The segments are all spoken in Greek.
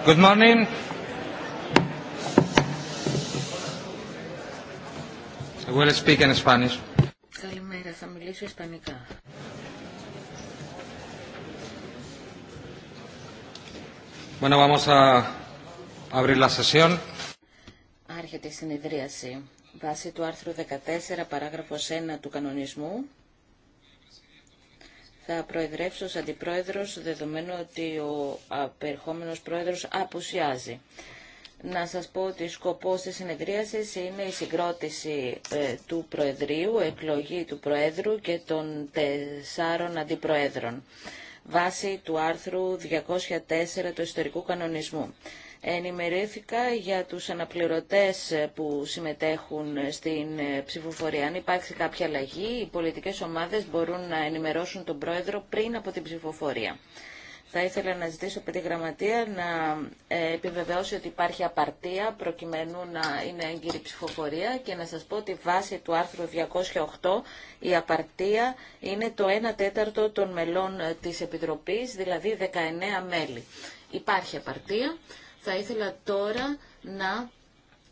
Good morning. I will speak in Spanish. Καλημέρα, θα μιλήσω ισπανικά. Bueno, vamos a abrir la sesión. Άρχεται η συνεδρίαση. Βάσει του άρθρου 14, παράγραφος 1 του κανονισμού, θα προεδρεύσω ως αντιπρόεδρος, δεδομένου ότι ο απερχόμενος πρόεδρος απουσιάζει. Να σας πω ότι σκοπός της συνεδρίασης είναι η συγκρότηση ε, του Προεδρίου, εκλογή του Προέδρου και των τεσσάρων αντιπροέδρων, βάσει του άρθρου 204 του ιστορικού κανονισμού. Ενημερίθηκα για τους αναπληρωτές που συμμετέχουν στην ψηφοφορία. Αν υπάρξει κάποια αλλαγή, οι πολιτικές ομάδες μπορούν να ενημερώσουν τον Πρόεδρο πριν από την ψηφοφορία. Θα ήθελα να ζητήσω από τη Γραμματεία να ε, επιβεβαιώσει ότι υπάρχει απαρτία προκειμένου να είναι έγκυρη ψηφοφορία και να σας πω ότι βάσει του άρθρου 208 η απαρτία είναι το 1 τέταρτο των μελών της Επιτροπής, δηλαδή 19 μέλη. Υπάρχει απαρτία. Θα ήθελα τώρα να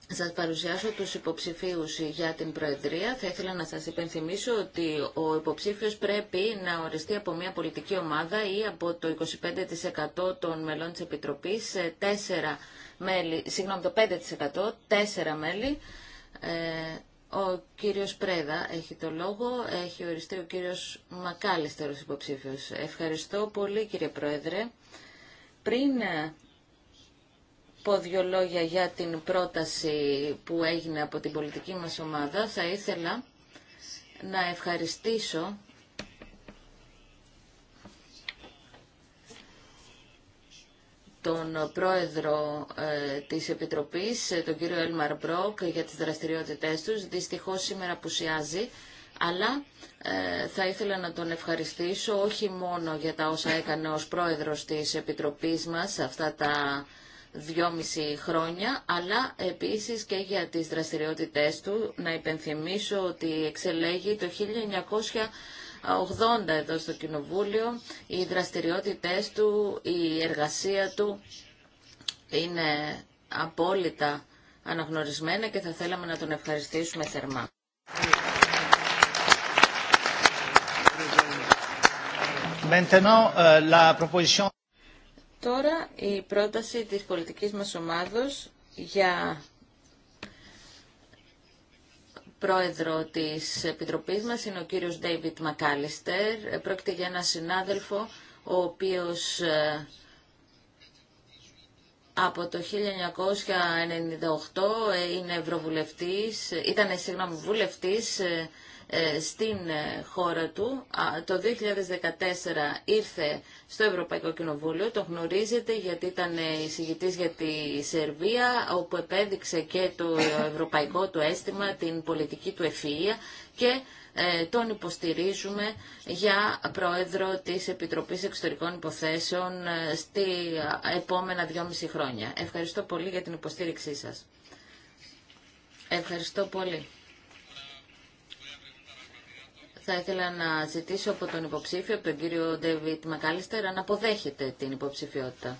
σας παρουσιάσω τους υποψηφίους για την Προεδρία. Θα ήθελα να σας υπενθυμίσω ότι ο υποψήφιος πρέπει να οριστεί από μια πολιτική ομάδα ή από το 25% των μελών της Επιτροπής, 4 μέλη, συγγνώμη, το 5%, 4 μέλη. Ε, ο κύριος Πρέδα έχει το λόγο, έχει οριστεί ο κύριος Μακάλιστερος υποψήφιος. Ευχαριστώ πολύ κύριε Πρόεδρε. Πριν πω δύο για την πρόταση που έγινε από την πολιτική μας ομάδα, θα ήθελα να ευχαριστήσω τον πρόεδρο ε, της Επιτροπής, ε, τον κύριο Έλμαρ Μπρόκ, για τις δραστηριότητές τους. Δυστυχώς σήμερα πουσιάζει, αλλά ε, θα ήθελα να τον ευχαριστήσω όχι μόνο για τα όσα έκανε ως πρόεδρος της Επιτροπής μας αυτά τα δυόμιση χρόνια, αλλά επίσης και για τις δραστηριότητές του. Να υπενθυμίσω ότι εξελέγει το 1980 εδώ στο Κοινοβούλιο. Οι δραστηριότητές του, η εργασία του είναι απόλυτα αναγνωρισμένα και θα θέλαμε να τον ευχαριστήσουμε θερμά. Maintenant, euh, la proposition... Τώρα η πρόταση της πολιτικής μας ομάδος για πρόεδρο της Επιτροπής μας είναι ο κύριος Ντέιβιτ Μακάλιστερ. Πρόκειται για έναν συνάδελφο ο οποίος ε, από το 1998 ε, είναι ευρωβουλευτής, ήταν συγγνώμη βουλευτής ε, ε, στην ε, χώρα του. Το 2014 ήρθε στο Ευρωπαϊκό Κοινοβούλιο, το γνωρίζετε γιατί ήταν ε, εισηγητής για τη Σερβία, όπου επέδειξε και το ευρωπαϊκό του αίσθημα, την πολιτική του ευφυΐα και τον υποστηρίζουμε για πρόεδρο της Επιτροπής Εξωτερικών Υποθέσεων στη επόμενα δυόμιση χρόνια. Ευχαριστώ πολύ για την υποστήριξή σας. Ευχαριστώ πολύ. Θα ήθελα να ζητήσω από τον υποψήφιο, από τον κύριο Ντέβιτ Μακάλιστερ, να αποδέχεται την υποψηφιότητα.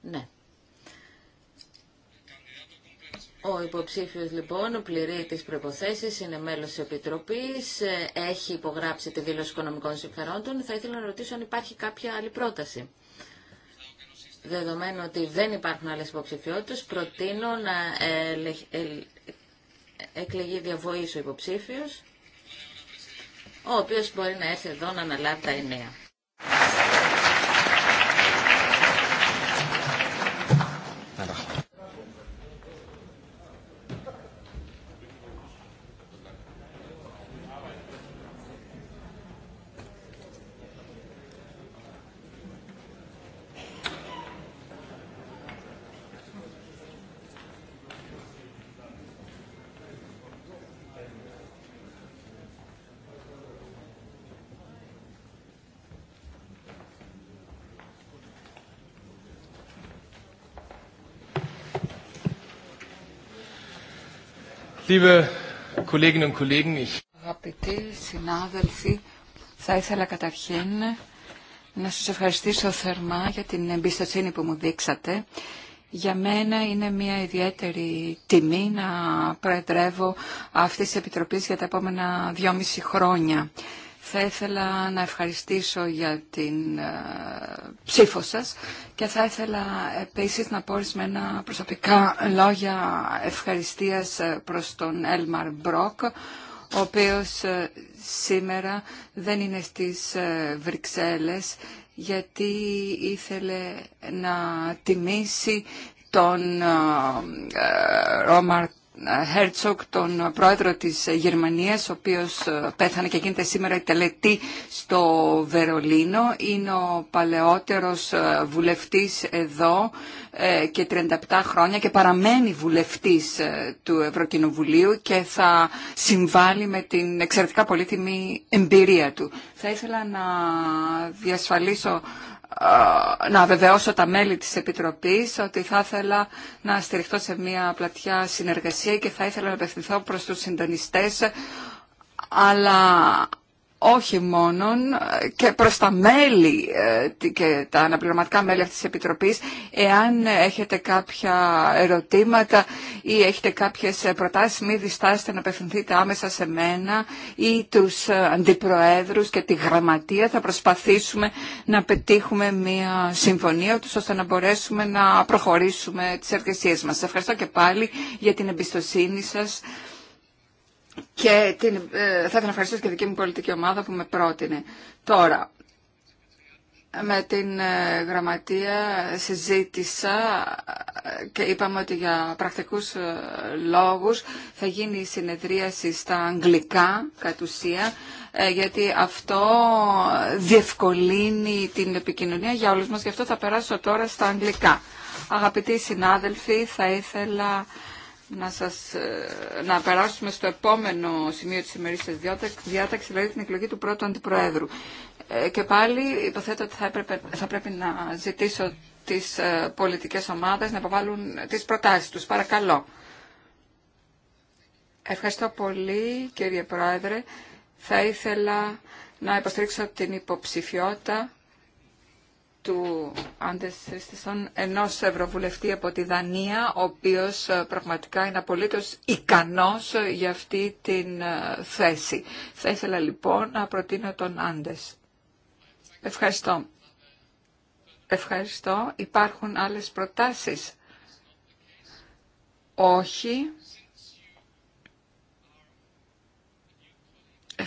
Ναι. Ο υποψήφιος λοιπόν πληρεί τις προϋποθέσεις, είναι μέλος της Επιτροπής, έχει υπογράψει τη δήλωση οικονομικών συμφερόντων. Θα ήθελα να ρωτήσω αν υπάρχει κάποια άλλη πρόταση. Δεδομένου ότι δεν υπάρχουν άλλες υποψηφιότητες, προτείνω να εκλεγεί διαβοής ο υποψήφιος, ο οποίος μπορεί να έρθει εδώ να αναλάβει τα εννέα. Liebe Kolleginnen und Kollegen, συνάδελφοι, θα ήθελα καταρχήν να σας ευχαριστήσω θερμά για την εμπιστοσύνη που μου δείξατε. Για μένα είναι μια ιδιαίτερη τιμή να προεδρεύω αυτής της Επιτροπής για τα επόμενα δυόμιση χρόνια. Θα ήθελα να ευχαριστήσω για την ε, ψήφο σας και θα ήθελα επίσης να πω ορισμένα προσωπικά λόγια ευχαριστίας ε, προς τον Έλμαρ Μπρόκ, ο οποίος ε, σήμερα δεν είναι στις Βρυξέλλες γιατί ήθελε να τιμήσει τον Ρόμαρ Χέρτσοκ, τον πρόεδρο της Γερμανίας, ο οποίος ε, πέθανε και γίνεται σήμερα η τελετή στο Βερολίνο. Είναι ο παλαιότερος ε, βουλευτής εδώ ε, και 37 χρόνια και παραμένει βουλευτής του Ευρωκοινοβουλίου και θα συμβάλλει με την εξαιρετικά πολύτιμη εμπειρία του. Θα ήθελα να διασφαλίσω να βεβαιώσω τα μέλη της Επιτροπής ότι θα ήθελα να στηριχτώ σε μια πλατιά συνεργασία και θα ήθελα να απευθυνθώ προς τους συντονιστές αλλά όχι μόνον και προς τα μέλη ε, και τα αναπληρωματικά μέλη αυτής της Επιτροπής εάν έχετε κάποια ερωτήματα ή έχετε κάποιες προτάσεις μη διστάσετε να απευθυνθείτε άμεσα σε μένα ή τους αντιπροέδρους και τη γραμματεία θα προσπαθήσουμε να πετύχουμε μια συμφωνία τους ώστε να μπορέσουμε να προχωρήσουμε τις εργασίες μας. Σας ευχαριστώ και πάλι για την εμπιστοσύνη σας και την, ε, θα ήθελα να ευχαριστήσω και δική μου πολιτική ομάδα που με πρότεινε. Τώρα, με την ε, γραμματεία συζήτησα ε, και είπαμε ότι για πρακτικούς λόγους θα γίνει η συνεδρίαση στα αγγλικά κατ' ουσία γιατί αυτό διευκολύνει την επικοινωνία για όλους μας. Γι' αυτό θα περάσω τώρα στα αγγλικά. Αγαπητοί συνάδελφοι, θα ήθελα να, σας, ε, να περάσουμε στο επόμενο σημείο της σας διάταξη, δηλαδή την εκλογή του πρώτου αντιπροέδρου. Ε, και πάλι υποθέτω ότι θα, θα πρέπει να ζητήσω τις ε, πολιτικές ομάδες να αποβάλουν τις προτάσεις τους. Παρακαλώ. Ευχαριστώ πολύ κύριε Πρόεδρε. Θα ήθελα να υποστηρίξω την υποψηφιότητα του Άντες Χριστιστον, ενός ευρωβουλευτή από τη Δανία, ο οποίος ε, πραγματικά είναι απολύτως ικανός για αυτή την ε, θέση. Θα ήθελα λοιπόν να προτείνω τον Άντες. Ευχαριστώ. Ευχαριστώ. Υπάρχουν άλλες προτάσεις. Όχι.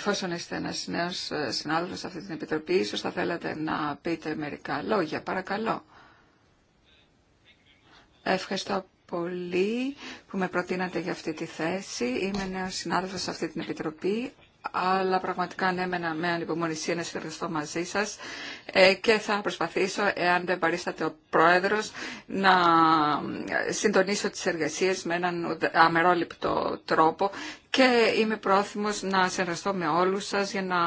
εφόσον είστε ένα νέος ε, συνάδελφος σε αυτή την Επιτροπή, ίσω θα θέλατε να πείτε μερικά λόγια. Παρακαλώ. Ευχαριστώ πολύ που με προτείνατε για αυτή τη θέση. Είμαι νέο συνάδελφος σε αυτή την Επιτροπή, αλλά πραγματικά ανέμενα με ανυπομονησία να συνεργαστώ μαζί σας ε, και θα προσπαθήσω, εάν δεν παρίσταται ο Πρόεδρος, να ε, συντονίσω τις εργασίες με έναν αμερόληπτο τρόπο και είμαι πρόθυμος να συνεργαστώ με όλους σας για να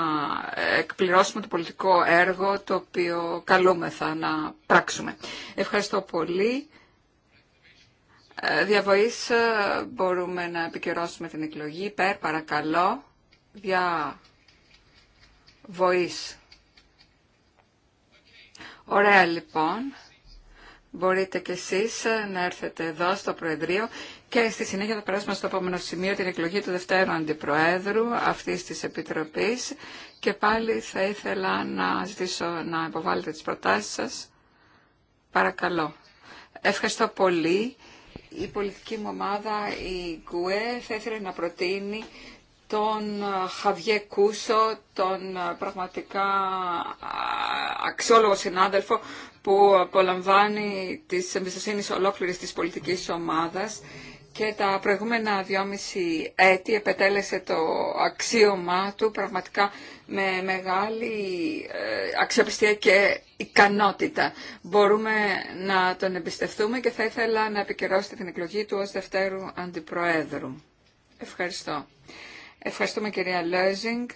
ε, εκπληρώσουμε το πολιτικό έργο το οποίο καλούμεθα να πράξουμε. Ευχαριστώ πολύ. Διαβοής μπορούμε να επικαιρώσουμε την εκλογή. Περ, παρακαλώ διαβοής. Ωραία λοιπόν. Μπορείτε κι εσείς ε, να έρθετε εδώ στο Προεδρείο και στη συνέχεια θα περάσουμε στο επόμενο σημείο την εκλογή του Δευτέρου Αντιπροέδρου αυτής της Επιτροπής και πάλι θα ήθελα να ζητήσω να υποβάλλετε τις προτάσεις σας. Παρακαλώ. Ευχαριστώ πολύ. Η πολιτική μου ομάδα, η ΚΟΕ, θα ήθελε να προτείνει τον ε, Χαβιέ Κούσο, τον ε, πραγματικά ε, αξιόλογο συνάδελφο που απολαμβάνει τις εμπιστοσύνη ολόκληρης της πολιτικής ομάδας και τα προηγούμενα δυόμιση έτη επετέλεσε το αξίωμά του πραγματικά με μεγάλη αξιοπιστία και ικανότητα. Μπορούμε να τον εμπιστευτούμε και θα ήθελα να επικαιρώσετε την εκλογή του ως Δευτέρου Αντιπροέδρου. Ευχαριστώ. Ευχαριστούμε κυρία Λέζινγκ.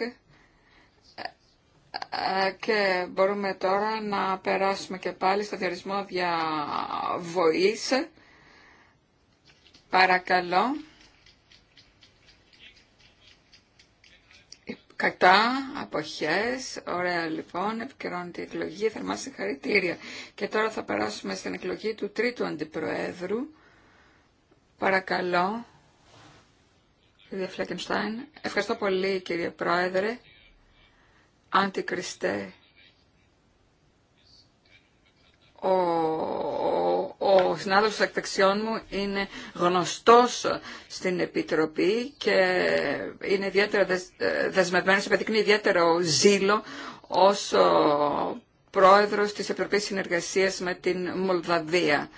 Ε, και μπορούμε τώρα να περάσουμε και πάλι στο διορισμό διαβοής. Παρακαλώ. Ε, κατά, αποχές, ωραία λοιπόν, επικαιρώνεται η εκλογή, θερμά συγχαρητήρια. Και τώρα θα περάσουμε στην εκλογή του τρίτου αντιπροέδρου. Παρακαλώ κυρία Φλέκενστάιν. Ευχαριστώ πολύ, κύριε Πρόεδρε. Αντικριστέ. Ο, ο, ο συνάδελφος εκτεξιών μου είναι γνωστός στην Επιτροπή και είναι ιδιαίτερα ε, δεσμευμένος, επιδεικνύει ιδιαίτερο ζήλο ως πρόεδρος της Επιτροπής Συνεργασίας με την Μολδαβία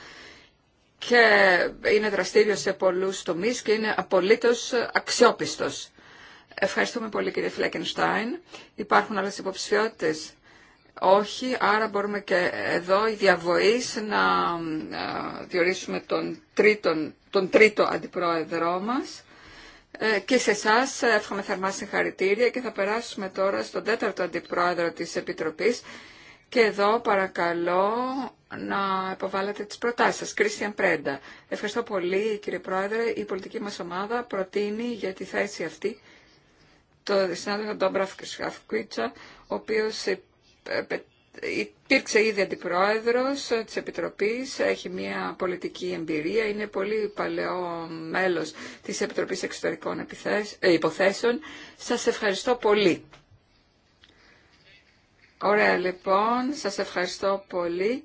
και είναι δραστήριο σε πολλούς τομείς και είναι απολύτως αξιόπιστος. Ευχαριστούμε πολύ κύριε Φλέκενστάιν. Υπάρχουν άλλες υποψηφιότητες. Όχι, άρα μπορούμε και εδώ η διαβοής να ε, διορίσουμε τον, τρίτο αντιπρόεδρό μας. Ε, και σε εσά εύχομαι θερμά συγχαρητήρια και θα περάσουμε τώρα στον τέταρτο αντιπρόεδρο της Επιτροπής, και εδώ παρακαλώ να υποβάλλετε τις προτάσεις σας. Κρίστιαν Πρέντα. Ευχαριστώ πολύ κύριε Πρόεδρε. Η πολιτική μας ομάδα προτείνει για τη θέση αυτή το συνάδελφο Ντόμπραφ Κρισχαφκουίτσα, ο οποίος ε, ε, υπήρξε ήδη αντιπρόεδρος της Επιτροπής, έχει μια πολιτική εμπειρία, είναι πολύ παλαιό μέλος της Επιτροπής Εξωτερικών ε, Υποθέσεων. Σας ευχαριστώ πολύ. Ωραία λοιπόν, σας ευχαριστώ πολύ.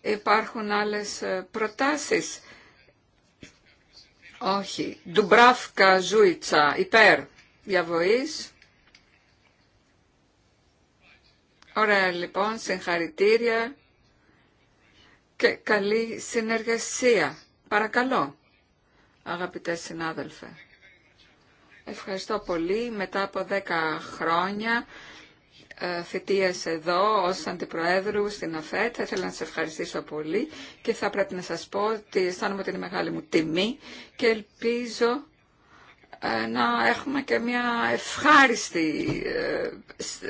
Υπάρχουν άλλες ε, προτάσεις. Όχι. Ντουμπράφκα Ζούιτσα, υπέρ. Διαβοής. Ωραία λοιπόν, συγχαρητήρια και καλή συνεργασία. Παρακαλώ, αγαπητέ συνάδελφε. Ευχαριστώ πολύ. Μετά από δέκα χρόνια ε, θητείας εδώ ως Αντιπροέδρου στην ΑΦΕΤ. Θα ήθελα να σας ευχαριστήσω πολύ και θα πρέπει να σας πω ότι αισθάνομαι ότι είναι μεγάλη μου τιμή και ελπίζω ε, να έχουμε και μια ευχάριστη ε,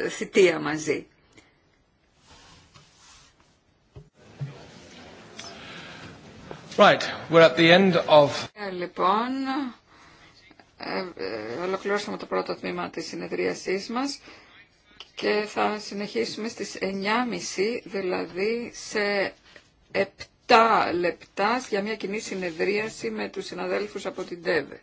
θητεία μαζί. Right, we're at the end of... Λοιπόν, ολοκληρώσαμε το πρώτο τμήμα της συνεδρίασής μας και θα συνεχίσουμε στις 9.30, δηλαδή σε 7 λεπτά για μια κοινή συνεδρίαση με τους συναδέλφους από την ΤΕΒΕ.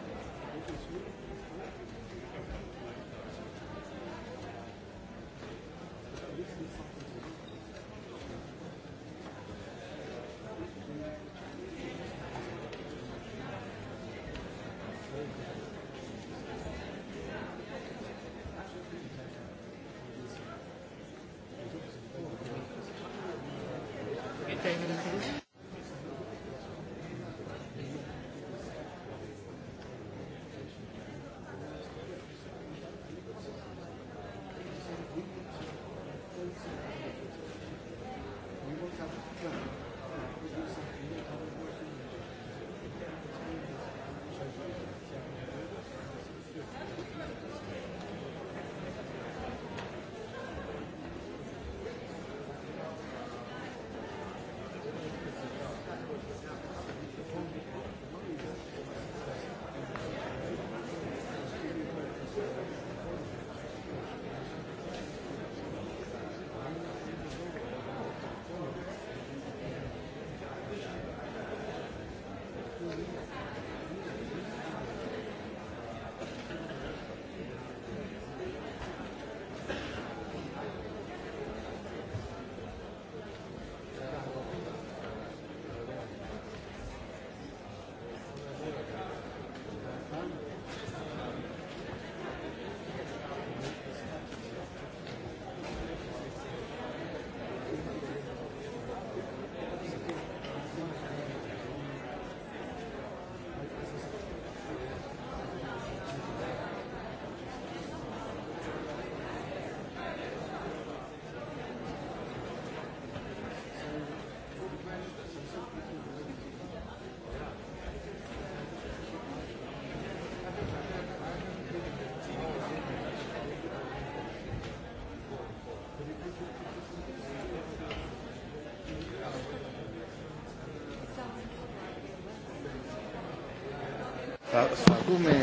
Θα, θα, δούμε,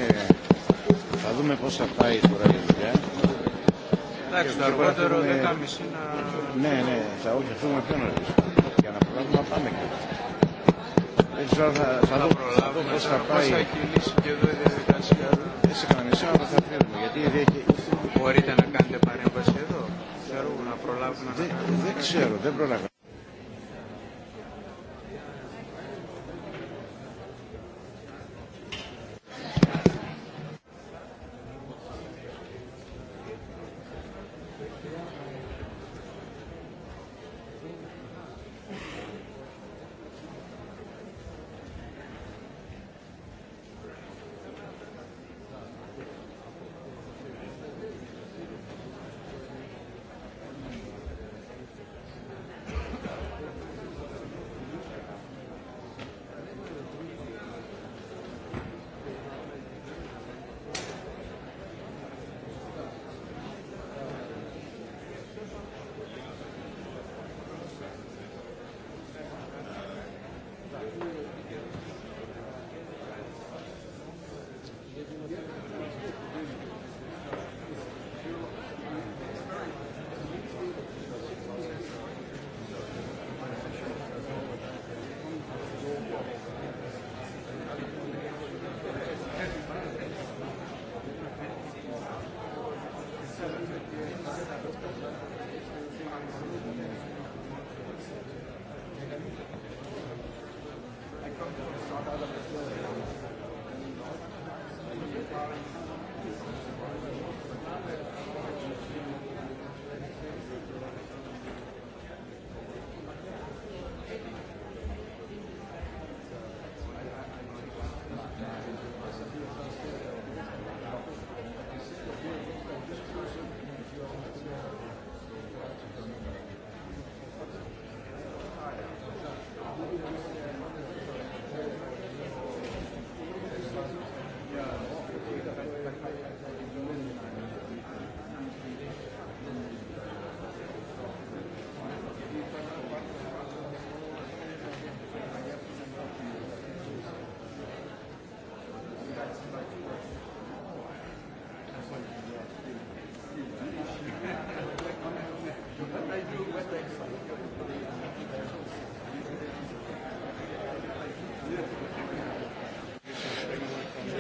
θα δούμε πώς θα πάει τώρα η δουλειά. Εντάξει, το αργότερο δούμε... 10.30 να... Ναι, ναι, θα όχι, θα δούμε πιο νωρίς. Για να προλάβουμε να πάμε και. Δεν ξέρω, θα, θα, θα δω, πώς θα, πάει. Πώς θα κυλήσει και εδώ η διαδικασία. Δεν σε κανένα μισό, αλλά θα φύγουμε, γιατί δεν έχει... Μπορείτε να κάνετε παρέμβαση εδώ. Θέλω να προλάβουμε να... Δεν, ξέρω, δεν προλάβουμε.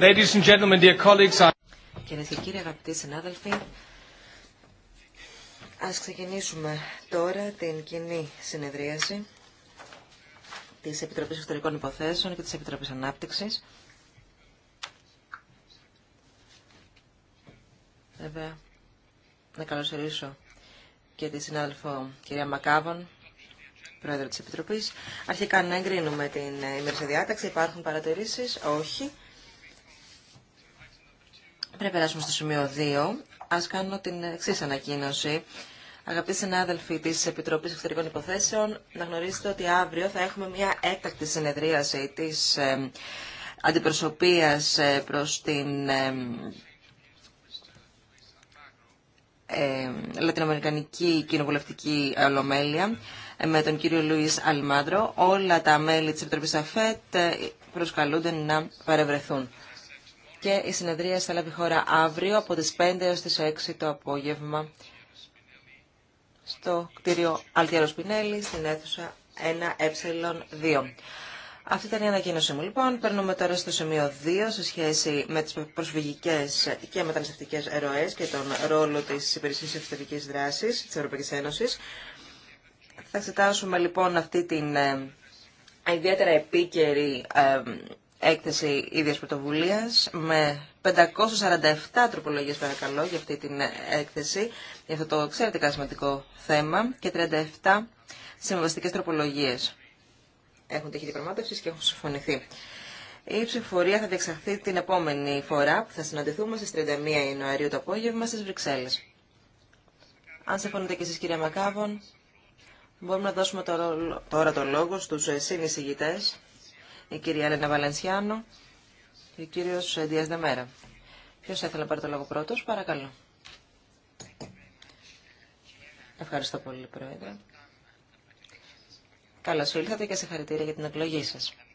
Ladies and gentlemen, dear colleagues, Κυρίε και κύριοι, αγαπητοί συνάδελφοι, ας ξεκινήσουμε τώρα την κοινή συνεδρίαση της Επιτροπής Εξωτερικών Υποθέσεων και της Επιτροπής Ανάπτυξης. Βέβαια, να καλωσορίσω και τη συνάδελφο κυρία Μακάβων, πρόεδρο της Επιτροπής. Αρχικά να εγκρίνουμε την ημερήσια διάταξη. Υπάρχουν παρατηρήσεις. Όχι να περάσουμε στο σημείο 2, ας κάνω την εξή ανακοίνωση. Αγαπητοί συνάδελφοι τη Επιτροπή Εξωτερικών Υποθέσεων, να γνωρίζετε ότι αύριο θα έχουμε μια έκτακτη συνεδρίαση τη ε, αντιπροσωπεία ε, προ την ε, Λατινοαμερικανική Κοινοβουλευτική Ολομέλεια με τον κύριο Λούί Αλμάντρο. Όλα τα μέλη τη Επιτροπής ΑΦΕΤ προσκαλούνται να παρευρεθούν και η συνεδρία θα λάβει χώρα αύριο από τις 5 έως τις 6 το απόγευμα στο κτίριο Αλτιέρος Πινέλη στην αίθουσα 1Ε2. Αυτή ήταν η ανακοίνωσή μου. Λοιπόν, περνούμε τώρα στο σημείο 2 σε σχέση με τις προσφυγικές και μεταναστευτικές ροές και τον ρόλο της υπηρεσίας ευθετικής δράσης της Ευρωπαϊκής Ένωσης. Θα εξετάσουμε λοιπόν αυτή την ε, ιδιαίτερα επίκαιρη ε, έκθεση ίδια πρωτοβουλία με 547 τροπολογίες παρακαλώ για αυτή την έκθεση, για αυτό το εξαιρετικά σημαντικό θέμα και 37 συμβαστικέ τροπολογίε. Έχουν τύχει διαπραγμάτευση και έχουν συμφωνηθεί. Η ψηφοφορία θα διεξαχθεί την επόμενη φορά που θα συναντηθούμε στι 31 Ιανουαρίου το απόγευμα στι Βρυξέλλε. Αν συμφωνείτε και εσεί, κυρία Μακάβων, μπορούμε να δώσουμε τώρα το λόγο στου ε, συνεισηγητέ η κυρία Ελένα Βαλενσιάνο και ο κύριο Δία Δεμέρα. Ποιο θα ήθελε να πάρει το λόγο πρώτος, παρακαλώ. Ευχαριστώ πολύ, Πρόεδρε. Καλώ ήλθατε και σε συγχαρητήρια για την εκλογή σα.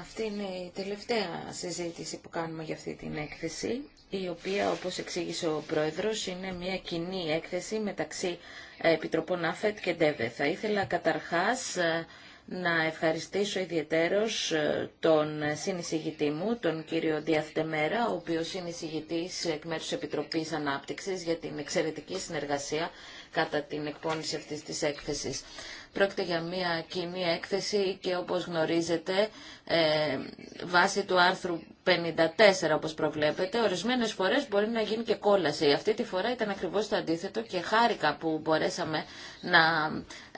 Αυτή είναι η τελευταία συζήτηση που κάνουμε για αυτή την έκθεση η οποία, όπως εξήγησε ο Πρόεδρος, είναι μια κοινή έκθεση μεταξύ ε, Επιτροπών ΑΦΕΤ και ΝΤΕΒΕ. Θα ήθελα καταρχάς ε, να ευχαριστήσω ιδιαίτερος ε, τον συνεισηγητή μου, τον κύριο Διαθτεμέρα, ο οποίος είναι εισηγητής εκ μέρους Επιτροπής Ανάπτυξης για την εξαιρετική συνεργασία κατά την εκπόνηση αυτής της έκθεσης. Πρόκειται για μια κοινή έκθεση και όπως γνωρίζετε ε, βάσει του άρθρου 54 όπως προβλέπετε, ορισμένες φορές μπορεί να γίνει και κόλαση. Αυτή τη φορά ήταν ακριβώς το αντίθετο και χάρηκα που μπορέσαμε να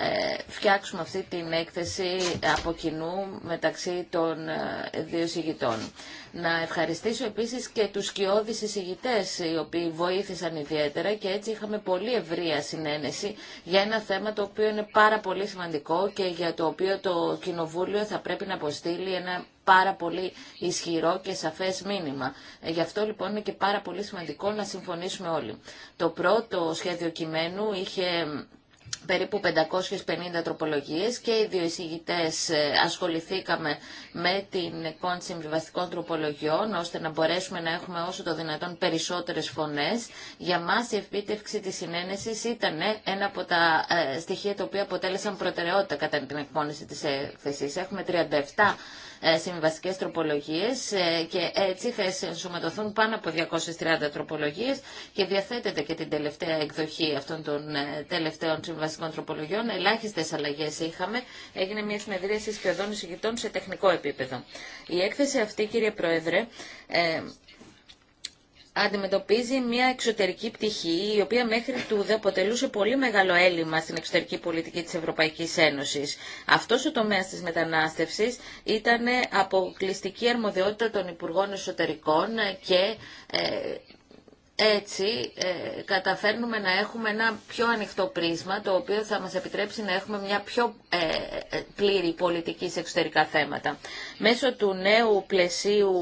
ε, φτιάξουμε αυτή την έκθεση από κοινού μεταξύ των ε, δύο συγητών. Να ευχαριστήσω επίσης και τους σκιώδεις συγητές οι οποίοι βοήθησαν ιδιαίτερα και έτσι είχαμε πολύ ευρεία συνένεση για ένα θέμα το οποίο είναι πάρα πολύ σημαντικό και για το οποίο το Κοινοβούλιο θα πρέπει να αποστείλει ένα πάρα πολύ ισχυρό και σαφές μήνυμα. Ε, γι' αυτό λοιπόν είναι και πάρα πολύ σημαντικό να συμφωνήσουμε όλοι. Το πρώτο σχέδιο κειμένου είχε περίπου 550 τροπολογίες και οι δύο εισηγητές ε, ασχοληθήκαμε με την εικόνα συμβιβαστικών τροπολογιών ώστε να μπορέσουμε να έχουμε όσο το δυνατόν περισσότερες φωνές. Για μας η επίτευξη της συνένεσης ήταν ένα από τα ε, στοιχεία τα οποία αποτέλεσαν προτεραιότητα κατά την εκπόνηση της έκθεσης. Έχουμε 37 ε, συμβαστικές τροπολογίες ε, και έτσι θα ενσωματωθούν πάνω από 230 τροπολογίες και διαθέτεται και την τελευταία εκδοχή αυτών των ε, τελευταίων συμβαστικών τροπολογιών. Ελάχιστες αλλαγές είχαμε. Έγινε μια συνεδρίαση σχεδόν εισηγητών σε τεχνικό επίπεδο. Η έκθεση αυτή, κύριε Πρόεδρε, αντιμετωπίζει μια εξωτερική πτυχή η οποία μέχρι τούδε αποτελούσε πολύ μεγάλο έλλειμμα στην εξωτερική πολιτική της Ευρωπαϊκής Ένωσης. Αυτός ο τομέας της μετανάστευσης ήταν αποκλειστική αρμοδιότητα των Υπουργών Εσωτερικών και ε, έτσι ε, καταφέρνουμε να έχουμε ένα πιο ανοιχτό πρίσμα το οποίο θα μας επιτρέψει να έχουμε μια πιο ε, πλήρη πολιτική σε εξωτερικά θέματα. Μέσω του νέου πλαισίου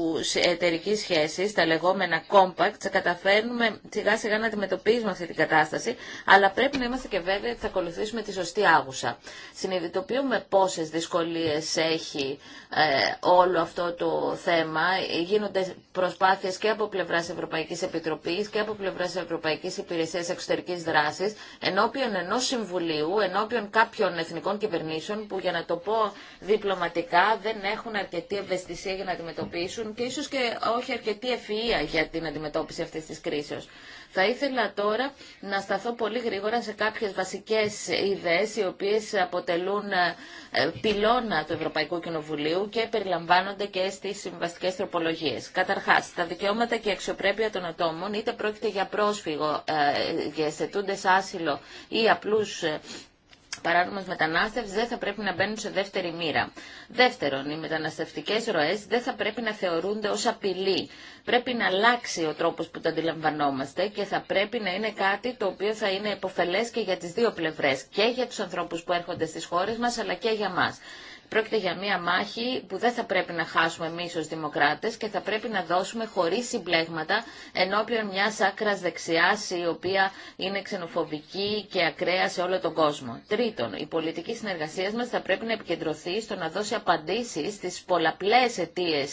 εταιρική σχέση, τα λεγόμενα compact, καταφέρνουμε σιγά σιγά να αντιμετωπίζουμε αυτή την κατάσταση, αλλά πρέπει να είμαστε και βέβαιοι ότι θα ακολουθήσουμε τη σωστή άγουσα. Συνειδητοποιούμε πόσε δυσκολίε έχει ε, όλο αυτό το θέμα. Γίνονται προσπάθειε και από πλευρά Ευρωπαϊκή Επιτροπή και από πλευρά Ευρωπαϊκή Υπηρεσία Εξωτερική Δράση, ενώπιον ενό Συμβουλίου, ενώπιον κάποιων εθνικών κυβερνήσεων που, για να το πω διπλωματικά, δεν έχουν αρκετή ευαισθησία για να αντιμετωπίσουν και ίσως και όχι αρκετή ευφυΐα για την αντιμετώπιση αυτής της κρίσεως. Θα ήθελα τώρα να σταθώ πολύ γρήγορα σε κάποιες βασικές ιδέες οι οποίες αποτελούν ε, πυλώνα του Ευρωπαϊκού Κοινοβουλίου και περιλαμβάνονται και στις συμβαστικές τροπολογίες. Καταρχάς, τα δικαιώματα και αξιοπρέπεια των ατόμων, είτε πρόκειται για πρόσφυγο, για ε, ε, αισθητούντες άσυλο ή απλούς παράνομος μετανάστευση δεν θα πρέπει να μπαίνουν σε δεύτερη μοίρα. Δεύτερον, οι μεταναστευτικές ροέ δεν θα πρέπει να θεωρούνται ως απειλή. Πρέπει να αλλάξει ο τρόπος που τα αντιλαμβανόμαστε και θα πρέπει να είναι κάτι το οποίο θα είναι επωφελές και για τις δύο πλευρές, και για τους ανθρώπους που έρχονται στι χώρε μα αλλά και για μα. Πρόκειται για μία μάχη που δεν θα πρέπει να χάσουμε εμεί ω δημοκράτε και θα πρέπει να δώσουμε χωρί συμπλέγματα ενώπιον μια άκρα δεξιά η οποία είναι ξενοφοβική και ακραία σε όλο τον κόσμο. Τρίτον, η πολιτική συνεργασία μα θα πρέπει να επικεντρωθεί στο να δώσει απαντήσει στι πολλαπλέ αιτίε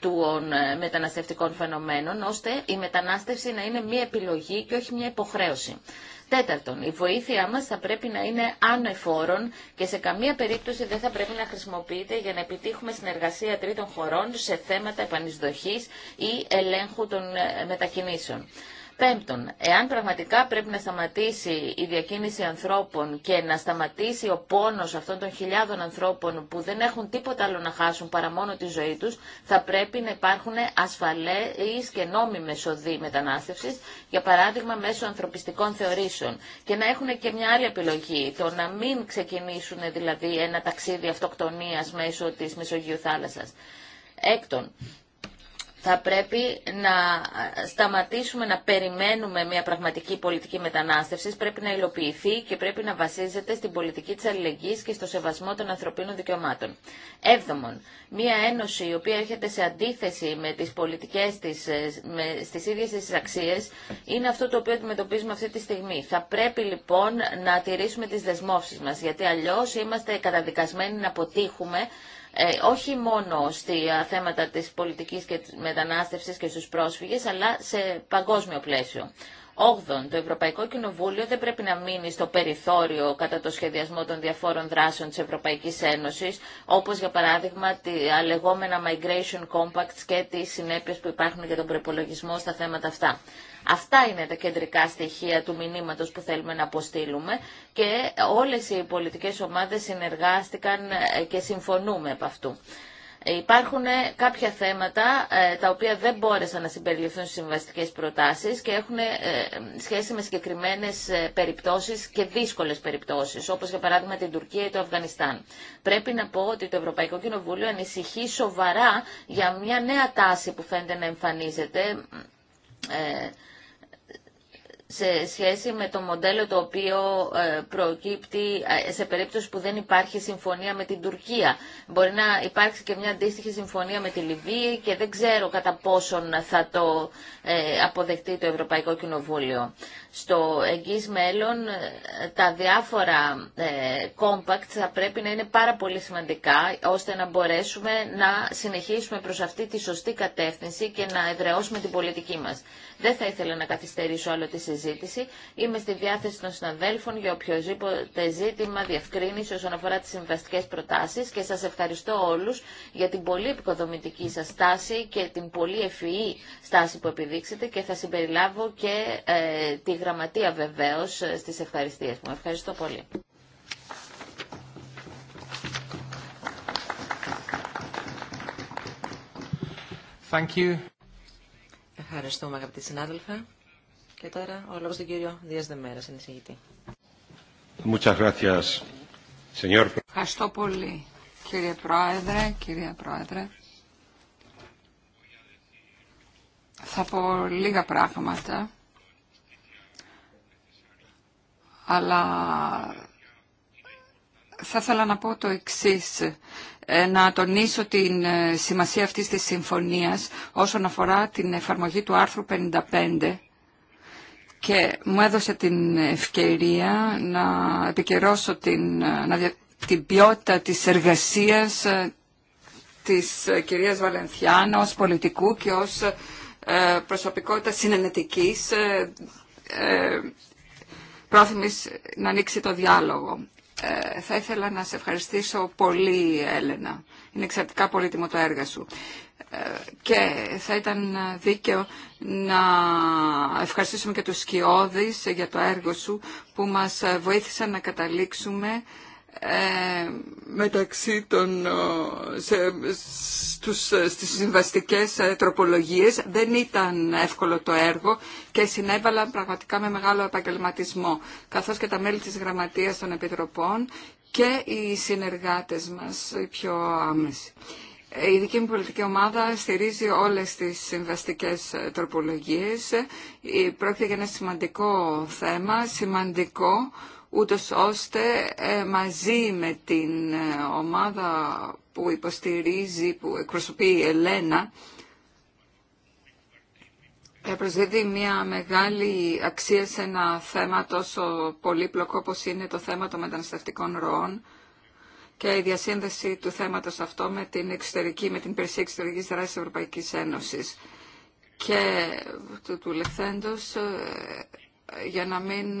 των ε, μεταναστευτικών φαινομένων, ώστε η μετανάστευση να είναι μία επιλογή και όχι μία υποχρέωση. Τέταρτον, η βοήθειά μας θα πρέπει να είναι άνεφόρον και σε καμία περίπτωση δεν θα πρέπει να χρησιμοποιείται για να επιτύχουμε συνεργασία τρίτων χωρών σε θέματα επανεισδοχής ή ελέγχου των ε, μετακινήσεων. Πέμπτον, εάν πραγματικά πρέπει να σταματήσει η διακίνηση ανθρώπων και να σταματήσει ο πόνος αυτών των χιλιάδων ανθρώπων που δεν έχουν τίποτα άλλο να χάσουν παρά μόνο τη ζωή τους, θα πρέπει να υπάρχουν ασφαλείς και νόμιμες οδοί μετανάστευσης, για παράδειγμα μέσω ανθρωπιστικών θεωρήσεων. Και να έχουν και μια άλλη επιλογή, το να μην ξεκινήσουν δηλαδή ένα ταξίδι αυτοκτονίας μέσω της Μεσογείου θάλασσας. Έκτον, θα πρέπει να σταματήσουμε να περιμένουμε μια πραγματική πολιτική μετανάστευση. Πρέπει να υλοποιηθεί και πρέπει να βασίζεται στην πολιτική τη αλληλεγγύη και στο σεβασμό των ανθρωπίνων δικαιωμάτων. Έβδομον, μια ένωση η οποία έρχεται σε αντίθεση με τι πολιτικέ τη, ε, στι ίδιε τι αξίε, είναι αυτό το οποίο αντιμετωπίζουμε αυτή τη στιγμή. Θα πρέπει λοιπόν να τηρήσουμε τι δεσμόψει μα, γιατί αλλιώ είμαστε καταδικασμένοι να αποτύχουμε ε, όχι μόνο στα θέματα της πολιτικής και της μετανάστευσης και στους πρόσφυγες, αλλά σε παγκόσμιο πλαίσιο. 8. Το Ευρωπαϊκό Κοινοβούλιο δεν πρέπει να μείνει στο περιθώριο κατά το σχεδιασμό των διαφόρων δράσεων της Ευρωπαϊκής Ένωσης, όπως για παράδειγμα τα λεγόμενα Migration Compacts και τις συνέπειες που υπάρχουν για τον προπολογισμό στα θέματα αυτά. Αυτά είναι τα κεντρικά στοιχεία του μηνύματος που θέλουμε να αποστείλουμε και όλες οι πολιτικές ομάδες συνεργάστηκαν ε, και συμφωνούμε από αυτού. Υπάρχουν ε, κάποια θέματα ε, τα οποία δεν μπόρεσαν να συμπεριληφθούν στις συμβαστικές προτάσεις και έχουν σχέση με συγκεκριμένες περιπτώσεις και δύσκολες περιπτώσεις, όπως για παράδειγμα την Τουρκία ή το Αφγανιστάν. Πρέπει να πω ότι το Ευρωπαϊκό Κοινοβούλιο ανησυχεί σοβαρά για μια νέα τάση που φαίνεται να εμφανίζεται σε σχέση με το μοντέλο το οποίο ε, προκύπτει ε, σε περίπτωση που δεν υπάρχει συμφωνία με την Τουρκία. Μπορεί να υπάρξει και μια αντίστοιχη συμφωνία με τη Λιβύη και δεν ξέρω κατά πόσον θα το ε, αποδεχτεί το Ευρωπαϊκό Κοινοβούλιο στο εγγύς μέλλον ε, τα διάφορα ε, compact θα πρέπει να είναι πάρα πολύ σημαντικά ώστε να μπορέσουμε να συνεχίσουμε προς αυτή τη σωστή κατεύθυνση και να εδραιώσουμε την πολιτική μας. Δεν θα ήθελα να καθυστερήσω άλλο τη συζήτηση. Είμαι στη διάθεση των συναδέλφων για οποιοδήποτε ζήτημα διευκρίνηση όσον αφορά τις συμβαστικές προτάσεις και σας ευχαριστώ όλους για την πολύ επικοδομητική σας στάση και την πολύ ευφυή στάση που επιδείξετε και θα συμπεριλάβω και ε, τη γραμματεία βεβαίως ε, στις ευχαριστίες μου. Ευχαριστώ πολύ. Thank you. Ευχαριστούμε αγαπητή συνάδελφα. Και τώρα ο λόγος του κύριο Δίας Δεμέρας, ενησυχητή. Ευχαριστώ πολύ κύριε Πρόεδρε, Κύριε Πρόεδρε. Θα πω λίγα πράγματα. αλλά θα ήθελα να πω το εξής, ε, να τονίσω την ε, σημασία αυτής της συμφωνίας όσον αφορά την εφαρμογή του άρθρου 55 και μου έδωσε την ευκαιρία να επικαιρώσω την, ε, να, την ποιότητα της εργασίας της κυρίας Βαλενθιάνα ως πολιτικού και ως προσωπικότητα συνενετικής πρόθυμης να ανοίξει το διάλογο. Ε, θα ήθελα να σε ευχαριστήσω πολύ, Έλενα. Είναι εξαιρετικά πολύτιμο το έργο σου. Ε, και θα ήταν δίκαιο να ευχαριστήσουμε και τους Σκιώδης για το έργο σου που μας βοήθησαν να καταλήξουμε ε, μεταξύ των σε, στους, στις συμβαστικές ε, τροπολογίες δεν ήταν εύκολο το έργο και συνέβαλαν πραγματικά με μεγάλο επαγγελματισμό καθώς και τα μέλη της Γραμματείας των Επιτροπών και οι συνεργάτες μας οι πιο άμεση. Ε, η δική μου πολιτική ομάδα στηρίζει όλες τις συμβαστικές τροπολογίες. Πρόκειται για ένα σημαντικό θέμα, σημαντικό ούτως ώστε ε, μαζί με την ε, ομάδα που υποστηρίζει, που εκπροσωπεί η Ελένα, ε, προσδίδει μια μεγάλη αξία σε ένα θέμα τόσο πολύπλοκο όπως είναι το θέμα των μεταναστευτικών ροών και η διασύνδεση του θέματος αυτό με την εξωτερική, με την υπηρεσία εξωτερικής δράση της Ευρωπαϊκής Ένωσης. Και του, του για να μην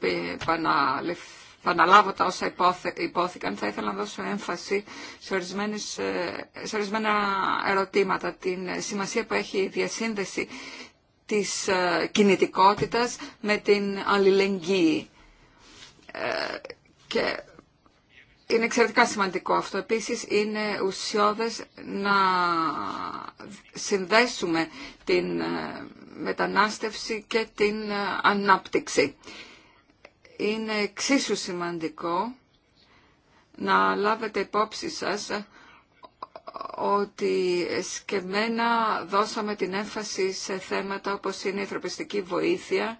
ε, επαναλάβω τα όσα υπόθηκαν, θα ήθελα να δώσω έμφαση ε, σε, ορισμένα ερωτήματα. Την σημασία που έχει η διασύνδεση της ε, κινητικότητας με την αλληλεγγύη. Είναι εξαιρετικά σημαντικό αυτό. Επίσης είναι ουσιώδες να συνδέσουμε την ε, μετανάστευση και την ε, ανάπτυξη. Είναι εξίσου σημαντικό να λάβετε υπόψη σας ότι σκεμμένα δώσαμε την έμφαση σε θέματα όπως είναι η ανθρωπιστική βοήθεια,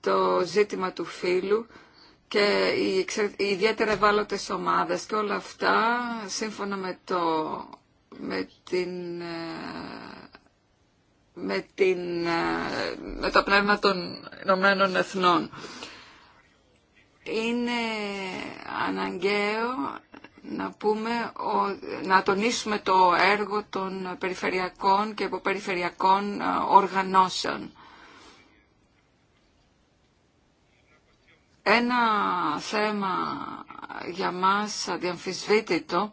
το ζήτημα του φύλου και οι ιδιαίτερα ευάλωτε ομάδε και όλα αυτά σύμφωνα με, το, με, την, ε, με, την, ε, με το πνεύμα των Ηνωμένων Εθνών. Είναι αναγκαίο να, πούμε, να τονίσουμε το έργο των περιφερειακών και υποπεριφερειακών ε, οργανώσεων Ένα θέμα για μας αδιαμφισβήτητο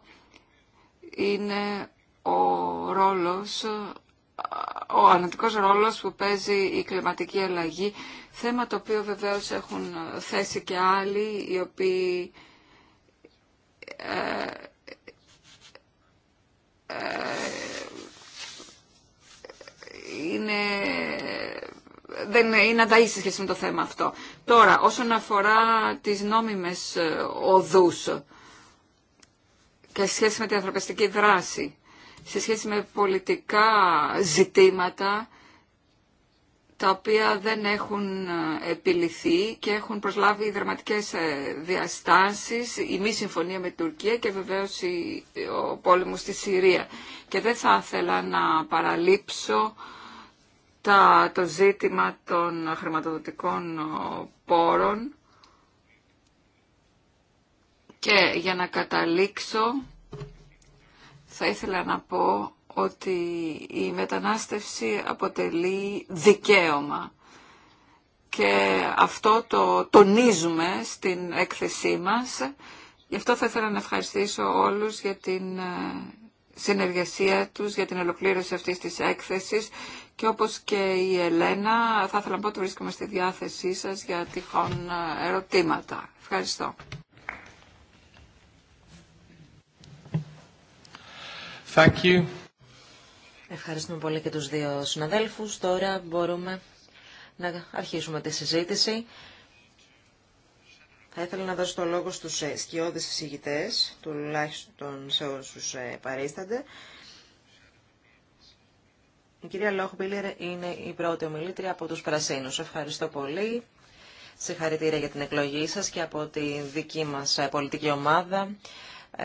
είναι ο ρόλος, ο ανατικός ρόλος που παίζει η κλιματική αλλαγή, θέμα το οποίο βεβαίως έχουν θέσει και άλλοι οι οποίοι ε, ε, είναι, δεν είναι ανταΐσεις με το θέμα αυτό. Τώρα, όσον αφορά τις νόμιμες ε, οδούς και σε σχέση με την ανθρωπιστική δράση, σε σχέση με πολιτικά ζητήματα τα οποία δεν έχουν ε, επιληθεί και έχουν προσλάβει δραματικές ε, διαστάσεις, η μη συμφωνία με την Τουρκία και βεβαίως ο πόλεμος στη Συρία. Και δεν θα ήθελα να παραλείψω τα, το ζήτημα των χρηματοδοτικών και για να καταλήξω θα ήθελα να πω ότι η μετανάστευση αποτελεί δικαίωμα και αυτό το τονίζουμε στην έκθεσή μας. Γι' αυτό θα ήθελα να ευχαριστήσω όλους για την ε, συνεργασία τους, για την ολοκλήρωση αυτής της έκθεσης και όπως και η Ελένα, θα ήθελα να πω ότι βρίσκομαι στη διάθεσή σας για τυχόν ε, ερωτήματα. Ευχαριστώ. Thank you. Ευχαριστούμε πολύ και τους δύο συναδέλφους. Τώρα μπορούμε να αρχίσουμε τη συζήτηση. Θα ήθελα να δώσω το λόγο στους ε, σκιώδεις εισηγητές, τουλάχιστον σε όσους ε, παρίστανται. Η κυρία Λόχμπιλερ είναι η πρώτη ομιλήτρια από τους Πρασίνους. Ευχαριστώ πολύ. Συγχαρητήρια για την εκλογή σας και από τη δική μας ε, πολιτική ομάδα ε,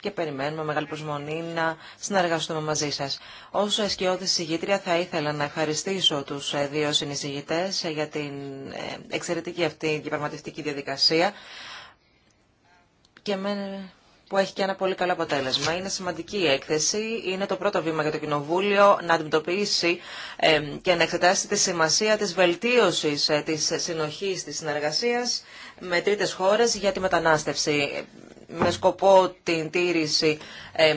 και περιμένουμε μεγάλη προσμονή να συνεργαστούμε μαζί σας. Όσο εσκιώδης συγγήτρια θα ήθελα να ευχαριστήσω τους ε, δύο συνεισηγητές για την εξαιρετική αυτή και διαδικασία και με που έχει και ένα πολύ καλό αποτέλεσμα. Είναι σημαντική η έκθεση, είναι το πρώτο βήμα για το Κοινοβούλιο να αντιμετωπίσει και να εξετάσει τη σημασία της βελτίωσης ε, της συνοχής της συνεργασίας με τρίτες χώρες για τη μετανάστευση με σκοπό την τήρηση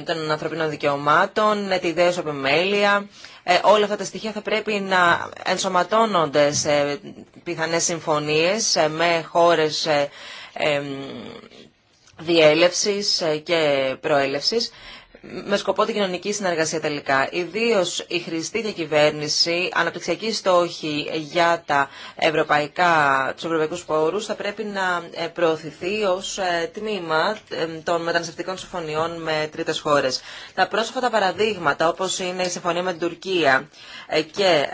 των ανθρωπίνων δικαιωμάτων, ε, τη δέωση επιμέλεια. Ε, όλα αυτά τα στοιχεία θα πρέπει να ενσωματώνονται σε πιθανές συμφωνίες με χώρες διέλευσης ε, και προέλευσης με σκοπό την κοινωνική συνεργασία τελικά. Ιδίω η χρηστή διακυβέρνηση, αναπτυξιακή στόχη για τα ευρωπαϊκά, τους ευρωπαϊκούς πόρους θα πρέπει να ε, προωθηθεί ω ε, τμήμα των μεταναστευτικών συμφωνιών με τρίτες χώρες. Τα πρόσφατα παραδείγματα όπω είναι η συμφωνία με την Τουρκία και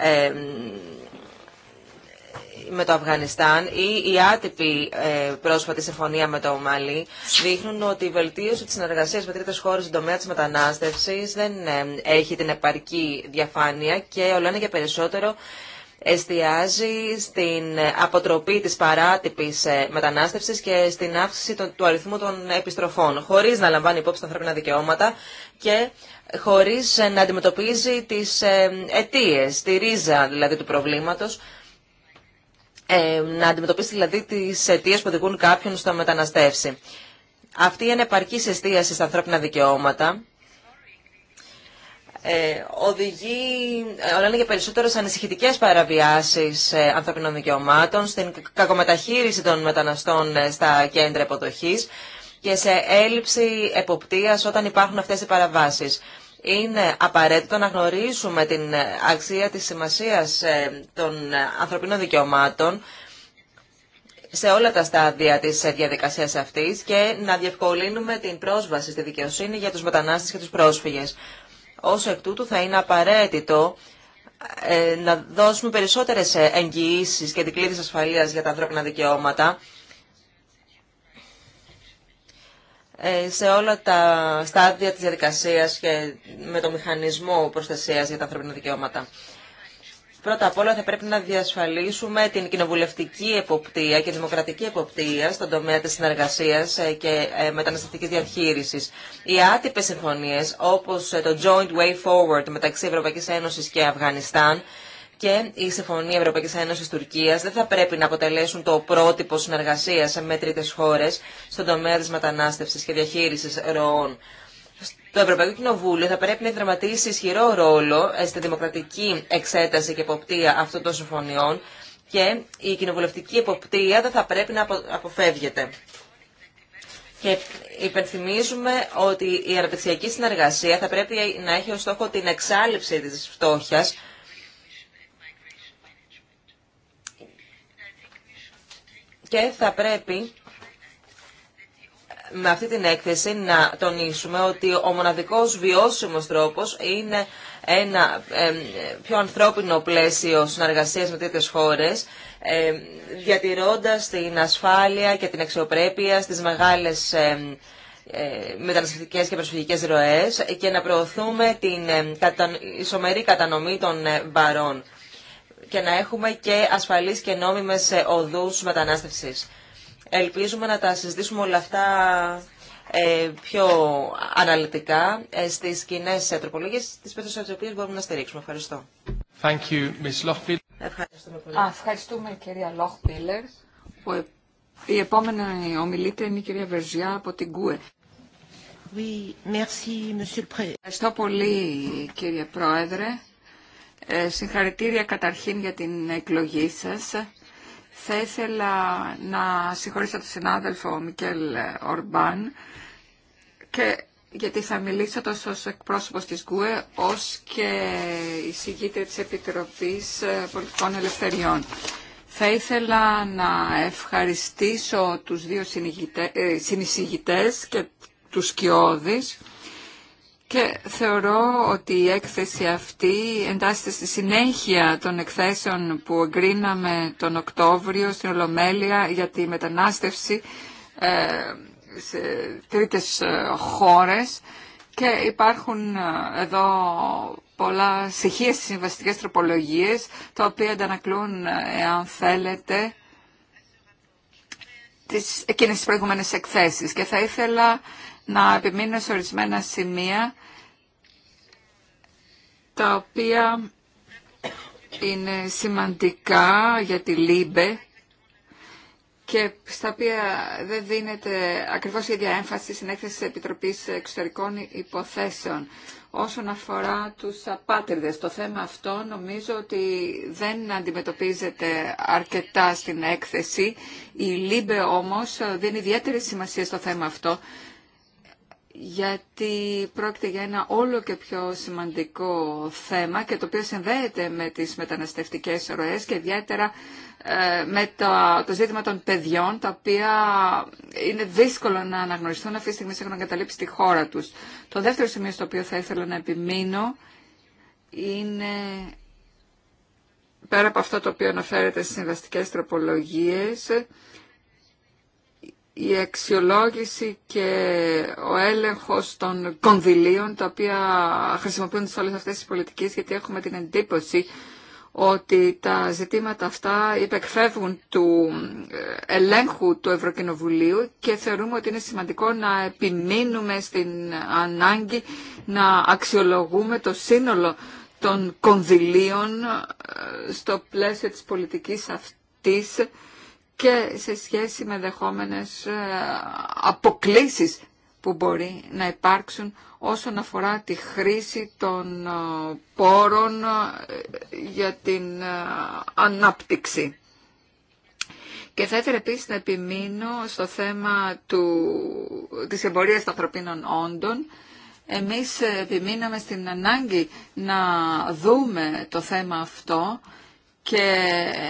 με το Αφγανιστάν ή η άτυπη ε, πρόσφατη συμφωνία με το Μαλί δείχνουν ότι η βελτίωση της συνεργασίας με τρίτες χώρες στον τομέα της μετανάστευσης δεν ε, έχει την επαρκή διαφάνεια και όλο ένα και περισσότερο εστιάζει στην αποτροπή της παράτυπης ε, μετανάστευσης και στην αύξηση του αριθμού των επιστροφών, χωρίς να λαμβάνει υπόψη τα ανθρώπινα δικαιώματα και χωρίς να αντιμετωπίζει τις αιτίες, τη ρίζα δηλαδή του προβλήματος, ε, να αντιμετωπίσει δηλαδή τι αιτίε που οδηγούν κάποιον στο μεταναστεύσει. Αυτή η ανεπαρκή εστίαση στα ανθρώπινα δικαιώματα ε, οδηγεί ε, όλα για περισσότερε περισσότερο σε ανησυχητικέ παραβιάσει ανθρωπίνων δικαιωμάτων, στην κακομεταχείριση των μεταναστών στα κέντρα υποδοχή και σε έλλειψη εποπτείας όταν υπάρχουν αυτές οι παραβάσεις είναι απαραίτητο να γνωρίσουμε την αξία της σημασίας ε, των ανθρωπίνων δικαιωμάτων σε όλα τα στάδια της διαδικασίας αυτής και να διευκολύνουμε την πρόσβαση στη δικαιοσύνη για τους μετανάστες και τους πρόσφυγες. Όσο εκ τούτου θα είναι απαραίτητο ε, να δώσουμε περισσότερες ε, εγγυήσεις και την δικλείδες ασφαλείας για τα ανθρώπινα δικαιώματα Ε, σε όλα τα στάδια της διαδικασίας και με το μηχανισμό προστασίας για τα ανθρώπινα δικαιώματα. Πρώτα απ' όλα θα πρέπει να διασφαλίσουμε την κοινοβουλευτική εποπτεία και δημοκρατική εποπτεία στον τομέα της συνεργασίας ε, και ε, μεταναστευτικής διαχείρισης. Οι άτυπες συμφωνίες όπως το Joint Way Forward μεταξύ Ευρωπαϊκής Ένωσης και Αφγανιστάν και η Συμφωνία Ευρωπαϊκή Ένωση Τουρκία δεν θα πρέπει να αποτελέσουν το πρότυπο συνεργασία σε τρίτε χώρε στον τομέα τη μετανάστευση και διαχείριση ροών. Το Ευρωπαϊκό Κοινοβούλιο θα πρέπει να δραματίσει ισχυρό ρόλο ε, στη δημοκρατική εξέταση και εποπτεία αυτών των συμφωνιών και η κοινοβουλευτική εποπτεία δεν θα πρέπει να αποφεύγεται. Και υπενθυμίζουμε ότι η αναπτυξιακή συνεργασία θα πρέπει να έχει ως στόχο την εξάλληψη της φτώχειας και θα πρέπει με αυτή την έκθεση να τονίσουμε ότι ο μοναδικός βιώσιμος τρόπος είναι ένα πιο ανθρώπινο πλαίσιο συνεργασίας με τέτοιες χώρες, διατηρώντας την ασφάλεια και την αξιοπρέπεια στις μεγάλες ε, μεταναστευτικές και προσφυγικές ροές και να προωθούμε την ισομερή κατανομή των ε, βαρών και να έχουμε και ασφαλείς και νόμιμες οδούς μετανάστευσης. Ελπίζουμε να τα συζητήσουμε όλα αυτά ε, πιο αναλυτικά ε, στις κοινέ τροπολογίες, τις περισσότερες τις οποίες μπορούμε να στηρίξουμε. Ευχαριστώ. Thank Ευχαριστούμε πολύ. Α, ευχαριστούμε κυρία Λόχπιλερ. Η επόμενη ομιλήτρια είναι η κυρία Βερζιά από την ΚΟΕ. Oui, merci, monsieur Ευχαριστώ πολύ κύριε Πρόεδρε. Ε, συγχαρητήρια καταρχήν για την εκλογή σας. Θα ήθελα να συγχωρήσω τον συνάδελφο Μικέλ Ορμπάν και γιατί θα μιλήσω τόσο ως εκπρόσωπος της ΚΟΕ ως και εισηγήτρια της Επιτροπής ε, Πολιτικών Ελευθεριών. Θα ήθελα να ευχαριστήσω τους δύο ε, συνεισηγητές και τους Κιώδης και θεωρώ ότι η έκθεση αυτή εντάσσεται στη συνέχεια των εκθέσεων που εγκρίναμε τον Οκτώβριο στην Ολομέλεια για τη μετανάστευση ε, σε τρίτες ε, χώρες και υπάρχουν ε, εδώ πολλά στοιχεία στις συμβαστικές τροπολογίες τα οποία αντανακλούν, εάν θέλετε, τις, εκείνες τις προηγούμενες εκθέσεις και θα ήθελα να επιμείνω σε ορισμένα σημεία τα οποία είναι σημαντικά για τη ΛΥΜΠΕ και στα οποία δεν δίνεται ακριβώς η ίδια έμφαση στην έκθεση της Επιτροπής Εξωτερικών Υποθέσεων. Όσον αφορά τους απάτριδες, το θέμα αυτό νομίζω ότι δεν αντιμετωπίζεται αρκετά στην έκθεση. Η ΛΥΜΠΕ όμως δίνει ιδιαίτερη σημασία στο θέμα αυτό γιατί πρόκειται για ένα όλο και πιο σημαντικό θέμα και το οποίο συνδέεται με τις μεταναστευτικές ροές και ιδιαίτερα ε, με το, το ζήτημα των παιδιών, τα οποία είναι δύσκολο να αναγνωριστούν αυτή τη στιγμή έχουν καταλήψει τη χώρα τους. Το δεύτερο σημείο στο οποίο θα ήθελα να επιμείνω είναι πέρα από αυτό το οποίο αναφέρεται στις συμβαστικές τροπολογίες, η αξιολόγηση και ο έλεγχος των κονδυλίων τα οποία χρησιμοποιούνται σε όλες αυτές τις πολιτικές γιατί έχουμε την εντύπωση ότι τα ζητήματα αυτά υπεκφεύγουν του ε, ελέγχου του Ευρωκοινοβουλίου και θεωρούμε ότι είναι σημαντικό να επιμείνουμε στην ανάγκη να αξιολογούμε το σύνολο των κονδυλίων ε, στο πλαίσιο της πολιτικής αυτής και σε σχέση με δεχόμενες ε, αποκλήσεις που μπορεί να υπάρξουν όσον αφορά τη χρήση των ε, πόρων ε, για την ανάπτυξη. Και θα ήθελα επίσης να επιμείνω στο θέμα του, της εμπορίας των ανθρωπίνων όντων. Εμείς επιμείναμε στην ανάγκη να δούμε το θέμα αυτό και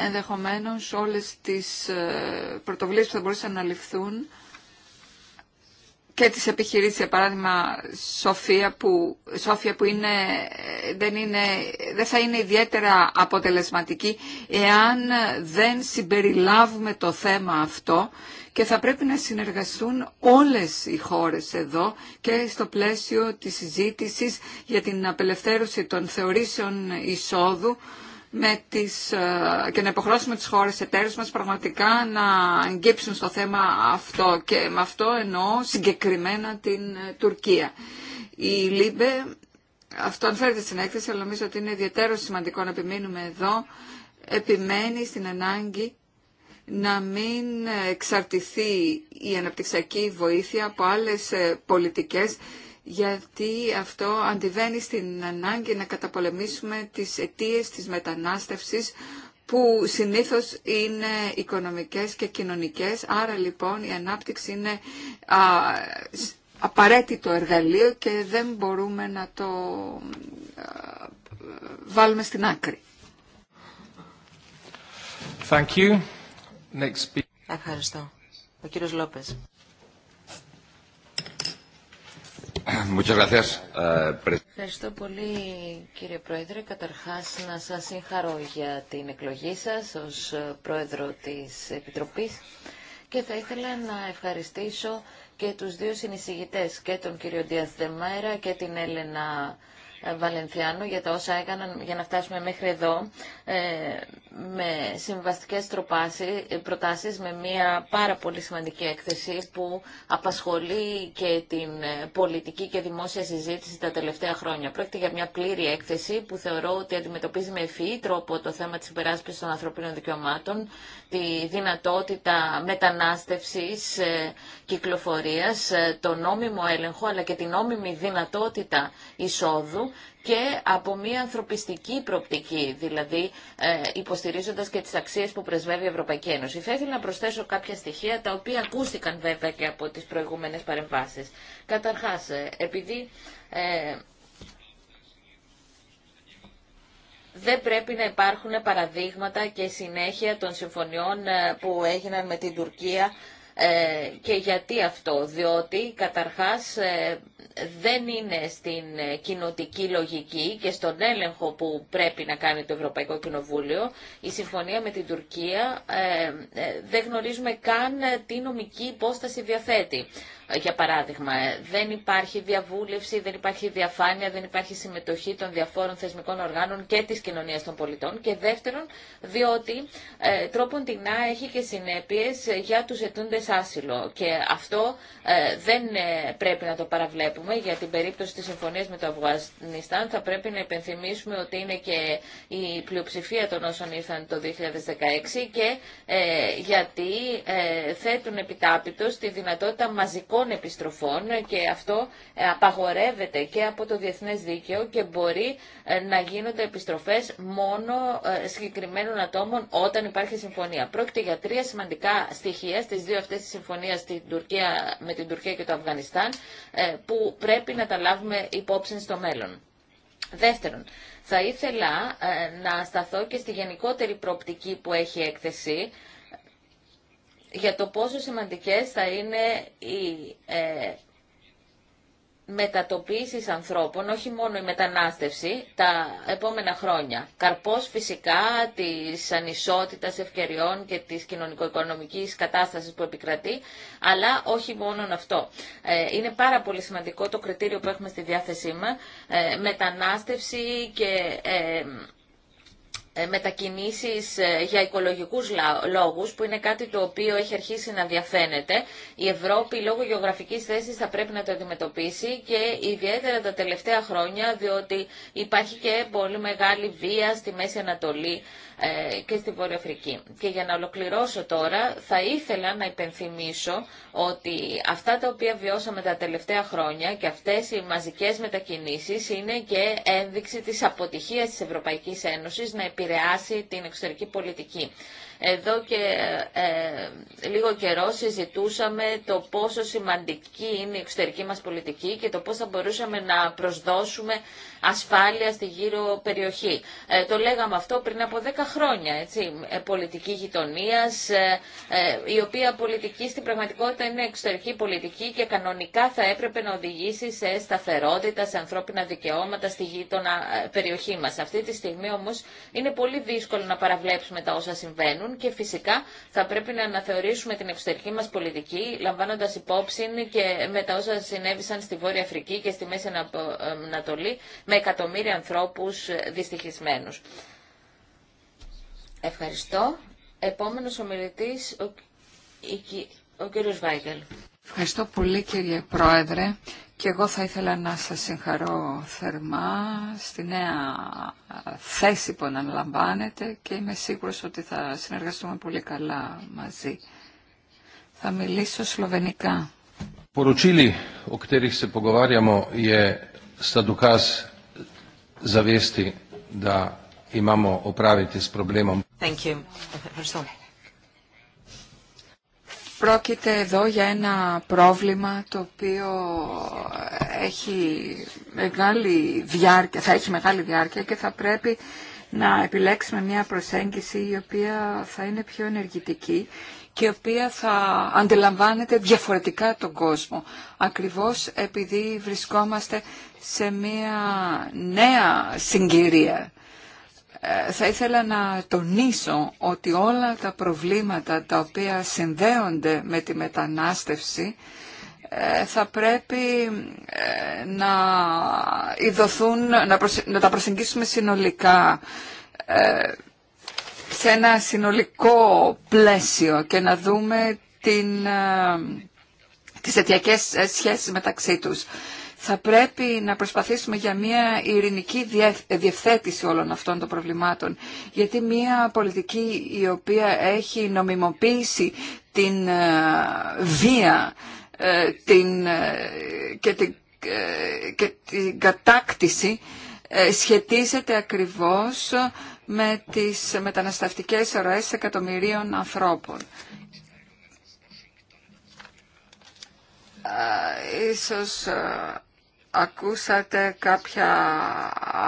ενδεχομένως όλες τις ε, πρωτοβουλίες που θα μπορούσαν να ληφθούν και τις επιχειρήσεις, για παράδειγμα Σοφία που, Σόφια που είναι, δεν, είναι, δεν θα είναι ιδιαίτερα αποτελεσματική εάν δεν συμπεριλάβουμε το θέμα αυτό και θα πρέπει να συνεργαστούν όλες οι χώρες εδώ και στο πλαίσιο της συζήτησης για την απελευθέρωση των θεωρήσεων εισόδου με τις, ε, και να υποχρώσουμε τις χώρες εταίρους μας πραγματικά να εγκύψουν στο θέμα αυτό και με αυτό εννοώ συγκεκριμένα την ε, Τουρκία. Η ΛΥΜΠΕ, αυτό ανφέρεται στην έκθεση, αλλά νομίζω ότι είναι ιδιαίτερο σημαντικό να επιμείνουμε εδώ, επιμένει στην ανάγκη να μην εξαρτηθεί η αναπτυξιακή βοήθεια από άλλες ε, πολιτικές γιατί αυτό αντιβαίνει στην ανάγκη να καταπολεμήσουμε τις αιτίες της μετανάστευσης που συνήθως είναι οικονομικές και κοινωνικές. Άρα λοιπόν η ανάπτυξη είναι α, απαραίτητο εργαλείο και δεν μπορούμε να το βάλουμε στην άκρη. Ευχαριστώ. Ο κύριος Λόπες. Eh, Ευχαριστώ πολύ κύριε Πρόεδρε. Καταρχάς να σας συγχαρώ για την εκλογή σας ως ε, Πρόεδρο της Επιτροπής και θα ήθελα να ευχαριστήσω και τους δύο συνεισηγητές και τον κύριο Διαθεμέρα και την Έλενα Βαλενθιάνου για τα όσα έκαναν για να φτάσουμε μέχρι εδώ ε, με συμβαστικές προτάσεις με μια πάρα πολύ σημαντική έκθεση που απασχολεί και την ε, πολιτική και δημόσια συζήτηση τα τελευταία χρόνια. Πρόκειται για μια πλήρη έκθεση που θεωρώ ότι αντιμετωπίζει με ευφυή τρόπο το θέμα της υπεράσπισης των ανθρωπίνων δικαιωμάτων, τη δυνατότητα μετανάστευσης, ε, κυκλοφορίας, το νόμιμο έλεγχο αλλά και την νόμιμη δυνατότητα εισόδου και από μια ανθρωπιστική προπτική, δηλαδή ε, υποστηρίζοντας και τις αξίες που πρεσβεύει η Ευρωπαϊκή Ένωση. Θα ήθελα να προσθέσω κάποια στοιχεία τα οποία ακούστηκαν βέβαια και από τις προηγούμενες παρεμβάσεις. Καταρχάς, ε, επειδή ε, δεν πρέπει να υπάρχουν παραδείγματα και συνέχεια των συμφωνιών ε, που έγιναν με την Τουρκία ε, και γιατί αυτό, διότι καταρχάς ε, δεν είναι στην ε, κοινοτική λογική και στον έλεγχο που πρέπει να κάνει το Ευρωπαϊκό Κοινοβούλιο η συμφωνία με την Τουρκία δεν γνωρίζουμε καν τι νομική υπόσταση διαθέτει για παράδειγμα. Δεν υπάρχει διαβούλευση, δεν υπάρχει διαφάνεια, δεν υπάρχει συμμετοχή των διαφόρων θεσμικών οργάνων και της κοινωνίας των πολιτών. Και δεύτερον, διότι ε, τρόπον την να έχει και συνέπειες για τους ετούντε άσυλο. Και αυτό ε, δεν ε, πρέπει να το παραβλέπουμε. Για την περίπτωση της συμφωνίας με το Αφγανιστάν θα πρέπει να υπενθυμίσουμε ότι είναι και η πλειοψηφία των όσων ήρθαν το 2016 και ε, γιατί θέτουν επιτάπητο τη δυνατότητα μαζικών επιστροφών και αυτό ε, απαγορεύεται και από το Διεθνές Δίκαιο και μπορεί ε, να γίνονται επιστροφές μόνο ε, συγκεκριμένων ατόμων όταν υπάρχει συμφωνία. Πρόκειται για τρία σημαντικά στοιχεία στις δύο αυτές τις συμφωνίες Τουρκία, με την Τουρκία και το Αφγανιστάν που πρέπει να τα λάβουμε υπόψη στο μέλλον. Δεύτερον, θα ήθελα να σταθώ και στη γενικότερη προοπτική που έχει έκθεση για το πόσο σημαντικές θα είναι οι ε, μετατοπίσεις ανθρώπων, όχι μόνο η μετανάστευση, τα επόμενα χρόνια. Καρπός φυσικά της ανισότητας ευκαιριών και της κοινωνικο-οικονομικής κατάστασης που επικρατεί, αλλά όχι μόνο αυτό. Ε, είναι πάρα πολύ σημαντικό το κριτήριο που έχουμε στη διάθεσή μας, ε, μετανάστευση και ε, ε, μετακινήσεις ε, για οικολογικούς λόγους που είναι κάτι το οποίο έχει αρχίσει να διαφαίνεται. Η Ευρώπη λόγω γεωγραφικής θέσης θα πρέπει να το αντιμετωπίσει και ιδιαίτερα τα τελευταία χρόνια διότι υπάρχει και πολύ μεγάλη βία στη Μέση Ανατολή ε, και στη Βόρεια Αφρική. Και για να ολοκληρώσω τώρα, θα ήθελα να υπενθυμίσω ότι αυτά τα οποία βιώσαμε τα τελευταία χρόνια και αυτές οι μαζικές μετακινήσεις είναι και ένδειξη της αποτυχίας της Ευρωπαϊκής Ένωσης να επηρεάσει την εξωτερική πολιτική. Εδώ και ε, ε, λίγο καιρό συζητούσαμε το πόσο σημαντική είναι η εξωτερική μας πολιτική και το πώς θα μπορούσαμε να προσδώσουμε ασφάλεια στη γύρω περιοχή. Ε, το λέγαμε αυτό πριν από 10 χρόνια, έτσι, ε, πολιτική γειτονίας, η οποία πολιτική στην πραγματικότητα είναι εξωτερική πολιτική και κανονικά θα έπρεπε να οδηγήσει σε σταθερότητα, σε ανθρώπινα δικαιώματα στη γείτονα περιοχή μας. Αυτή τη στιγμή όμως είναι πολύ δύσκολο να παραβλέψουμε τα όσα συμβαίνουν και φυσικά θα πρέπει να αναθεωρήσουμε την εξωτερική μας πολιτική λαμβάνοντας υπόψη και με τα όσα συνέβησαν στη Βόρεια Αφρική και στη Μέση Ανατολή με εκατομμύρια ανθρώπους δυστυχισμένους. Ευχαριστώ. Επόμενος ομιλητής, ο, κύριο ο κύριος Βάγκελ. Ευχαριστώ πολύ κύριε Πρόεδρε και εγώ θα ήθελα να σας συγχαρώ θερμά στη νέα θέση που αναλαμβάνετε και είμαι σίγουρος ότι θα συνεργαστούμε πολύ καλά μαζί. Θα μιλήσω σλοβενικά. Poročili, o katerih se pogovarjamo, je sta dokaz zavesti, da imamo opraviti s problemom. Thank you. Ευχαριστώ. Πρόκειται εδώ για ένα πρόβλημα το οποίο έχει μεγάλη διάρκεια, θα έχει μεγάλη διάρκεια και θα πρέπει να επιλέξουμε μια προσέγγιση η οποία θα είναι πιο ενεργητική και η οποία θα αντιλαμβάνεται διαφορετικά τον κόσμο. Ακριβώς επειδή βρισκόμαστε σε μια νέα συγκυρία θα ήθελα να τονίσω ότι όλα τα προβλήματα τα οποία συνδέονται με τη μετανάστευση ε, θα πρέπει ε, να, ειδωθούν, να, τα προσεγγίσουμε συνολικά ε, σε ένα συνολικό πλαίσιο και να δούμε την, τις αιτιακές σχέσεις μεταξύ τους θα πρέπει να προσπαθήσουμε για μια ειρηνική διευθέτηση όλων αυτών των προβλημάτων. Γιατί μια πολιτική η οποία έχει νομιμοποιήσει την ε, βία ε, την, ε, και, την, κατάκτηση σχετίζεται ακριβώς με τις μεταναστευτικές ροές εκατομμυρίων ανθρώπων. Ίσως ακούσατε κάποια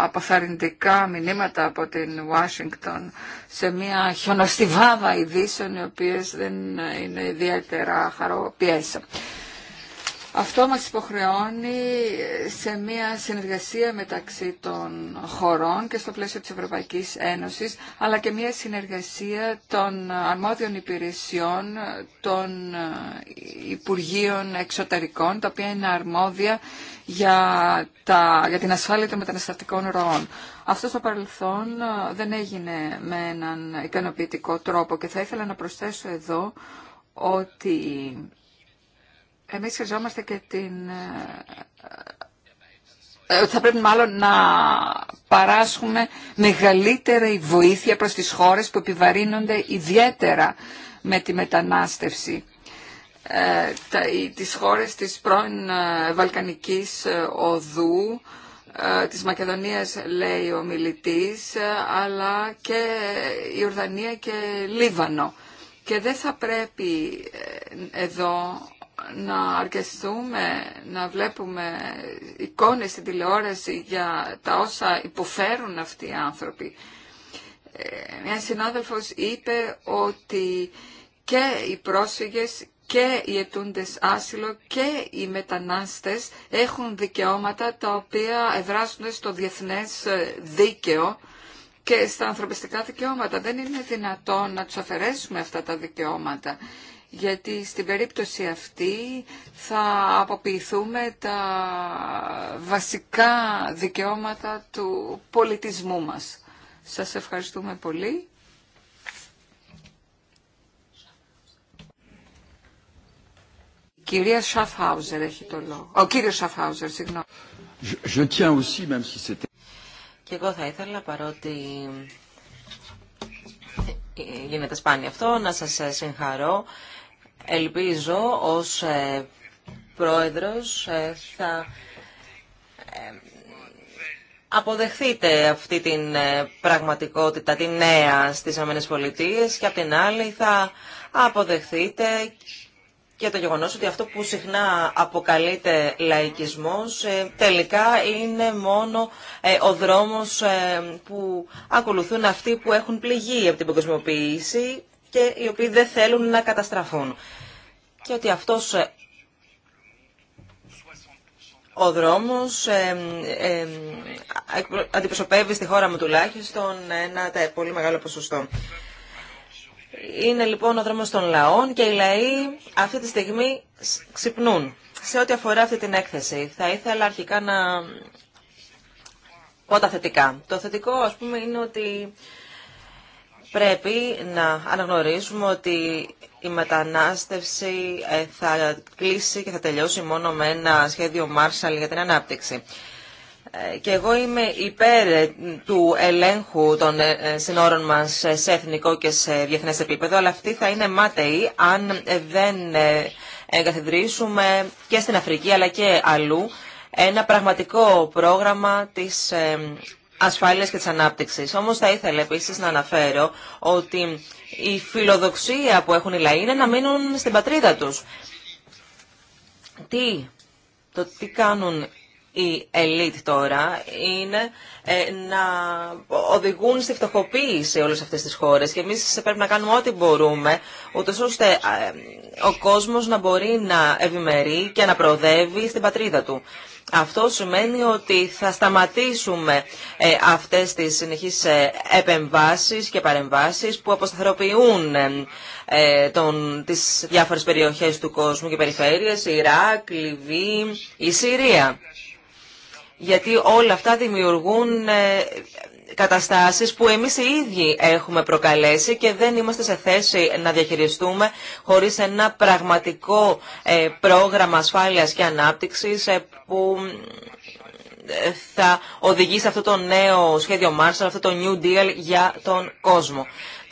αποθαρρυντικά μηνύματα από την Ουάσιγκτον σε μια χιονοστιβάδα ειδήσεων οι οποίες δεν είναι ιδιαίτερα χαροποιές. Αυτό μας υποχρεώνει σε μια συνεργασία μεταξύ των χωρών και στο πλαίσιο της Ευρωπαϊκής Ένωσης, αλλά και μια συνεργασία των αρμόδιων υπηρεσιών, των Υπουργείων Εξωτερικών, τα οποία είναι αρμόδια για, τα, για την ασφάλεια των μεταναστευτικών ροών. Αυτό στο παρελθόν ε, δεν έγινε με έναν ικανοποιητικό τρόπο και θα ήθελα να προσθέσω εδώ ότι εμείς χρειαζόμαστε και την... Ε, ε, θα πρέπει μάλλον να παράσχουμε μεγαλύτερη βοήθεια προς τις χώρες που επιβαρύνονται ιδιαίτερα με τη μετανάστευση ε, τα τις χώρες της πρώην Βαλκανικής Οδού, της Μακεδονίας λέει ο μιλητής, αλλά και η Ορδανία και Λίβανο. Και δεν θα πρέπει εδώ να αρκεστούμε, να βλέπουμε εικόνες στην τηλεόραση για τα όσα υποφέρουν αυτοί οι άνθρωποι. Ε, μια συνάδελφος είπε ότι και οι πρόσφυγες και οι ετούντες άσυλο και οι μετανάστες έχουν δικαιώματα τα οποία εδράσουν στο διεθνές δίκαιο και στα ανθρωπιστικά δικαιώματα. Δεν είναι δυνατόν να τους αφαιρέσουμε αυτά τα δικαιώματα γιατί στην περίπτωση αυτή θα αποποιηθούμε τα βασικά δικαιώματα του πολιτισμού μας. Σας ευχαριστούμε πολύ. κυρία Σαφάουζερ έχει το λόγο. Ο κύριος Σαφάουζερ, συγγνώμη. Και εγώ θα ήθελα παρότι γίνεται σπάνιο αυτό να σας συγχαρώ Ελπίζω ως ε, πρόεδρος ε, θα ε, αποδεχθείτε αυτή την πραγματικότητα, τη νέα στις πολιτείες και απ' την άλλη θα αποδεχθείτε και το γεγονός ότι αυτό που συχνά αποκαλείται λαϊκισμός τελικά είναι μόνο ο δρόμος που ακολουθούν αυτοί που έχουν πληγεί από την παγκοσμιοποίηση και οι οποίοι δεν θέλουν να καταστραφούν. Και ότι αυτός ε, ο δρόμος ε, ε, αντιπροσωπεύει στη χώρα μου τουλάχιστον ένα πολύ μεγάλο ποσοστό. Είναι λοιπόν ο δρόμος των λαών και οι λαοί αυτή τη στιγμή ξυπνούν. Σε ό,τι αφορά αυτή την έκθεση, θα ήθελα αρχικά να πω τα θετικά. Το θετικό, ας πούμε, είναι ότι πρέπει να αναγνωρίσουμε ότι η μετανάστευση ε, θα κλείσει και θα τελειώσει μόνο με ένα σχέδιο Marshall για την ανάπτυξη. Ε, και εγώ είμαι υπέρ ε, του ελέγχου των συνόρων μας σε εθνικό και σε διεθνές επίπεδο, αλλά αυτή θα είναι μάταιη αν δεν εγκαθιδρύσουμε και στην Αφρική αλλά και αλλού ένα πραγματικό πρόγραμμα της ασφάλειας και της ανάπτυξης. Όμως θα ήθελα επίσης να αναφέρω ότι η φιλοδοξία που έχουν οι λαοί είναι να μείνουν στην πατρίδα τους. Τι, το τι κάνουν η ελίτ τώρα είναι ε, να οδηγούν στη φτωχοποίηση όλες αυτές τις χώρες και εμείς πρέπει να κάνουμε ό,τι μπορούμε ούτως ώστε ε, ο κόσμος να μπορεί να ευημερεί και να προοδεύει στην πατρίδα του. Αυτό σημαίνει ότι θα σταματήσουμε ε, αυτές τις συνεχείς επεμβάσεις και παρεμβάσεις που αποσταθεροποιούν τον, τις διάφορες περιοχές του κόσμου και περιφέρειες, Ιράκ, Λιβύη, η Συρία γιατί όλα αυτά δημιουργούν ε, καταστάσεις που εμείς οι ίδιοι έχουμε προκαλέσει και δεν είμαστε σε θέση να διαχειριστούμε χωρίς ένα πραγματικό ε, πρόγραμμα ασφάλειας και ανάπτυξης ε, που θα οδηγήσει αυτό το νέο σχέδιο Marshall, αυτό το New Deal για τον κόσμο.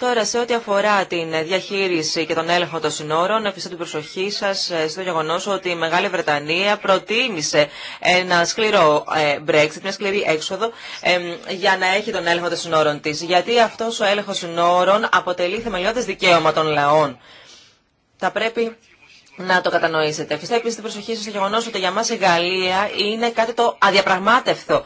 Τώρα, σε ό,τι αφορά την διαχείριση και τον έλεγχο των συνόρων, αφήστε την προσοχή σα ε, στο γεγονό ότι η Μεγάλη Βρετανία προτίμησε ένα σκληρό ε, Brexit, μια σκληρή έξοδο, για να έχει τον έλεγχο των συνόρων τη. Γιατί αυτό ο έλεγχο συνόρων αποτελεί θεμελιώδε δικαίωμα των λαών. Θα πρέπει να το κατανοήσετε. Αφήστε επίση την προσοχή σα στο γεγονό ότι για μα η Γαλλία είναι κάτι το αδιαπραγμάτευτο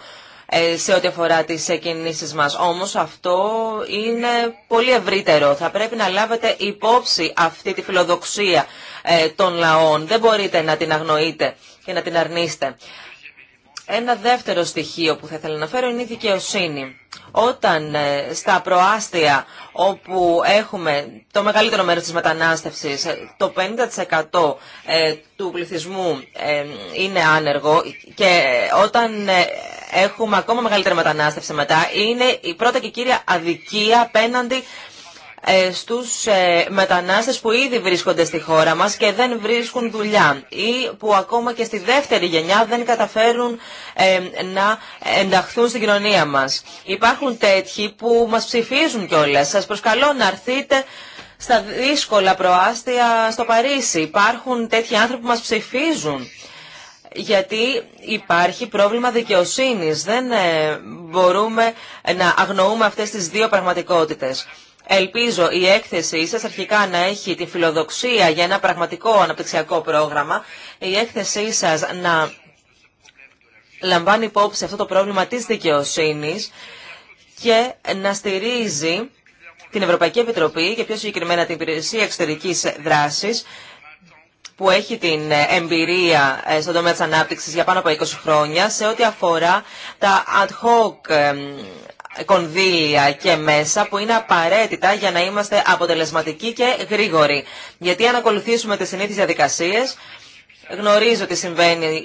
ε, σε ό,τι αφορά τις ε, κινήσεις μας. Όμως αυτό είναι πολύ ευρύτερο. Θα πρέπει να λάβετε υπόψη αυτή τη φιλοδοξία ε, των λαών. Δεν μπορείτε να την αγνοείτε και να την αρνείστε. Ένα δεύτερο στοιχείο που θα ήθελα να φέρω είναι η δικαιοσύνη. Όταν στα προάστια όπου έχουμε το μεγαλύτερο μέρος της μετανάστευσης, το 50% του πληθυσμού είναι άνεργο και όταν έχουμε ακόμα μεγαλύτερη μετανάστευση μετά, είναι η πρώτα και κύρια αδικία απέναντι ε, στους ε, μετανάστες που ήδη βρίσκονται στη χώρα μας και δεν βρίσκουν δουλειά ή που ακόμα και στη δεύτερη γενιά δεν καταφέρουν ε, να ενταχθούν στην κοινωνία μας. Υπάρχουν τέτοιοι που μας ψηφίζουν κιόλα. Σας προσκαλώ να αρθείτε στα δύσκολα προάστια στο Παρίσι. Υπάρχουν τέτοιοι άνθρωποι που μας ψηφίζουν γιατί υπάρχει πρόβλημα δικαιοσύνης. Δεν ε, μπορούμε να αγνοούμε αυτές τις δύο πραγματικότητες. Ελπίζω η έκθεσή σας αρχικά να έχει τη φιλοδοξία για ένα πραγματικό αναπτυξιακό πρόγραμμα. Η έκθεσή σας να λαμβάνει υπόψη αυτό το πρόβλημα της δικαιοσύνης και να στηρίζει την Ευρωπαϊκή Επιτροπή και πιο συγκεκριμένα την Υπηρεσία Εξωτερικής Δράσης που έχει την ε, εμπειρία ε, στον τομέα της ανάπτυξης για πάνω από 20 χρόνια σε ό,τι αφορά τα ad hoc κονδύλια και μέσα που είναι απαραίτητα για να είμαστε αποτελεσματικοί και γρήγοροι. Γιατί αν ακολουθήσουμε τις συνήθεις διαδικασίες, γνωρίζω τι συμβαίνει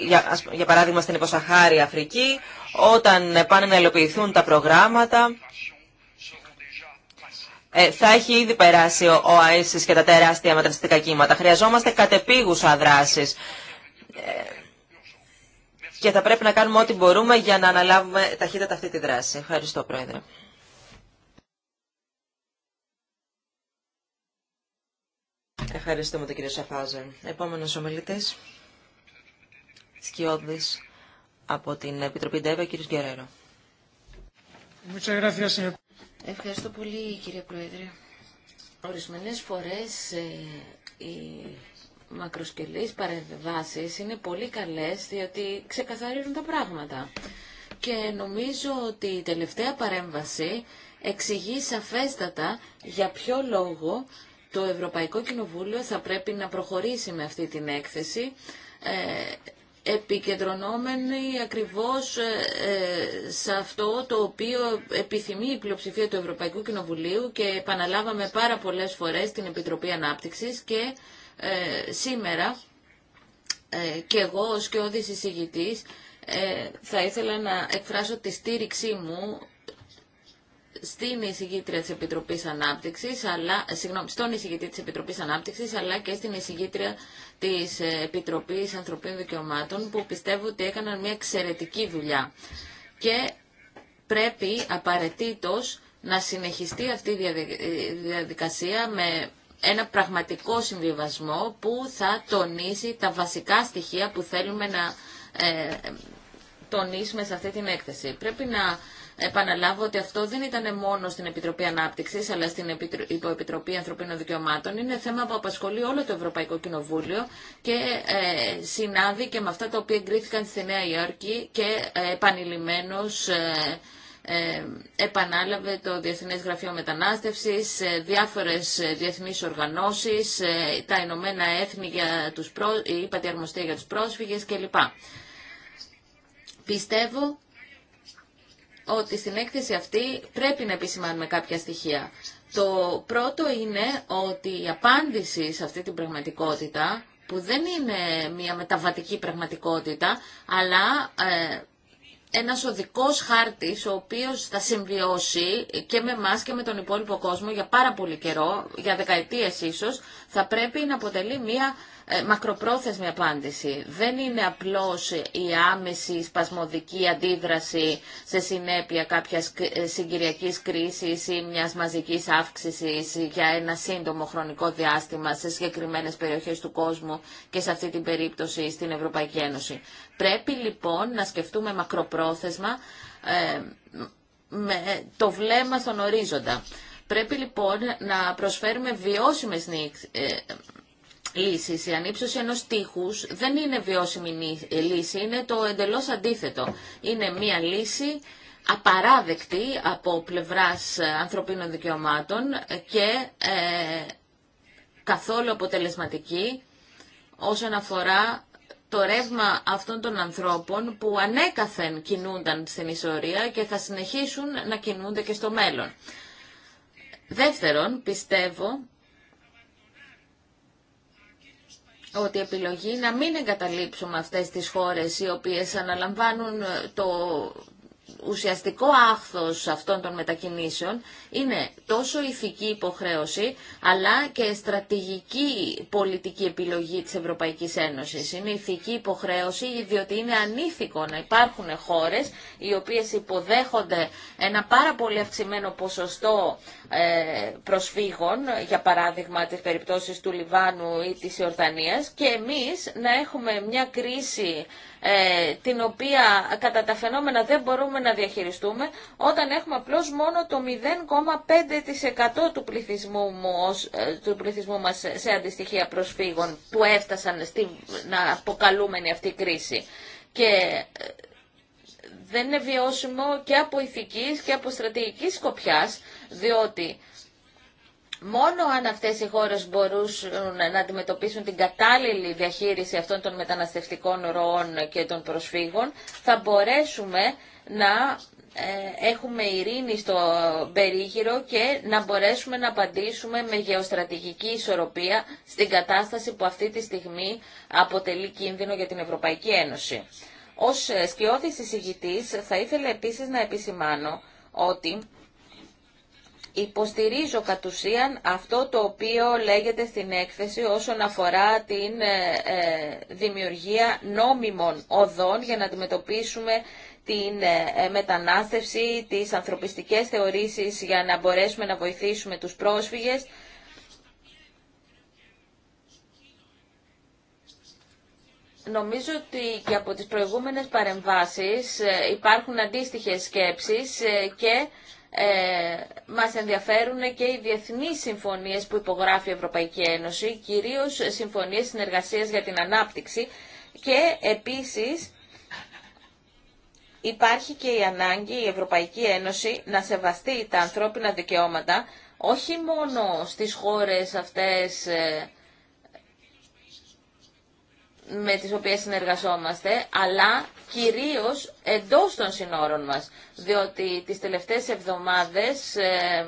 για, παράδειγμα στην Υποσαχάρη Αφρική, όταν πάνε να υλοποιηθούν τα προγράμματα, ε, θα έχει ήδη περάσει ο ΑΕΣΙΣ και τα τεράστια μεταναστευτικά κύματα. Χρειαζόμαστε κατεπίγουσα δράσεις και θα πρέπει να κάνουμε ό,τι μπορούμε για να αναλάβουμε ταχύτατα αυτή τη δράση. Ευχαριστώ, Πρόεδρε. Ευχαριστούμε τον κύριο Σαφάζε. Επόμενος ομιλητής, Σκιώδη από την Επιτροπή ΔΕΒΕ, κύριο Γκερέρο. Ευχαριστώ πολύ κύριε Πρόεδρε. Ορισμένες φορές ε, οι μακροσκελείς παρεμβάσεις είναι πολύ καλές διότι ξεκαθαρίζουν τα πράγματα. Και νομίζω ότι η τελευταία παρέμβαση εξηγεί σαφέστατα για ποιο λόγο το Ευρωπαϊκό Κοινοβούλιο θα πρέπει να προχωρήσει με αυτή την έκθεση ε, επικεντρωνόμενοι ακριβώς ε, ε, σε αυτό το οποίο επιθυμεί η πλειοψηφία του Ευρωπαϊκού Κοινοβουλίου και επαναλάβαμε πάρα πολλές φορές την Επιτροπή Ανάπτυξης και ε, σήμερα και εγώ ως και όδης εισηγητής θα ήθελα να εκφράσω τη στήριξή μου στην εισηγήτρια της Επιτροπής Ανάπτυξης, αλλά, συγγνώμη, στον εισηγητή της Επιτροπής Ανάπτυξης, αλλά και στην εισηγήτρια της Επιτροπής Ανθρωπίνων Δικαιωμάτων που πιστεύω ότι έκαναν μια εξαιρετική δουλειά και πρέπει απαραίτητος να συνεχιστεί αυτή η διαδικασία με ένα πραγματικό συμβιβασμό που θα τονίσει τα βασικά στοιχεία που θέλουμε να ε, τονίσουμε σε αυτή την έκθεση. Πρέπει να επαναλάβω ότι αυτό δεν ήταν μόνο στην Επιτροπή Ανάπτυξη, αλλά στην Υποεπιτροπή Ανθρωπίνων Δικαιωμάτων. Είναι θέμα που απασχολεί όλο το Ευρωπαϊκό Κοινοβούλιο και ε, συνάδει και με αυτά τα οποία εγκρίθηκαν στη Νέα Υόρκη και ε, επανειλημμένω. Ε, ε, επανάλαβε το Διεθνές Γραφείο Μετανάστευσης, διάφορες διεθνείς οργανώσεις, τα Ηνωμένα Έθνη για τους, για τους πρόσφυγες κλπ. Πιστεύω ότι στην έκθεση αυτή πρέπει να επισημάνουμε κάποια στοιχεία. Το πρώτο είναι ότι η απάντηση σε αυτή την πραγματικότητα, που δεν είναι μια μεταβατική πραγματικότητα, αλλά ε, ένας οδικός χάρτης ο οποίος θα συμβιώσει και με εμά και με τον υπόλοιπο κόσμο για πάρα πολύ καιρό, για δεκαετίες ίσως, θα πρέπει να αποτελεί μια ε, μακροπρόθεσμη απάντηση. Δεν είναι απλώς η άμεση σπασμωδική αντίδραση σε συνέπεια κάποιας ε, συγκυριακής κρίσης ή μιας μαζικής αύξησης για ένα σύντομο χρονικό διάστημα σε συγκεκριμένες περιοχές του κόσμου και σε αυτή την περίπτωση στην Ευρωπαϊκή Ένωση. Πρέπει λοιπόν να σκεφτούμε μακροπρόθεσμα ε, με το βλέμμα στον ορίζοντα. Πρέπει λοιπόν να προσφέρουμε βιώσιμες Λύση η ανύψωση ενός τείχους δεν είναι βιώσιμη ε, λύση, είναι το εντελώς αντίθετο. Είναι μία λύση απαράδεκτη από πλευράς ε, ανθρωπίνων δικαιωμάτων και ε, καθόλου αποτελεσματική όσον αφορά το ρεύμα αυτών των ανθρώπων που ανέκαθεν κινούνταν στην ιστορία και θα συνεχίσουν να κινούνται και στο μέλλον. Δεύτερον, πιστεύω ότι η επιλογή να μην εγκαταλείψουμε αυτές τις χώρες οι οποίες αναλαμβάνουν το ουσιαστικό άχθος αυτών των μετακινήσεων είναι τόσο ηθική υποχρέωση, αλλά και στρατηγική πολιτική επιλογή της Ευρωπαϊκής Ένωσης. Είναι ηθική υποχρέωση, διότι είναι ανήθικο να υπάρχουν χώρες οι οποίες υποδέχονται ένα πάρα πολύ αυξημένο ποσοστό ε, προσφύγων, για παράδειγμα τις περιπτώσεις του Λιβάνου ή της Ιορδανίας, και εμείς να έχουμε μια κρίση ε, την οποία κατά τα φαινόμενα δεν μπορούμε να διαχειριστούμε όταν έχουμε απλώς μόνο το 0,5% του πληθυσμού, μας, ε, του πληθυσμού μας σε αντιστοιχεία προσφύγων που έφτασαν στην αποκαλούμενη αυτή κρίση. Και ε, δεν είναι βιώσιμο και από ηθικής και από στρατηγικής σκοπιάς, διότι Μόνο αν αυτές οι χώρες μπορούσαν να αντιμετωπίσουν την κατάλληλη διαχείριση αυτών των μεταναστευτικών ροών και των προσφύγων, θα μπορέσουμε να ε, έχουμε ειρήνη στο περίγυρο και να μπορέσουμε να απαντήσουμε με γεωστρατηγική ισορροπία στην κατάσταση που αυτή τη στιγμή αποτελεί κίνδυνο για την Ευρωπαϊκή Ένωση. Ως σκιώδης εισηγητής θα ήθελα επίσης να επισημάνω ότι Υποστηρίζω κατ' ουσίαν αυτό το οποίο λέγεται στην έκθεση όσον αφορά την ε, ε, δημιουργία νόμιμων οδών για να αντιμετωπίσουμε την ε, μετανάστευση, τις ανθρωπιστικές θεωρήσεις για να μπορέσουμε να βοηθήσουμε τους πρόσφυγες. Νομίζω ότι και από τις προηγούμενες παρεμβάσεις υπάρχουν αντίστοιχες σκέψεις και ε, μας ενδιαφέρουν και οι διεθνείς συμφωνίες που υπογράφει η Ευρωπαϊκή Ένωση, κυρίως συμφωνίες συνεργασίας για την ανάπτυξη και επίσης υπάρχει και η ανάγκη η Ευρωπαϊκή Ένωση να σεβαστεί τα ανθρώπινα δικαιώματα όχι μόνο στις χώρες αυτές ε, με τις οποίες συνεργαζόμαστε, αλλά κυρίως εντός των συνόρων μας, διότι τις τελευταίες εβδομάδες ε, ε,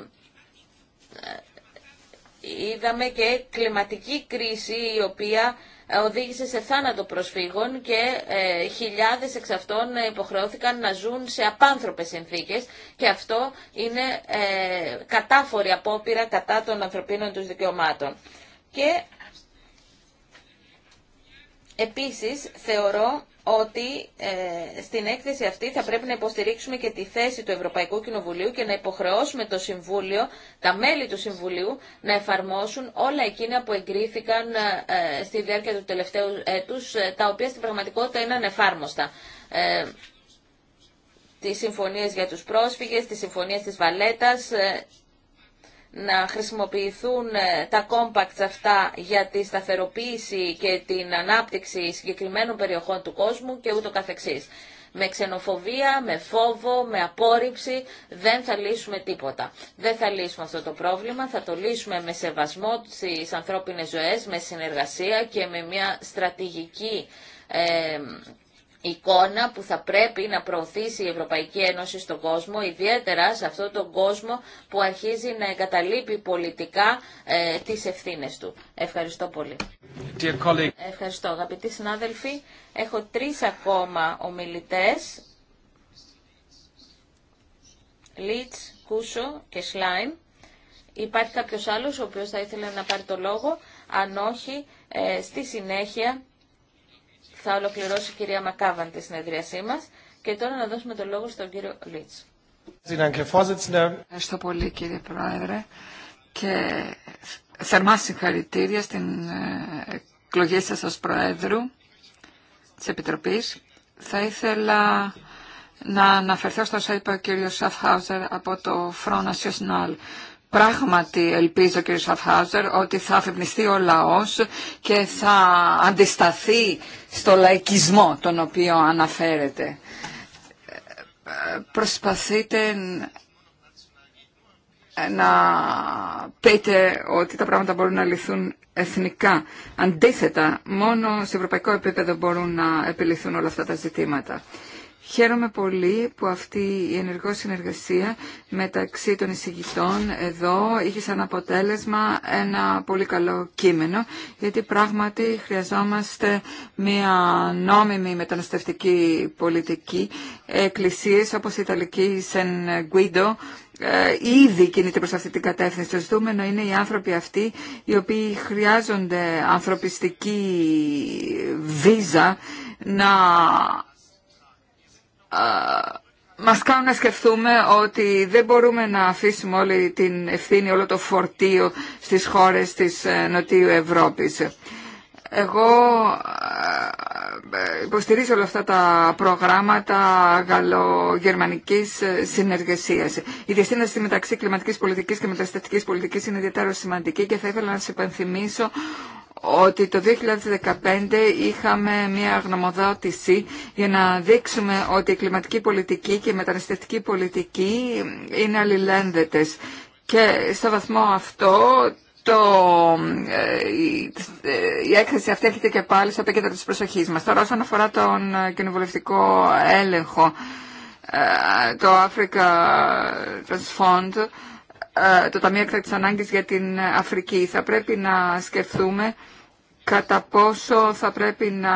είδαμε και κλιματική κρίση η οποία ε, οδήγησε σε θάνατο προσφύγων και ε, χιλιάδες εξ αυτών υποχρεώθηκαν να ζουν σε απάνθρωπες συνθήκες και αυτό είναι ε, κατάφορη απόπειρα κατά των ανθρωπίνων τους δικαιωμάτων. Και Επίσης, θεωρώ ότι ε, στην έκθεση αυτή θα πρέπει να υποστηρίξουμε και τη θέση του Ευρωπαϊκού Κοινοβουλίου και να υποχρεώσουμε το Συμβούλιο, τα μέλη του Συμβουλίου, να εφαρμόσουν όλα εκείνα που εγκρίθηκαν ε, στη διάρκεια του τελευταίου έτους, ε, τα οποία στην πραγματικότητα είναι ανεφάρμοστα. Ε, τις συμφωνίες για τους πρόσφυγες, τις συμφωνίες της Βαλέτας, να χρησιμοποιηθούν ε, τα compacts αυτά για τη σταθεροποίηση και την ανάπτυξη συγκεκριμένων περιοχών του κόσμου και ούτω καθεξής. Με ξενοφοβία, με φόβο, με απόρριψη δεν θα λύσουμε τίποτα. Δεν θα λύσουμε αυτό το πρόβλημα, θα το λύσουμε με σεβασμό στις ανθρώπινες ζωές, με συνεργασία και με μια στρατηγική ε, εικόνα που θα πρέπει να προωθήσει η Ευρωπαϊκή Ένωση στον κόσμο, ιδιαίτερα σε αυτόν τον κόσμο που αρχίζει να εγκαταλείπει πολιτικά ε, τις ευθύνες του. Ευχαριστώ πολύ. Ευχαριστώ αγαπητοί συνάδελφοι. Έχω τρεις ακόμα ομιλητές. Λίτς, Κούσο και Σλάιν. Υπάρχει κάποιος άλλος ο οποίος θα ήθελε να πάρει το λόγο. Αν όχι, ε, στη συνέχεια θα ολοκληρώσει η κυρία Μακάβαν τη συνεδρίασή μα. και τώρα να δώσουμε το λόγο στον κύριο Λίτ. Ευχαριστώ πολύ κύριε Πρόεδρε και θερμά συγχαρητήρια στην ε, εκλογή σας ως Προέδρου της Επιτροπής. Θα ήθελα να αναφερθώ στο όσα είπε ο κύριο Σαφχάουζερ από το Front National Πράγματι ελπίζω κύριε Σαφχάζερ ότι θα αφυπνιστεί ο λαός και θα αντισταθεί στο λαϊκισμό τον οποίο αναφέρεται. Προσπαθείτε να πείτε ότι τα πράγματα μπορούν να λυθούν εθνικά. Αντίθετα, μόνο σε ευρωπαϊκό επίπεδο μπορούν να επιληθούν όλα αυτά τα ζητήματα. Χαίρομαι πολύ που αυτή η ενεργό συνεργασία μεταξύ των εισηγητών εδώ είχε σαν αποτέλεσμα ένα πολύ καλό κείμενο, γιατί πράγματι χρειαζόμαστε μια νόμιμη μεταναστευτική πολιτική. Εκκλησίες όπως η Ιταλική Σεν Γκουίντο ήδη κινείται προς αυτή την κατεύθυνση. Το ζητούμενο είναι οι άνθρωποι αυτοί οι οποίοι χρειάζονται ανθρωπιστική βίζα να μας κάνουν να σκεφτούμε ότι δεν μπορούμε να αφήσουμε όλη την ευθύνη, όλο το φορτίο στις χώρες της ε, Νοτιού Ευρώπης. Εγώ ε, υποστηρίζω όλα αυτά τα προγράμματα γαλλογερμανικής ε, συνεργασίας. Η διασύνδεση μεταξύ κλιματικής πολιτικής και μεταστατικής πολιτικής είναι ιδιαίτερα σημαντική και θα ήθελα να σας υπενθυμίσω ότι το 2015 είχαμε μια γνωμοδότηση για να δείξουμε ότι η κλιματική πολιτική και η μεταναστευτική πολιτική είναι αλληλένδετες. Και στο βαθμό αυτό το, ε, ε, η έκθεση αυτή έρχεται και πάλι στο επίκεντρο της προσοχής μας. Τώρα όσον αφορά τον ε, κοινοβουλευτικό έλεγχο, το Africa Trans Fund, ε, το Ταμείο Εκτακτής Ανάγκης για την Αφρική. Θα πρέπει να σκεφτούμε κατά πόσο θα πρέπει να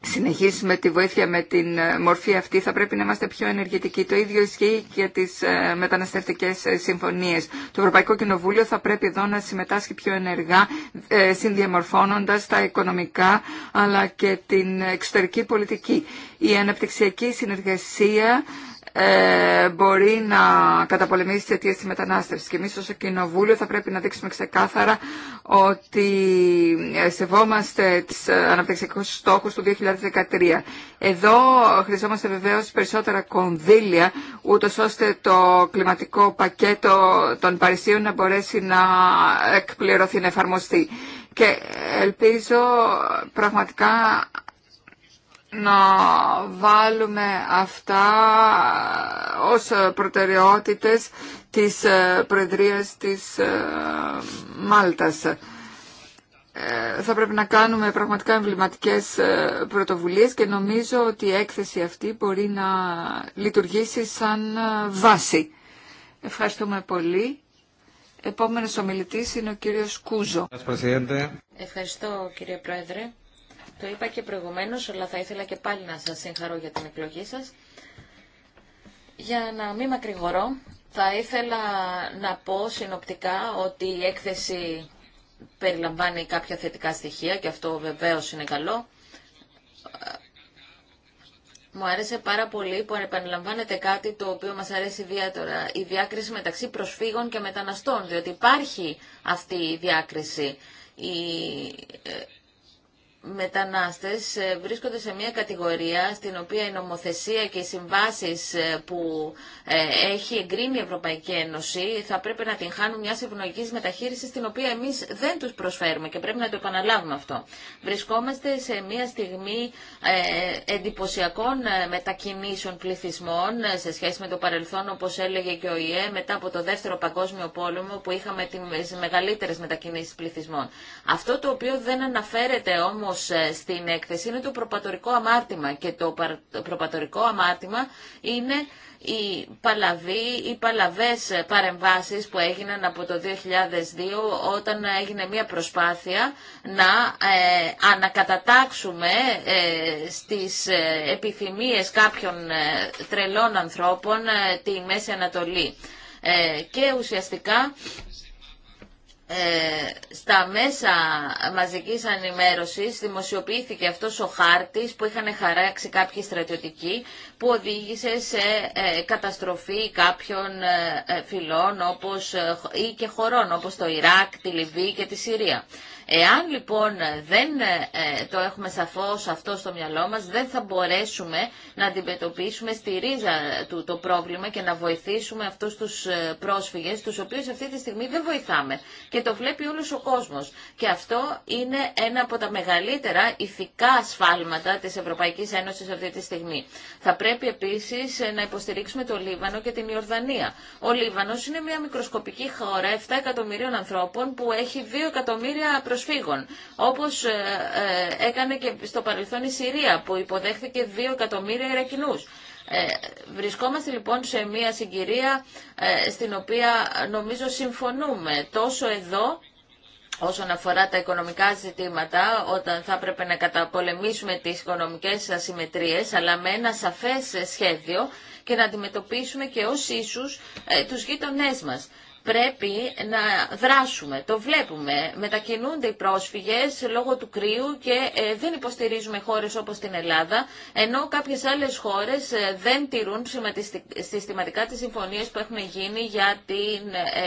συνεχίσουμε τη βοήθεια με την μορφή αυτή, θα πρέπει να είμαστε πιο ενεργητικοί. Το ίδιο ισχύει και για τις ε, μεταναστευτικές συμφωνίες. Το Ευρωπαϊκό Κοινοβούλιο θα πρέπει εδώ να συμμετάσχει πιο ενεργά, ε, συνδιαμορφώνοντας τα οικονομικά αλλά και την εξωτερική πολιτική. Η αναπτυξιακή συνεργασία ε, μπορεί να καταπολεμήσει τι αιτίε τη μετανάστευση. Και εμεί ω Κοινοβούλιο θα πρέπει να δείξουμε ξεκάθαρα ότι ε, σεβόμαστε του αναπτυξιακούς στόχου του 2013. Εδώ χρειαζόμαστε βεβαίω περισσότερα κονδύλια, ούτω ώστε το κλιματικό πακέτο των Παρισίων να μπορέσει να εκπληρωθεί, να εφαρμοστεί. Και ελπίζω πραγματικά να βάλουμε αυτά ως προτεραιότητες της ε, Προεδρίας της ε, Μάλτας. Ε, θα πρέπει να κάνουμε πραγματικά εμβληματικές πρωτοβουλίες και νομίζω ότι η έκθεση αυτή μπορεί να λειτουργήσει σαν βάση. Ευχαριστούμε πολύ. Επόμενος ομιλητής είναι ο κύριος Κούζο. Ευχαριστώ κύριε Πρόεδρε. Το είπα και προηγουμένως, αλλά θα ήθελα και πάλι να σας συγχαρώ για την εκλογή σας. Για να μην μακρηγορώ, θα ήθελα να πω συνοπτικά ότι η έκθεση περιλαμβάνει κάποια θετικά στοιχεία και αυτό βεβαίως είναι καλό. Μου άρεσε πάρα πολύ που επαναλαμβάνεται κάτι το οποίο μας αρέσει ιδιαίτερα, η διάκριση μεταξύ προσφύγων και μεταναστών, διότι υπάρχει αυτή η διάκριση. Η ε, μετανάστες ε, βρίσκονται σε μια κατηγορία στην οποία η νομοθεσία και οι συμβάσεις ε, που ε, έχει εγκρίνει η Ευρωπαϊκή Ένωση θα πρέπει να την χάνουν μια ευνοϊκή μεταχείριση την οποία εμείς δεν τους προσφέρουμε και πρέπει να το επαναλάβουμε αυτό. Βρισκόμαστε σε μια στιγμή εντυπωσιακών μετακινήσεων πληθυσμών σε σχέση με το παρελθόν όπως έλεγε και ο ΙΕ μετά από το δεύτερο παγκόσμιο πόλεμο που είχαμε τις μεγαλύτερε μετακινήσει πληθυσμών. Αυτό το οποίο δεν αναφέρεται όμως ε, στην έκθεση είναι το προπατορικό αμάρτημα και το προπατορικό αμάρτημα είναι οι παλαβή οι παλαβές παρεμβάσεις που έγιναν από το 2002 όταν έγινε μια προσπάθεια να ε, ανακατατάξουμε ε, στις ε, επιθυμίες κάποιων τρελών ανθρώπων τη Μέση Ανατολή. Ε, και ουσιαστικά ε, στα μέσα μαζικής ανημέρωσης δημοσιοποιήθηκε αυτός ο χάρτης που είχαν χαράξει κάποιοι στρατιωτικοί που οδήγησε σε ε, καταστροφή κάποιων ε, φυλών όπως, ή και χωρών όπως το Ιράκ, τη Λιβύη και τη Συρία. Εάν λοιπόν δεν ε, το έχουμε σαφώς αυτό στο μυαλό μας, δεν θα μπορέσουμε να αντιμετωπίσουμε στη ρίζα του το πρόβλημα και να βοηθήσουμε αυτούς τους ε, πρόσφυγες, τους οποίους αυτή τη στιγμή δεν βοηθάμε. Και το βλέπει όλος ο κόσμος. Και αυτό είναι ένα από τα μεγαλύτερα ηθικά σφάλματα της Ευρωπαϊκής Ένωσης αυτή τη στιγμή. Θα πρέπει επίσης ε, να υποστηρίξουμε το Λίβανο και την Ιορδανία. Ο Λίβανος είναι μια μικροσκοπική χώρα 7 εκατομμυρίων ανθρώπων που έχει 2 εκατομμύρια προσφυγές προσφύγων. Όπως ε, ε, έκανε και στο παρελθόν η Συρία που υποδέχθηκε 2 εκατομμύρια Ιρακινούς. Ε, βρισκόμαστε λοιπόν σε μια συγκυρία στην οποία νομίζω συμφωνούμε τόσο εδώ όσον αφορά τα οικονομικά ζητήματα, όταν θα έπρεπε να καταπολεμήσουμε τις οικονομικές ασυμμετρίες, αλλά με ένα σαφές σχέδιο και να αντιμετωπίσουμε και ως ίσους τους γείτονές μας πρέπει να δράσουμε. Το βλέπουμε. Μετακινούνται οι πρόσφυγες λόγω του κρύου και ε, δεν υποστηρίζουμε χώρες όπως την Ελλάδα, ενώ κάποιες άλλες χώρες ε, δεν τηρούν συστηματικά τις συμφωνίες που έχουν γίνει για την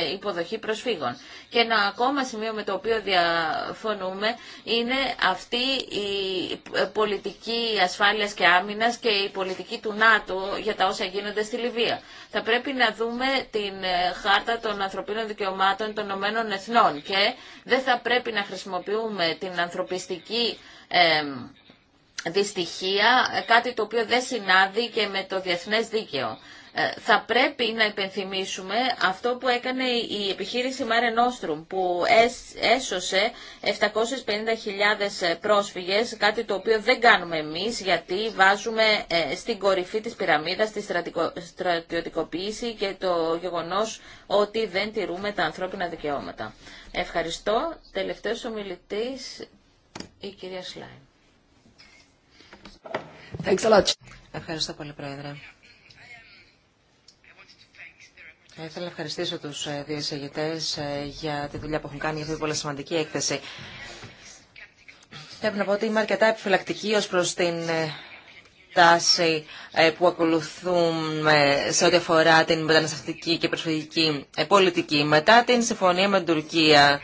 ε, υποδοχή προσφύγων. Και ένα ακόμα σημείο με το οποίο διαφωνούμε είναι αυτή η πολιτική ασφάλειας και άμυνας και η πολιτική του ΝΑΤΟ για τα όσα γίνονται στη Λιβύα. Θα πρέπει να δούμε την χάρτα των ανθρωπίνων δικαιωμάτων των Ηνωμένων Εθνών και δεν θα πρέπει να χρησιμοποιούμε την ανθρωπιστική δυστυχία, ε, κάτι το οποίο δεν συνάδει και με το διεθνές δίκαιο. Ε, θα πρέπει να υπενθυμίσουμε αυτό που έκανε η επιχείρηση Mare Nostrum που έσωσε 750.000 πρόσφυγες, κάτι το οποίο δεν κάνουμε εμείς γιατί βάζουμε ε, στην κορυφή της πυραμίδας τη στρατιωτικοποίηση και το γεγονός ότι δεν τηρούμε τα ανθρώπινα δικαιώματα. Ευχαριστώ. Τελευταίος ομιλητής, η κυρία Σλάιν. Ευχαριστώ πολύ, Πρόεδρε. Θα ήθελα να ευχαριστήσω τους ε, δύο εισηγητές ε, για τη δουλειά που έχουν κάνει για αυτή την πολύ σημαντική έκθεση. Πρέπει να πω ότι είμαι αρκετά επιφυλακτική ω προς την ε, τάση που ακολουθούμε σε ό,τι αφορά την μεταναστευτική και προσφυγική πολιτική. Μετά την συμφωνία με την Τουρκία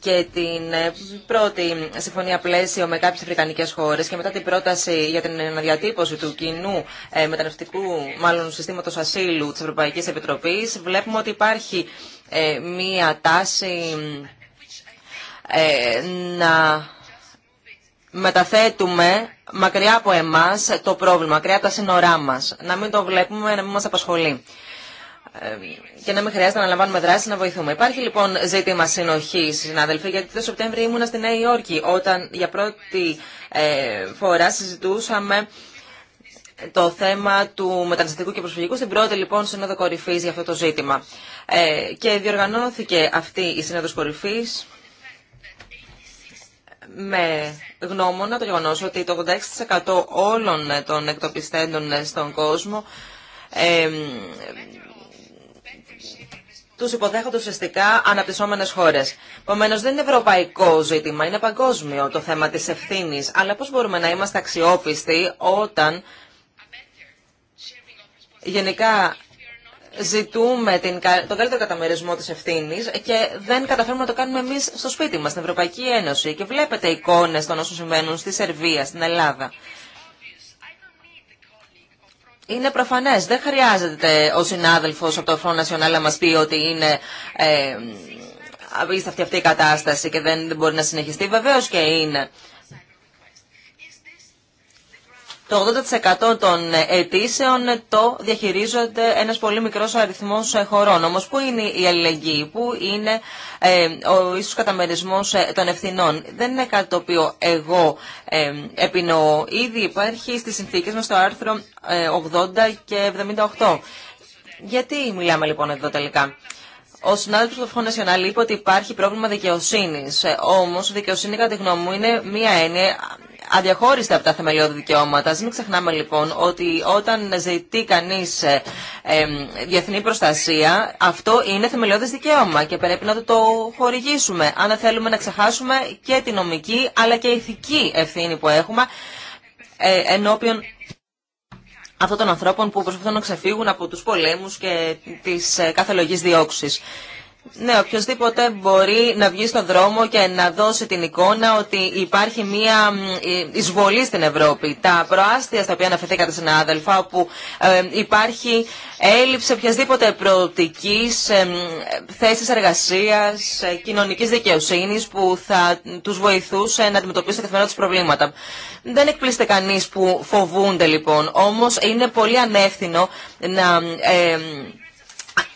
και την ε, πρώτη συμφωνία πλαίσιο με κάποιες αφρικανικές χώρες και μετά την πρόταση για την αναδιατύπωση του κοινού ε, μεταναστευτικού μάλλον συστήματος ασύλου της Ευρωπαϊκής Επιτροπής βλέπουμε ότι υπάρχει ε, μία τάση να μεταθέτουμε μακριά από εμάς το πρόβλημα, μακριά από τα σύνορά μας, να μην το βλέπουμε, να μην μας απασχολεί και ε, να μην χρειάζεται να λαμβάνουμε δράση να βοηθούμε. Υπάρχει λοιπόν ζήτημα συνοχή, συνάδελφοι, γιατί το Σεπτέμβριο ήμουνα στη Νέα Υόρκη, όταν για πρώτη ε, φορά συζητούσαμε το θέμα του μεταναστευτικού και προσφυγικού στην πρώτη λοιπόν Σύνοδο Κορυφή για αυτό το ζήτημα. Ε, και διοργανώθηκε αυτή η Σύνοδο Κορυφή με γνώμονα το γεγονό ότι το 86% όλων των εκτοπιστέντων στον κόσμο του υποδέχονται ουσιαστικά αναπτυσσόμενε χώρε. Επομένω, δεν είναι ευρωπαϊκό ζήτημα, είναι παγκόσμιο το θέμα τη ευθύνη. Αλλά πώ μπορούμε να είμαστε αξιόπιστοι όταν γενικά ζητούμε την, τον καλύτερο καταμερισμό της ευθύνη και δεν καταφέρουμε να το κάνουμε εμείς στο σπίτι μας, στην Ευρωπαϊκή Ένωση. Και βλέπετε εικόνες των όσων συμβαίνουν στη Σερβία, στην Ελλάδα είναι προφανές. Δεν χρειάζεται ο συνάδελφος από το Front National να μας πει ότι είναι ε, αυτή, η κατάσταση και δεν μπορεί να συνεχιστεί. βεβαίω και είναι. Το 80% των αιτήσεων το διαχειρίζονται ένας πολύ μικρός αριθμός χωρών. Όμως πού είναι η αλληλεγγύη, πού είναι ε, ο ίσως καταμερισμός ε, των ευθυνών. Δεν είναι κάτι το οποίο εγώ ε, επινοώ. Ήδη υπάρχει στις συνθήκες μας το άρθρο 80 και 78. Γιατί μιλάμε λοιπόν εδώ τελικά. Ο συνάδελφος του Νασιονάλη είπε ότι υπάρχει πρόβλημα δικαιοσύνης. Όμως, δικαιοσύνη, κατά τη γνώμη μου, είναι μία έννοια αδιαχώριστα από τα θεμελιώδη δικαιώματα. Μην ξεχνάμε λοιπόν ότι όταν ζητεί κανεί ε, διεθνή προστασία, αυτό είναι θεμελιώδη δικαίωμα και πρέπει να το, το χορηγήσουμε. Αν θέλουμε να ξεχάσουμε και τη νομική αλλά και ηθική ευθύνη που έχουμε ε, ενώπιον αυτών των ανθρώπων που προσπαθούν να ξεφύγουν από τους πολέμους και τις ε, καθελογής διώξεις. Ναι, οποιοδήποτε μπορεί να βγει στον δρόμο και να δώσει την εικόνα ότι υπάρχει μία ε, εισβολή στην Ευρώπη. Τα προάστια στα οποία αναφερθήκατε αδελφά, όπου ε, υπάρχει έλλειψη οποιασδήποτε προοπτικής ε, θέσης εργασίας, κοινωνικής δικαιοσύνη που θα τους βοηθούσε να αντιμετωπίσουν τα καθημερινά του προβλήματα. Δεν εκπλήστε κανεί που φοβούνται λοιπόν, Όμω είναι πολύ ανεύθυνο να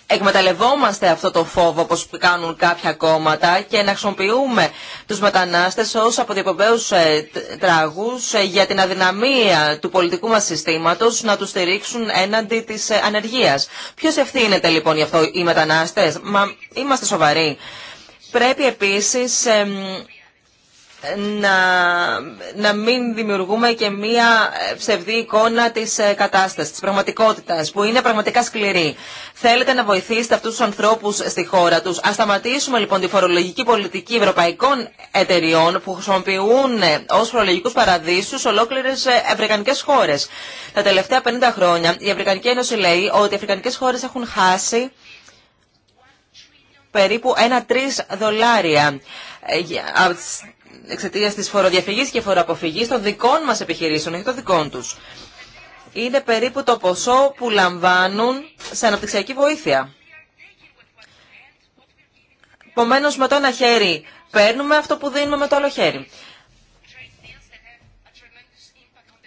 εκμεταλλευόμαστε αυτό το φόβο όπως κάνουν κάποια κόμματα και να χρησιμοποιούμε τους μετανάστες ως αποδιοπομπαίους ε, τράγους ε, για την αδυναμία του πολιτικού μας συστήματος να τους στηρίξουν έναντι της ε, ανεργίας. Ποιος ευθύνεται λοιπόν γι' αυτό οι μετανάστες, μα είμαστε σοβαροί. Πρέπει επίσης να, να μην δημιουργούμε και μία ψευδή εικόνα της ε, κατάστασης, της πραγματικότητας, που είναι πραγματικά σκληρή. Θέλετε να βοηθήσετε αυτούς τους ανθρώπους στη χώρα τους. Ας σταματήσουμε λοιπόν τη φορολογική πολιτική ευρωπαϊκών εταιριών που χρησιμοποιούν ε, ως φορολογικούς παραδείσους ολόκληρες ε, αφρικανικές χώρες. Τα τελευταία 50 χρόνια η Αφρικανική Ένωση λέει ότι οι αφρικανικές χώρες έχουν χάσει περίπου 1-3 δολάρια εξαιτία τη φοροδιαφυγή και φοροαποφυγή των δικών μα επιχειρήσεων, όχι των δικών του. Είναι περίπου το ποσό που λαμβάνουν σε αναπτυξιακή βοήθεια. Επομένω, με το ένα χέρι παίρνουμε αυτό που δίνουμε με το άλλο χέρι.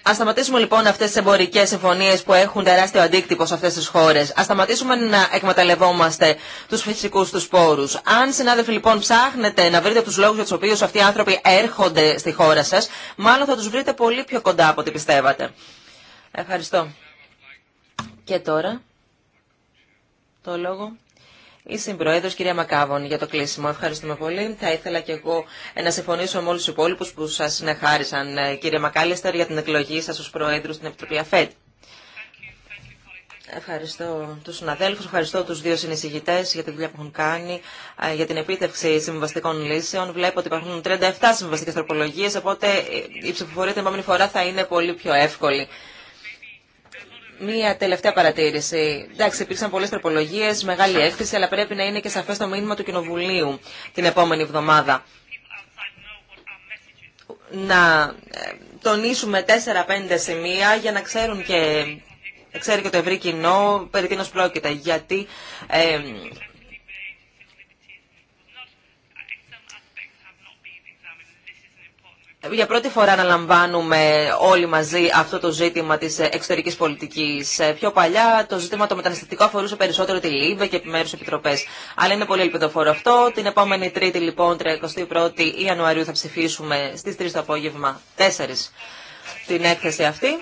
Α σταματήσουμε λοιπόν αυτές τις εμπορικές συμφωνίε που έχουν τεράστιο αντίκτυπο σε αυτές τις χώρες. Α σταματήσουμε να εκμεταλλευόμαστε τους φυσικού τους πόρου. Αν συνάδελφοι λοιπόν ψάχνετε να βρείτε τους λόγους για τους οποίους αυτοί οι άνθρωποι έρχονται στη χώρα σας, μάλλον θα τους βρείτε πολύ πιο κοντά από ό,τι πιστεύατε. Ευχαριστώ. Και τώρα το λόγο η Συμπροέδρος κυρία Μακάβων για το κλείσιμο. Ευχαριστούμε πολύ. Θα ήθελα και εγώ ε, να συμφωνήσω με όλους τους υπόλοιπους που σας συνεχάρισαν ε, κύριε Μακάλιστερ για την εκλογή σας ως Προέδρου στην Επιτροπή ΑΦΕΤ. Ευχαριστώ τους συναδέλφους, ευχαριστώ τους δύο συνεισηγητές για τη δουλειά που έχουν κάνει, ε, για την επίτευξη συμβαστικών λύσεων. Βλέπω ότι υπάρχουν 37 συμβαστικές τροπολογίες, οπότε η ψηφοφορία την επόμενη φορά θα είναι πολύ πιο εύκολη μία τελευταία παρατήρηση. Εντάξει, υπήρξαν πολλέ τροπολογίε, μεγάλη έκθεση, αλλά πρέπει να είναι και σαφέ το μήνυμα του Κοινοβουλίου την επόμενη εβδομάδα. Να ε, τονισουμε τεσσερα τέσσερα-πέντε σημεία για να ξέρουν και ξέρει και το ευρύ κοινό περί τίνος πρόκειται. Γιατί ε, για πρώτη φορά αναλαμβάνουμε όλοι μαζί αυτό το ζήτημα της εξωτερικής πολιτικής. Πιο παλιά το ζήτημα το μεταναστευτικό αφορούσε περισσότερο τη ΛΥΒΕ και επιμέρους επιτροπές. Αλλά είναι πολύ ελπιδοφόρο αυτό. Την επόμενη Τρίτη λοιπόν, 31η Ιανουαρίου θα ψηφίσουμε στις 3 το απόγευμα 4 την έκθεση αυτή.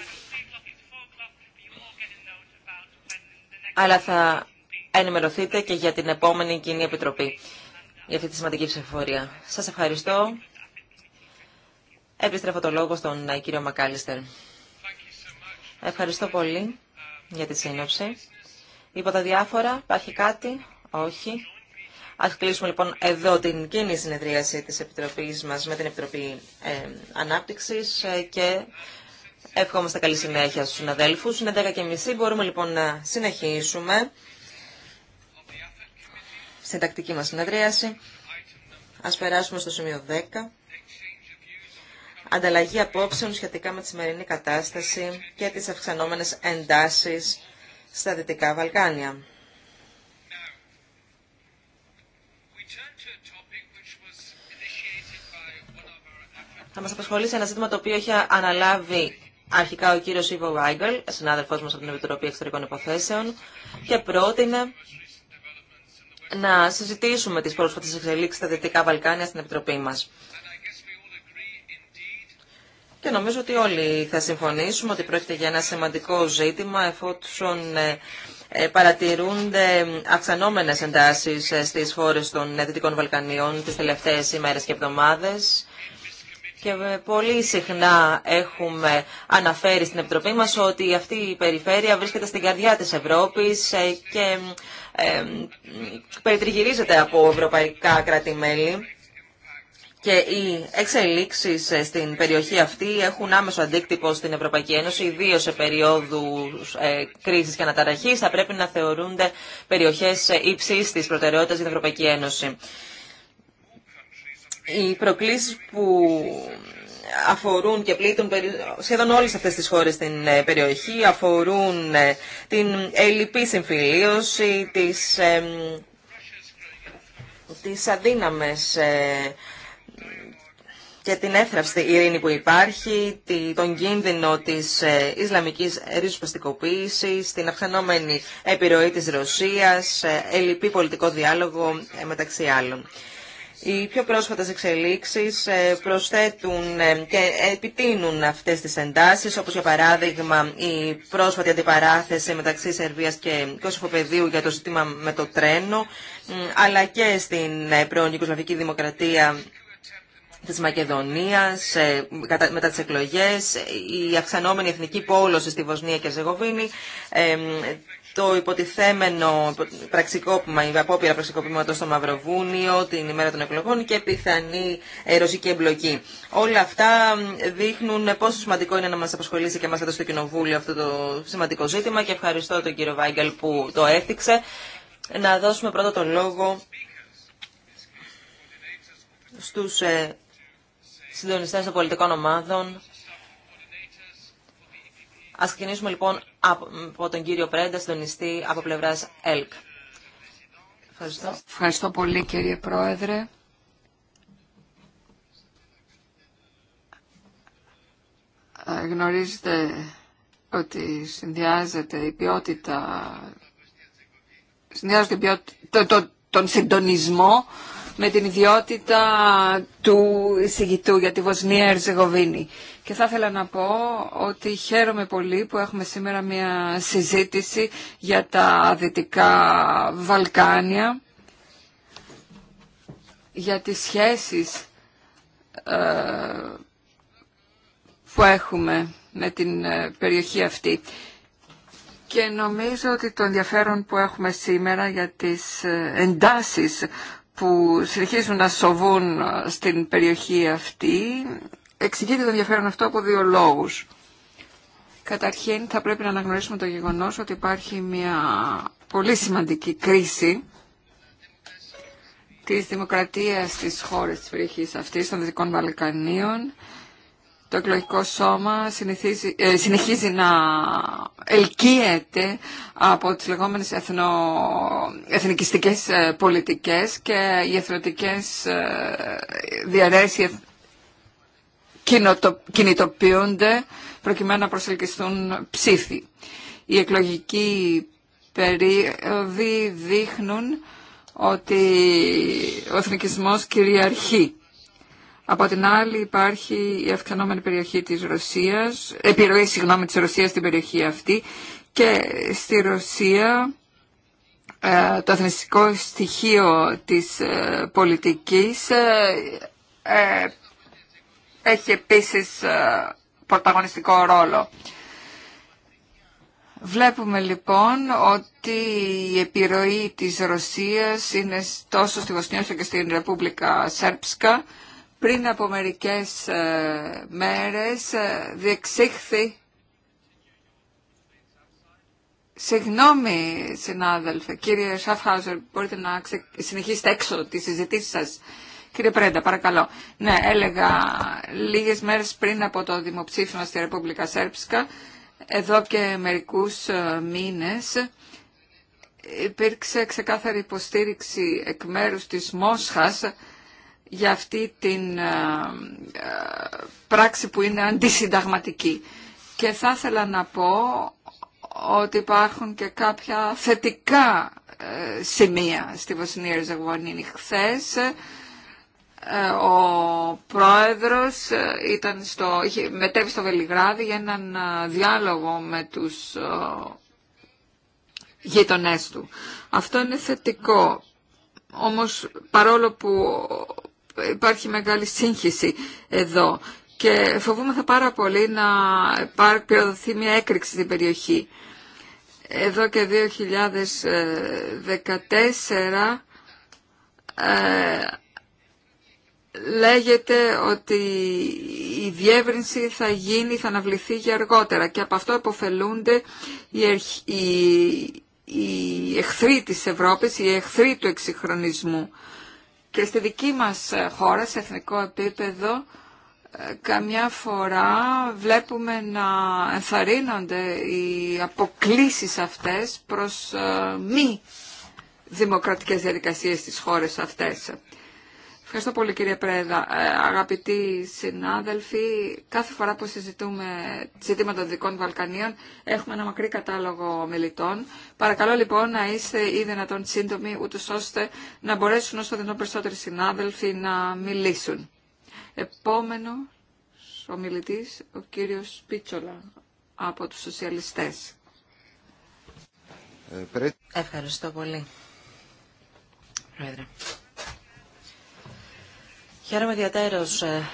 Αλλά θα ενημερωθείτε και για την επόμενη κοινή επιτροπή για αυτή τη σημαντική ψηφοφορία. Σας ευχαριστώ. Επιστρέφω το λόγο στον ε, κύριο Μακάλιστερ. Ευχαριστώ πολύ για τη σύνοψη. Υπό τα διάφορα. Υπάρχει κάτι. Όχι. Ας κλείσουμε λοιπόν εδώ την κοινή συνεδρίαση της Επιτροπής μας με την Επιτροπή ε, Ανάπτυξης ε, και ευχόμαστε καλή συνέχεια στους συναδέλφους. Είναι 10.30. Μπορούμε λοιπόν να συνεχίσουμε στην τακτική μας συνεδρίαση. Ας περάσουμε στο σημείο 10 ανταλλαγή απόψεων σχετικά με τη σημερινή κατάσταση και τις αυξανόμενες εντάσεις στα Δυτικά Βαλκάνια. Θα μας απασχολήσει ένα ζήτημα το οποίο έχει αναλάβει αρχικά ο κύριος Ιβο Βάγκελ, συνάδελφός μας από την Επιτροπή Εξωτερικών Υποθέσεων, και πρότεινε να συζητήσουμε τις πρόσφατες εξελίξεις στα Δυτικά Βαλκάνια στην Επιτροπή μας. Και νομίζω ότι όλοι θα συμφωνήσουμε ότι πρόκειται για ένα σημαντικό ζήτημα εφόσον ε, ε, παρατηρούνται αυξανόμενες εντάσεις ε, στις χώρες των Δυτικών Βαλκανίων τις τελευταίες ημέρες και εβδομάδες. Και πολύ συχνά έχουμε αναφέρει στην Επιτροπή μας ότι αυτή η περιφέρεια βρίσκεται στην καρδιά της Ευρώπης και περιτριγυρίζεται από ευρωπαϊκά κράτη-μέλη και οι εξελίξεις ε, στην περιοχή αυτή έχουν άμεσο αντίκτυπο στην Ευρωπαϊκή Ένωση, ιδίω σε περίοδους ε, κρίσης και αναταραχής. Θα πρέπει να θεωρούνται περιοχές ύψή ε, της προτεραιότητας στην Ευρωπαϊκή Ένωση. Οι προκλήσει που αφορούν και πλήττουν σχεδόν όλες αυτές τις χώρες στην περιοχή αφορούν την ελλειπή συμφιλίωση, τις, τις και την έθραυστη ειρήνη που υπάρχει, τον κίνδυνο της ε, Ισλαμικής ριζοσπαστικοποίησης, την αυξανόμενη επιρροή της Ρωσίας, ε, ελλειπή πολιτικό διάλογο ε, μεταξύ άλλων. Οι πιο πρόσφατες εξελίξεις προσθέτουν και επιτείνουν αυτές τις εντάσεις, όπως για παράδειγμα η πρόσφατη αντιπαράθεση μεταξύ Σερβίας και Κωσοφοπεδίου για το ζήτημα με το τρένο, αλλά και στην πρώην Δημοκρατία της Μακεδονίας, μετά τις εκλογές, η αυξανόμενη εθνική πόλωση στη Βοσνία και Ζεγοβίνη, το υποτιθέμενο πραξικόπημα, η απόπειρα πραξικοπήματο στο Μαυροβούνιο την ημέρα των εκλογών και πιθανή ε, ρωσική εμπλοκή. Όλα αυτά δείχνουν πόσο σημαντικό είναι να μα απασχολήσει και μας εδώ στο Κοινοβούλιο αυτό το σημαντικό ζήτημα και ευχαριστώ τον κύριο Βάγκελ που το έφτιαξε. Να δώσουμε πρώτα τον λόγο στους ε, συντονιστές των πολιτικών ομάδων. Ας ξεκινήσουμε λοιπόν από τον κύριο Πρέντα, συντονιστή από πλευράς ΕΛΚ. Ευχαριστώ. Ευχαριστώ πολύ κύριε Πρόεδρε. Ε, γνωρίζετε ότι συνδυάζεται η ποιότητα, συνδυάζεται η το, τον συντονισμό με την ιδιότητα του εισηγητού για τη Βοσνία Ερζεγοβίνη. Και θα ήθελα να πω ότι χαίρομαι πολύ που έχουμε σήμερα μια συζήτηση για τα Δυτικά Βαλκάνια, για τις σχέσεις ε, που έχουμε με την ε, περιοχή αυτή. Και νομίζω ότι το ενδιαφέρον που έχουμε σήμερα για τις ε, εντάσεις που συνεχίζουν να σοβούν ε, στην περιοχή αυτή εξηγείται το ενδιαφέρον αυτό από δύο λόγους. Καταρχήν θα πρέπει να αναγνωρίσουμε το γεγονός ότι υπάρχει μια πολύ σημαντική κρίση της δημοκρατίας στις χώρες της περιοχής αυτής των Δυτικών Βαλκανίων το εκλογικό σώμα ε, συνεχίζει να ελκύεται από τις λεγόμενες εθνο, εθνικιστικές ε, πολιτικές και οι εθνοτικές ε, διαρρέσεις κινητοποιούνται προκειμένου να προσελκυστούν ψήφοι. Οι εκλογικοί περίοδοι δείχνουν ότι ο εθνικισμός κυριαρχεί από την άλλη υπάρχει η αυξανόμενη περιοχή της Ρωσίας, επιρροή συγγνώμη της Ρωσίας στην περιοχή αυτή και στη Ρωσία ε, το εθνιστικό στοιχείο της ε, πολιτικής ε, έχει επίσης πρωταγωνιστικό ρόλο. Βλέπουμε λοιπόν ότι η επιρροή της Ρωσίας είναι τόσο στη Βοσνία όσο και στην Ρεπούμπλικα Σέρψκα πριν από μερικές ε, μέρες ε, διεξήχθη Συγγνώμη, συνάδελφε, κύριε Σαφχάουζερ, μπορείτε να συνεχίσετε έξω τη συζητήσεις σας. Κύριε Πρέντα, παρακαλώ. Ναι, έλεγα λίγες μέρες πριν από το δημοψήφισμα στη Ρεπούμπλικα Σέρψκα, εδώ και μερικούς ε, μήνες, υπήρξε ξεκάθαρη υποστήριξη εκ μέρους της Μόσχας για αυτή την ε, ε, πράξη που είναι αντισυνταγματική. Και θα ήθελα να πω ότι υπάρχουν και κάποια θετικά ε, σημεία στη Βοσνία Ριζαγωνίνη. Χθες ο πρόεδρος ήταν στο, είχε μετέβει στο Βελιγράδι για έναν διάλογο με τους γείτονές του. Αυτό είναι θετικό. Όμως παρόλο που υπάρχει μεγάλη σύγχυση εδώ και θα πάρα πολύ να πυροδοθεί μια έκρηξη στην περιοχή. Εδώ και 2014 ε, λέγεται ότι η διεύρυνση θα γίνει, θα αναβληθεί για αργότερα και από αυτό αποφελούνται οι, οι εχθροί της Ευρώπης, οι εχθροί του εξυγχρονισμού. Και στη δική μας ε, χώρα, σε εθνικό επίπεδο, ε, καμιά φορά βλέπουμε να ενθαρρύνονται οι αποκλήσεις αυτές προς ε, μη δημοκρατικές διαδικασίες στις χώρες αυτές. Ευχαριστώ πολύ κύριε Πρέδα. Ε, αγαπητοί συνάδελφοι, κάθε φορά που συζητούμε ζητήματα των Βαλκανίων έχουμε ένα μακρύ κατάλογο μιλητών. Παρακαλώ λοιπόν να είστε ή δυνατόν σύντομοι ούτως ώστε να μπορέσουν όσο δυνατόν περισσότεροι συνάδελφοι να μιλήσουν. Επόμενο ο μιλητής, ο κύριος Πίτσολα από τους σοσιαλιστές. Ε, Ευχαριστώ πολύ. Πρόεδρε. Χαίρομαι ιδιαίτερως ε,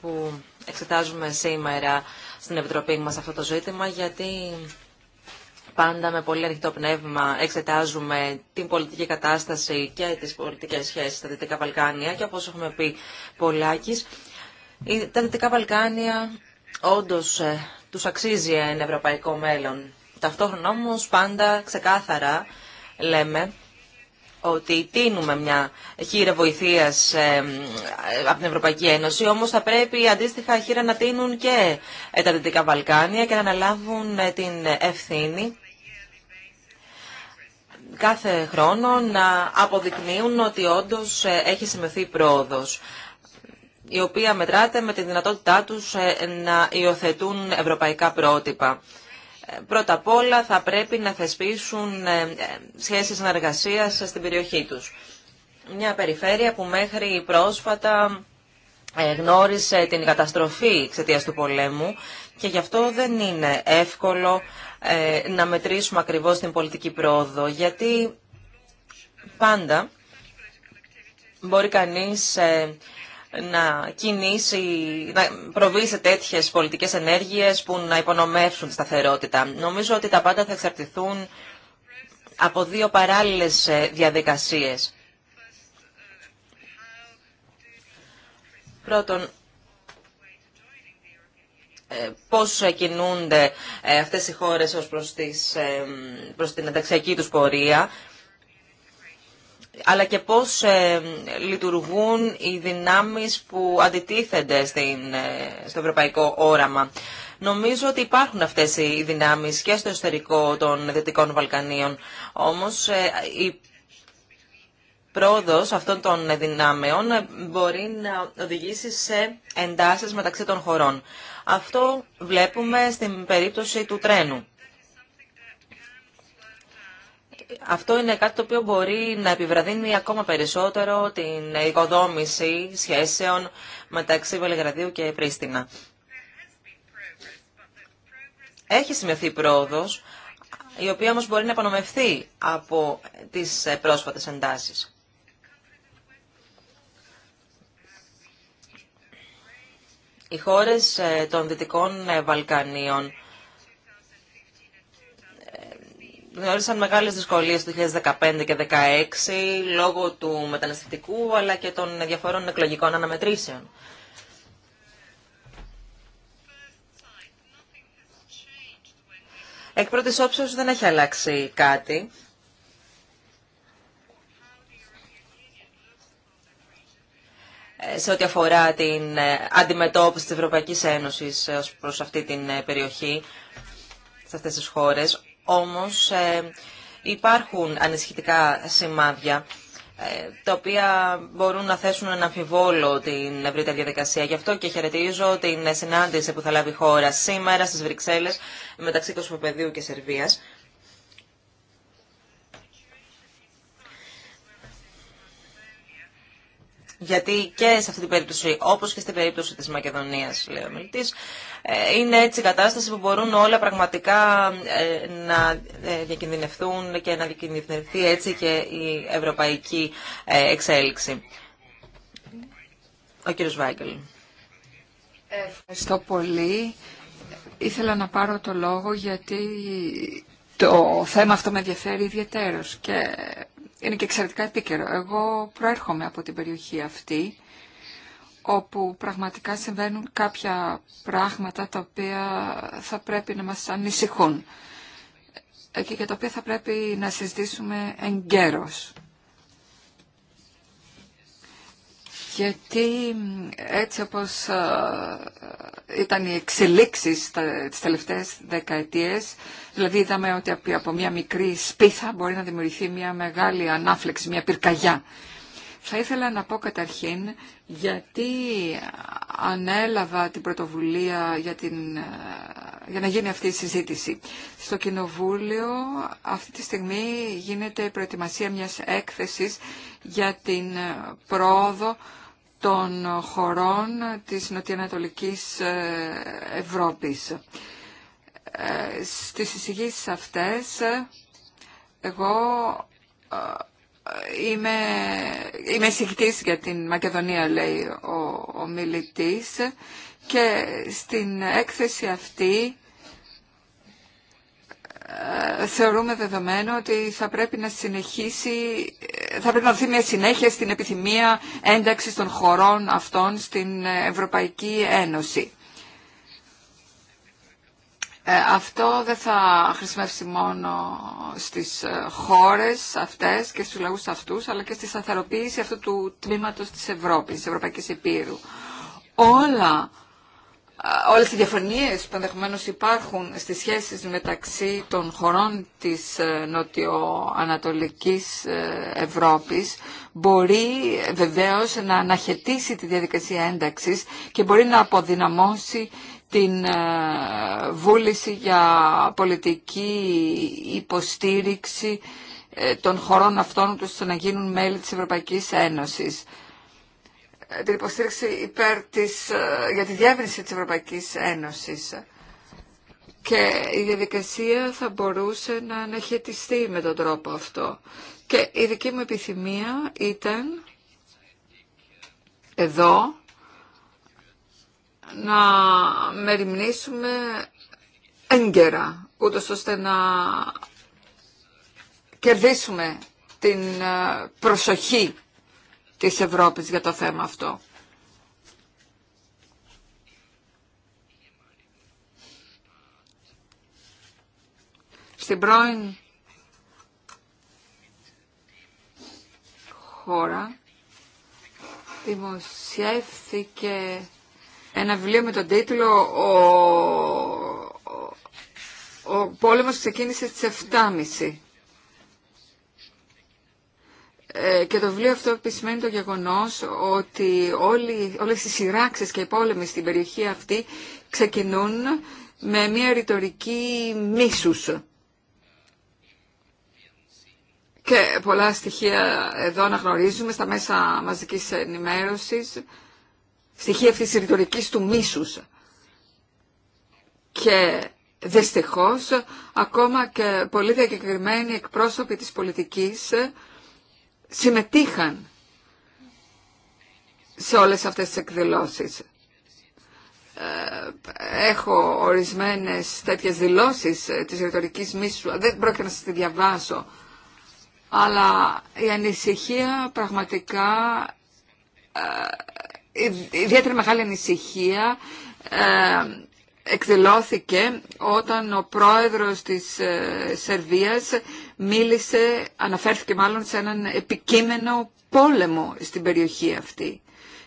που εξετάζουμε σήμερα στην Επιτροπή μας αυτό το ζήτημα, γιατί πάντα με πολύ ανοιχτό πνεύμα εξετάζουμε την πολιτική κατάσταση και τις πολιτικές σχέσεις στα Δυτικά Βαλκάνια και όπως έχουμε πει πολλάκις, τα Δυτικά Βαλκάνια όντως ε, τους αξίζει ένα ευρωπαϊκό μέλλον. Ταυτόχρονα όμως πάντα ξεκάθαρα λέμε ότι τίνουμε μια χείρα βοηθείας ε, από την Ευρωπαϊκή Ένωση, όμως θα πρέπει αντίστοιχα χείρα να τίνουν και ε, τα Δυτικά Βαλκάνια και να αναλάβουν ε, την ευθύνη κάθε χρόνο να αποδεικνύουν ότι όντως έχει σημειωθεί πρόοδος η οποία μετράται με τη δυνατότητά τους να υιοθετούν ευρωπαϊκά πρότυπα πρώτα απ' όλα θα πρέπει να θεσπίσουν ε, σχέσεις συνεργασίας στην περιοχή τους. Μια περιφέρεια που μέχρι πρόσφατα ε, γνώρισε την καταστροφή εξαιτία του πολέμου και γι' αυτό δεν είναι εύκολο ε, να μετρήσουμε ακριβώς την πολιτική πρόοδο, γιατί πάντα μπορεί κανείς να κινήσει, να προβεί σε τέτοιες πολιτικές ενέργειες που να υπονομεύσουν τη σταθερότητα. Νομίζω ότι τα πάντα θα εξαρτηθούν από δύο παράλληλε διαδικασίε. Πρώτον, ε, πώς κινούνται ε, αυτές οι χώρες ως προς, τις, ε, προς την ενταξιακή τους πορεία αλλά και πώς ε, λειτουργούν οι δυνάμεις που αντιτίθενται στην, ε, στο ευρωπαϊκό όραμα. Νομίζω ότι υπάρχουν αυτές οι δυνάμεις και στο εσωτερικό των Δυτικών Βαλκανίων. Όμως ε, η πρόοδος αυτών των δυνάμεων μπορεί να οδηγήσει σε εντάσεις μεταξύ των χωρών. Αυτό βλέπουμε στην περίπτωση του τρένου αυτό είναι κάτι το οποίο μπορεί να επιβραδύνει ακόμα περισσότερο την οικοδόμηση σχέσεων μεταξύ Βελιγραδίου και Πρίστινα. Έχει σημειωθεί πρόοδος, η οποία όμως μπορεί να επανομευθεί από τις πρόσφατες εντάσεις. Οι χώρες ε, των Δυτικών ε, Βαλκανίων γνώρισαν μεγάλες δυσκολίες το 2015 και 2016 λόγω του μεταναστευτικού αλλά και των διαφορών εκλογικών αναμετρήσεων. Εκ πρώτης όψεως δεν έχει αλλάξει κάτι. σε ό,τι αφορά την ε, αντιμετώπιση της Ευρωπαϊκής Ένωσης ε, ως προς αυτή την ε, περιοχή, σε αυτές τις χώρες όμως ε, υπάρχουν ανησυχητικά σημάδια ε, τα οποία μπορούν να θέσουν ένα αμφιβόλο την ευρύτερη διαδικασία. Γι' αυτό και χαιρετίζω την συνάντηση που θα λάβει η χώρα σήμερα στις Βρυξέλλες μεταξύ Κοσμοπεδίου και Σερβίας Γιατί και σε αυτή την περίπτωση, όπως και στην περίπτωση της Μακεδονίας, λέει ο ε, είναι έτσι η κατάσταση που μπορούν όλα πραγματικά ε, να ε, διακινδυνευτούν και να διακινδυνευτεί έτσι και η ευρωπαϊκή εξέλιξη. Ο κύριος Βάγκελ. Ευχαριστώ πολύ. Ήθελα να πάρω το λόγο γιατί το θέμα αυτό με ενδιαφέρει ιδιαίτερος και είναι και εξαιρετικά επίκαιρο. Εγώ προέρχομαι από την περιοχή αυτή, όπου πραγματικά συμβαίνουν κάποια πράγματα τα οποία θα πρέπει να μας ανησυχούν και για τα οποία θα πρέπει να συζητήσουμε εγκαίρως. γιατί έτσι όπως ε, ήταν οι εξελίξεις τις τελευταίες δεκαετίες, δηλαδή είδαμε ότι από μια μικρή σπίθα μπορεί να δημιουργηθεί μια μεγάλη ανάφλεξη, μια πυρκαγιά. Θα ήθελα να πω καταρχήν γιατί ανέλαβα την πρωτοβουλία για, την, ε, για να γίνει αυτή η συζήτηση. Στο Κοινοβούλιο αυτή τη στιγμή γίνεται η προετοιμασία μιας έκθεσης για την ε, πρόοδο των χωρών της Νοτιοανατολικής ε, Ευρώπης. Στις εισηγήσεις αυτές εγώ είμαι, είμαι για την Μακεδονία, λέει ο, ο μιλητής, και στην έκθεση αυτή ε, θεωρούμε δεδομένο ότι θα πρέπει να συνεχίσει, θα πρέπει να δοθεί μια συνέχεια στην επιθυμία ένταξης των χωρών αυτών στην Ευρωπαϊκή Ένωση. Ε, αυτό δεν θα χρησιμεύσει μόνο στις ε, χώρες αυτές και στους λαούς αυτούς, αλλά και στη σταθεροποίηση αυτού του τμήματος της Ευρώπης, της Ευρωπαϊκής Επίρου. Όλα, ε, όλες οι διαφωνίες που ενδεχομένω υπάρχουν στις σχέσεις μεταξύ των χωρών της νοτιοανατολικής Ευρώπης μπορεί βεβαίως να αναχαιτήσει τη διαδικασία ένταξης και μπορεί να αποδυναμώσει την ε, βούληση για πολιτική υποστήριξη ε, των χωρών αυτών τους να γίνουν μέλη της Ευρωπαϊκής Ένωσης. Ε, την υποστήριξη υπέρ για τη διεύρυνση της Ευρωπαϊκής Ένωσης. Και η διαδικασία θα μπορούσε να αναχαιτιστεί με τον τρόπο αυτό. Και η δική μου επιθυμία ήταν εδώ να μεριμνήσουμε έγκαιρα, ούτως ώστε να κερδίσουμε την ε, προσοχή της Ευρώπης για το θέμα αυτό. Στην πρώην χώρα δημοσιεύθηκε ένα βιβλίο με τον τίτλο «Ο, ο πόλεμος ξεκίνησε στις 7.30». Ε, και το βιβλίο αυτό επισημαίνει το γεγονός ότι όλοι, όλες οι σειράξεις και οι πόλεμοι στην περιοχή αυτή ξεκινούν με μια ρητορική μίσους. Και πολλά στοιχεία εδώ αναγνωρίζουμε στα μέσα μαζικής ενημέρωσης στοιχεία αυτής της ρητορικής του μίσους. Και δυστυχώς ακόμα και πολύ διακεκριμένοι εκπρόσωποι της πολιτικής συμμετείχαν σε όλες αυτές τις εκδηλώσεις. Ε, έχω ορισμένες τέτοιες δηλώσεις ε, της ρητορικής μίσου, δεν πρόκειται να σας τη διαβάσω, αλλά η ανησυχία πραγματικά ε, ε, ιδιαίτερη μεγάλη ανησυχία ε, εκδηλώθηκε όταν ο πρόεδρος της ε, Σερβίας μίλησε, αναφέρθηκε μάλλον σε έναν επικείμενο πόλεμο στην περιοχή αυτή.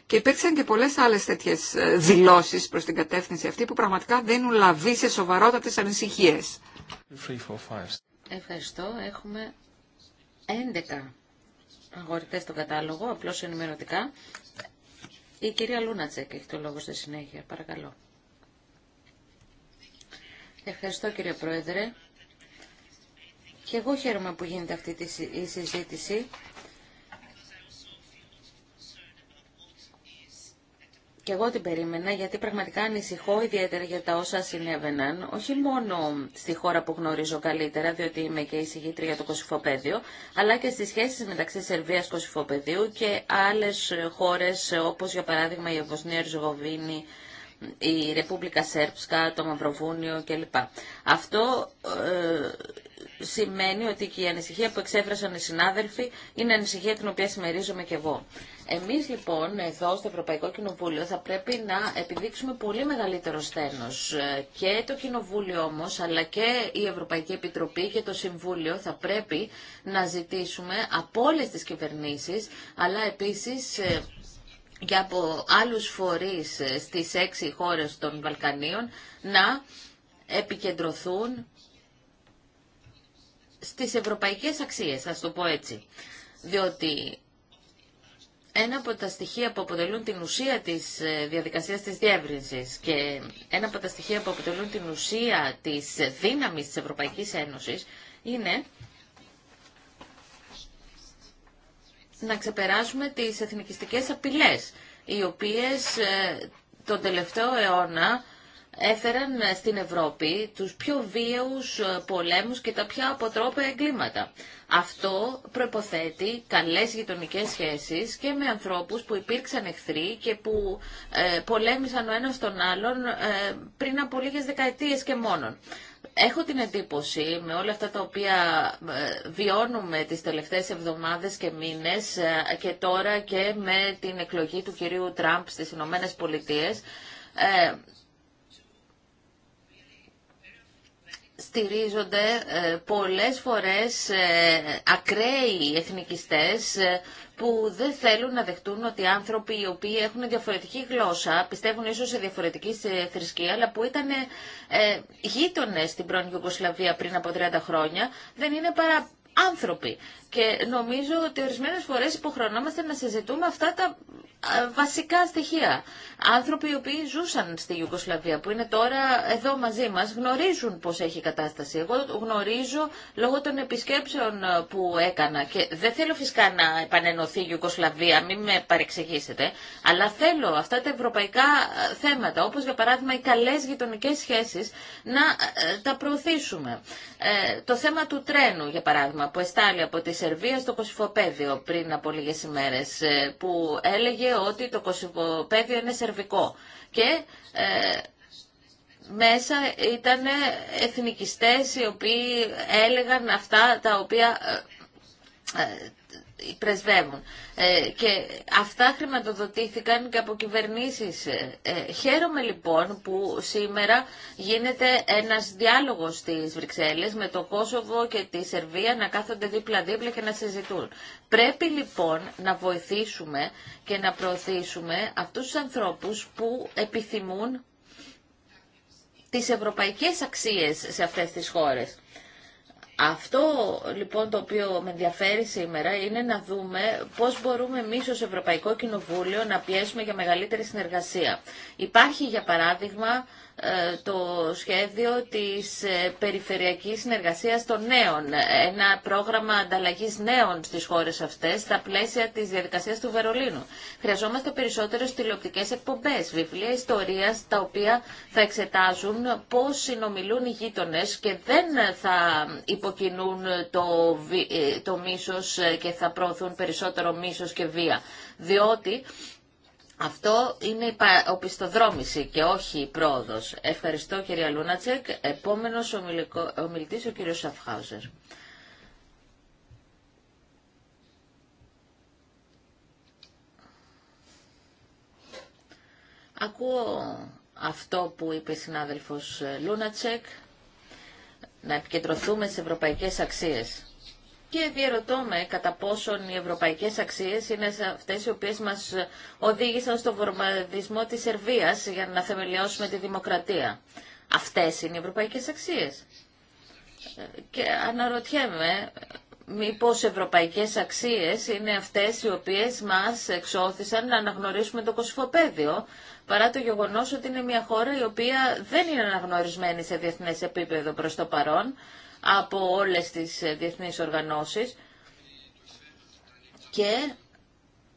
Και υπήρξαν και πολλές άλλες τέτοιες δηλώσεις προς την κατεύθυνση αυτή που πραγματικά δίνουν λαβή σε σοβαρότατες ανησυχίες. Ευχαριστώ. Έχουμε 11 αγορητές στο κατάλογο, απλώς ενημερωτικά. Η κυρία Λούνατσεκ έχει το λόγο στη συνέχεια. Παρακαλώ. Ευχαριστώ κύριε Πρόεδρε. Και εγώ χαίρομαι που γίνεται αυτή η συζήτηση Και εγώ την περίμενα γιατί πραγματικά ανησυχώ ιδιαίτερα για τα όσα συνέβαιναν, όχι μόνο στη χώρα που γνωρίζω καλύτερα, διότι είμαι και εισηγήτρια για το Κωσυφοπαίδιο, αλλά και στις σχέσεις μεταξύ Σερβίας Κωσυφοπαιδίου και άλλες χώρες όπως για παράδειγμα η Βοσνία Ριζογοβίνη, η Ρεπούμπλικα Σέρψκα, το Μαυροβούνιο κλπ. Αυτό ε, σημαίνει ότι και η ανησυχία που εξέφρασαν οι συνάδελφοι είναι ανησυχία την οποία συμμερίζομαι και εγώ. Εμείς λοιπόν εδώ στο Ευρωπαϊκό Κοινοβούλιο θα πρέπει να επιδείξουμε πολύ μεγαλύτερο στένος ε, και το Κοινοβούλιο όμως αλλά και η Ευρωπαϊκή Επιτροπή και το Συμβούλιο θα πρέπει να ζητήσουμε από όλες τις κυβερνήσεις αλλά επίσης ε, και από άλλους φορείς ε, στις έξι χώρες των Βαλκανίων να επικεντρωθούν στις ευρωπαϊκές αξίες, α το πω έτσι. Διότι ένα από τα στοιχεία που αποτελούν την ουσία της ε, διαδικασίας της διεύρυνσης και ένα από τα στοιχεία που αποτελούν την ουσία της ε, δύναμης της Ευρωπαϊκής Ένωσης είναι να ξεπεράσουμε τις εθνικιστικές απειλές, οι οποίες ε, τον τελευταίο αιώνα έφεραν στην Ευρώπη τους πιο βίαιους ε, πολέμους και τα πιο αποτρόπαια εγκλήματα. Αυτό προϋποθέτει καλές γειτονικές σχέσεις και με ανθρώπους που υπήρξαν εχθροί και που ε, πολέμησαν ο ένας τον άλλον πριν από λίγες δεκαετίες και μόνον έχω την εντύπωση με όλα αυτά τα οποία ε, βιώνουμε τις τελευταίες εβδομάδες και μήνες ε, και τώρα και με την εκλογή του κυρίου Τραμπ στις Ηνωμένε Πολιτείες ε, στηρίζονται πολλές φορές ακραίοι εθνικιστές που δεν θέλουν να δεχτούν ότι άνθρωποι οι οποίοι έχουν διαφορετική γλώσσα, πιστεύουν ίσως σε διαφορετική θρησκεία, αλλά που ήταν ε, γείτονες στην πρώην Ιουγκοσλαβία πριν από 30 χρόνια, δεν είναι παρά άνθρωποι. Και νομίζω ότι ορισμένε φορέ υποχρονόμαστε να συζητούμε αυτά τα βασικά στοιχεία. Άνθρωποι οι οποίοι ζούσαν στη Ιουγκοσλαβία, που είναι τώρα εδώ μαζί μα, γνωρίζουν πώ έχει η κατάσταση. Εγώ γνωρίζω λόγω των επισκέψεων ε, που έκανα και δεν θέλω φυσικά να επανενωθεί η Ιουγκοσλαβία, μην με παρεξηγήσετε, αλλά θέλω αυτά τα ευρωπαϊκά ε, θέματα, όπω για παράδειγμα οι καλέ γειτονικέ σχέσει να ε, τα προωθήσουμε. το θέμα του τρένου, για παράδειγμα, που εστάλει από Σερβία στο Κωσυφοπαίδιο πριν από λίγες ημέρες ε, που έλεγε ότι το Κωσυφοπαίδιο είναι σερβικό και ε, μέσα ήταν εθνικιστές οι οποίοι έλεγαν αυτά τα οποία ε, πρεσβεύουν. Ε, και αυτά χρηματοδοτήθηκαν και από κυβερνήσεις. Ε, ε, χαίρομαι λοιπόν που σήμερα γίνεται ένας διάλογος στις Βρυξέλλες με το Κόσοβο και τη Σερβία να κάθονται δίπλα-δίπλα και να συζητούν. Πρέπει λοιπόν να βοηθήσουμε και να προωθήσουμε αυτούς τους ανθρώπους που επιθυμούν τις ευρωπαϊκές αξίες σε αυτές τις χώρες. Αυτό λοιπόν το οποίο με ενδιαφέρει σήμερα είναι να δούμε πώς μπορούμε εμεί ως Ευρωπαϊκό Κοινοβούλιο να πιέσουμε για μεγαλύτερη συνεργασία. Υπάρχει για παράδειγμα ε, το σχέδιο της ε, περιφερειακής συνεργασίας των νέων, ένα πρόγραμμα ανταλλαγής νέων στις χώρες αυτές, στα πλαίσια της διαδικασίας του Βερολίνου. Χρειαζόμαστε περισσότερες τηλεοπτικές εκπομπές, βιβλία ιστορίας, τα οποία θα εξετάζουν πώς συνομιλούν οι γείτονε και δεν θα υποκινούν το, ε, το μίσος και θα προωθούν περισσότερο μίσος και βία. Διότι αυτό είναι οπισθοδρόμηση και όχι η πρόοδος. Ευχαριστώ κυρία Λούνατσεκ. Επόμενος ομιλητής ο κύριος Σαφχάουζερ. Ακούω αυτό που είπε η συνάδελφος Λούνατσεκ, να επικεντρωθούμε στις ευρωπαϊκές αξίες και διαρωτώ με κατά πόσον οι ευρωπαϊκές αξίες είναι αυτές οι οποίες μας οδήγησαν στον βορμαδισμό της Σερβίας για να θεμελιώσουμε τη δημοκρατία. Αυτές είναι οι ευρωπαϊκές αξίες. Και αναρωτιέμαι μήπως ευρωπαϊκές αξίες είναι αυτές οι οποίες μας εξώθησαν να αναγνωρίσουμε το κοσφοπέδιο, παρά το γεγονός ότι είναι μια χώρα η οποία δεν είναι αναγνωρισμένη σε διεθνές επίπεδο προς το παρόν από όλες τις ε, διεθνείς οργανώσεις και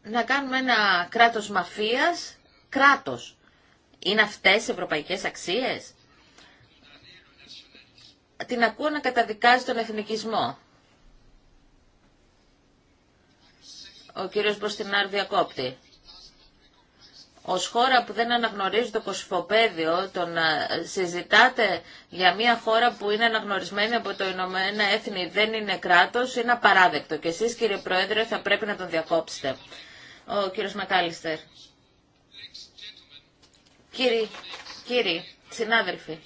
να κάνουμε ένα κράτος μαφίας κράτος. Είναι αυτές οι ευρωπαϊκές αξίες. Την ακούω να καταδικάζει τον εθνικισμό. Ο κύριος Μποστινάρ διακόπτη ως χώρα που δεν αναγνωρίζει το κοσφοπέδιο, το να συζητάτε για μια χώρα που είναι αναγνωρισμένη από το Ηνωμένα Έθνη δεν είναι κράτος, είναι απαράδεκτο. Και εσείς κύριε Πρόεδρε θα πρέπει να τον διακόψετε. Ο κύριος Μακάλιστερ. Κύριοι, κύριοι, συνάδελφοι,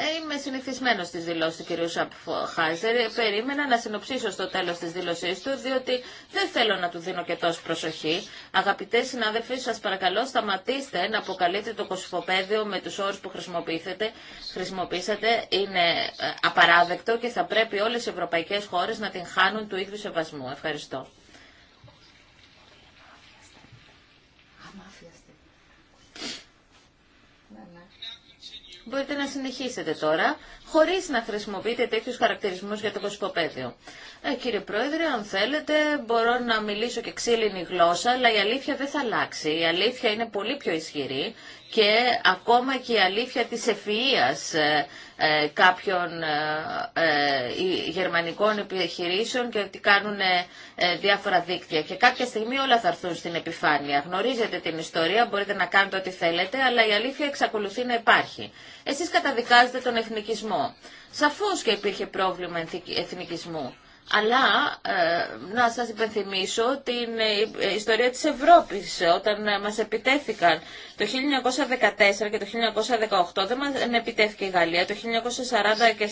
ε, είμαι συνηθισμένο στι δηλώσει του κ. Σαπχάιζερ. Ε, περίμενα να συνοψίσω στο τέλο τη δήλωσή του, διότι δεν θέλω να του δίνω και τόση προσοχή. Αγαπητέ συνάδελφοι, σα παρακαλώ σταματήστε να αποκαλείτε το κοσυφοπαίδιο με του όρου που χρησιμοποιήσατε. Είναι ε, απαράδεκτο και θα πρέπει όλε οι ευρωπαϊκέ χώρε να την χάνουν του ίδιου σεβασμού. Ευχαριστώ. μπορείτε να συνεχίσετε τώρα, χωρίς να χρησιμοποιείτε τέτοιους χαρακτηρισμούς για το κοσμοπέδιο. Ε, κύριε Πρόεδρε, αν θέλετε, μπορώ να μιλήσω και ξύλινη γλώσσα, αλλά η αλήθεια δεν θα αλλάξει. Η αλήθεια είναι πολύ πιο ισχυρή και ακόμα και η αλήθεια της ευφυΐας ε, ε, κάποιων ε, ε, γερμανικών επιχειρήσεων και ότι κάνουν διάφορα δίκτυα. Και κάποια στιγμή όλα θα έρθουν στην επιφάνεια. Γνωρίζετε την ιστορία, μπορείτε να κάνετε ό,τι θέλετε, αλλά η αλήθεια εξακολουθεί να υπάρχει. Εσείς καταδικάζετε τον εθνικισμό. Σαφώς και υπήρχε πρόβλημα εθνικισμού. Αλλά ε, να σας υπενθυμίσω την ε, ιστορία της Ευρώπης ε, όταν ε, μας επιτέθηκαν. Το 1914 και το 1918 δεν μας επιτέθηκε η Γαλλία. Το 1940 και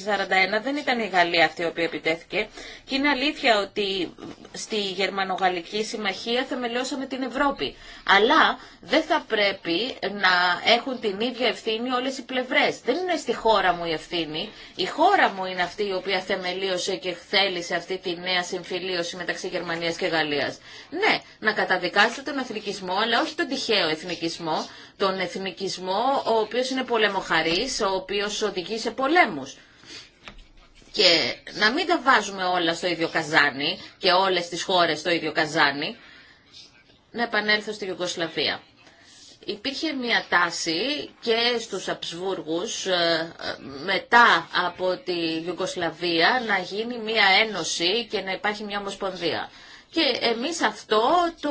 1941 δεν ήταν η Γαλλία αυτή η οποία επιτέθηκε. Και είναι αλήθεια ότι στη Γερμανογαλλική Συμμαχία θεμελιώσαμε την Ευρώπη. Αλλά δεν θα πρέπει να έχουν την ίδια ευθύνη όλες οι πλευρές. Δεν είναι στη χώρα μου η ευθύνη. Η χώρα μου είναι αυτή η οποία θεμελίωσε και θέλησε αυτή τη νέα συμφιλίωση μεταξύ Γερμανία και Γαλλία. Ναι, να καταδικάσετε τον εθνικισμό, αλλά όχι τον τυχαίο εθνικισμό. Τον εθνικισμό ο οποίο είναι πολεμοχαρή, ο οποίο οδηγεί σε πολέμου. Και να μην τα βάζουμε όλα στο ίδιο καζάνι και όλες τι χώρες στο ίδιο καζάνι, να επανέλθω στη Γιουγκοσλαβία Υπήρχε μια τάση και στους Αψβούργους ε, ε, μετά από τη Ιουγκοσλαβία να γίνει μια ένωση και να υπάρχει μια ομοσπονδία. Και εμείς αυτό το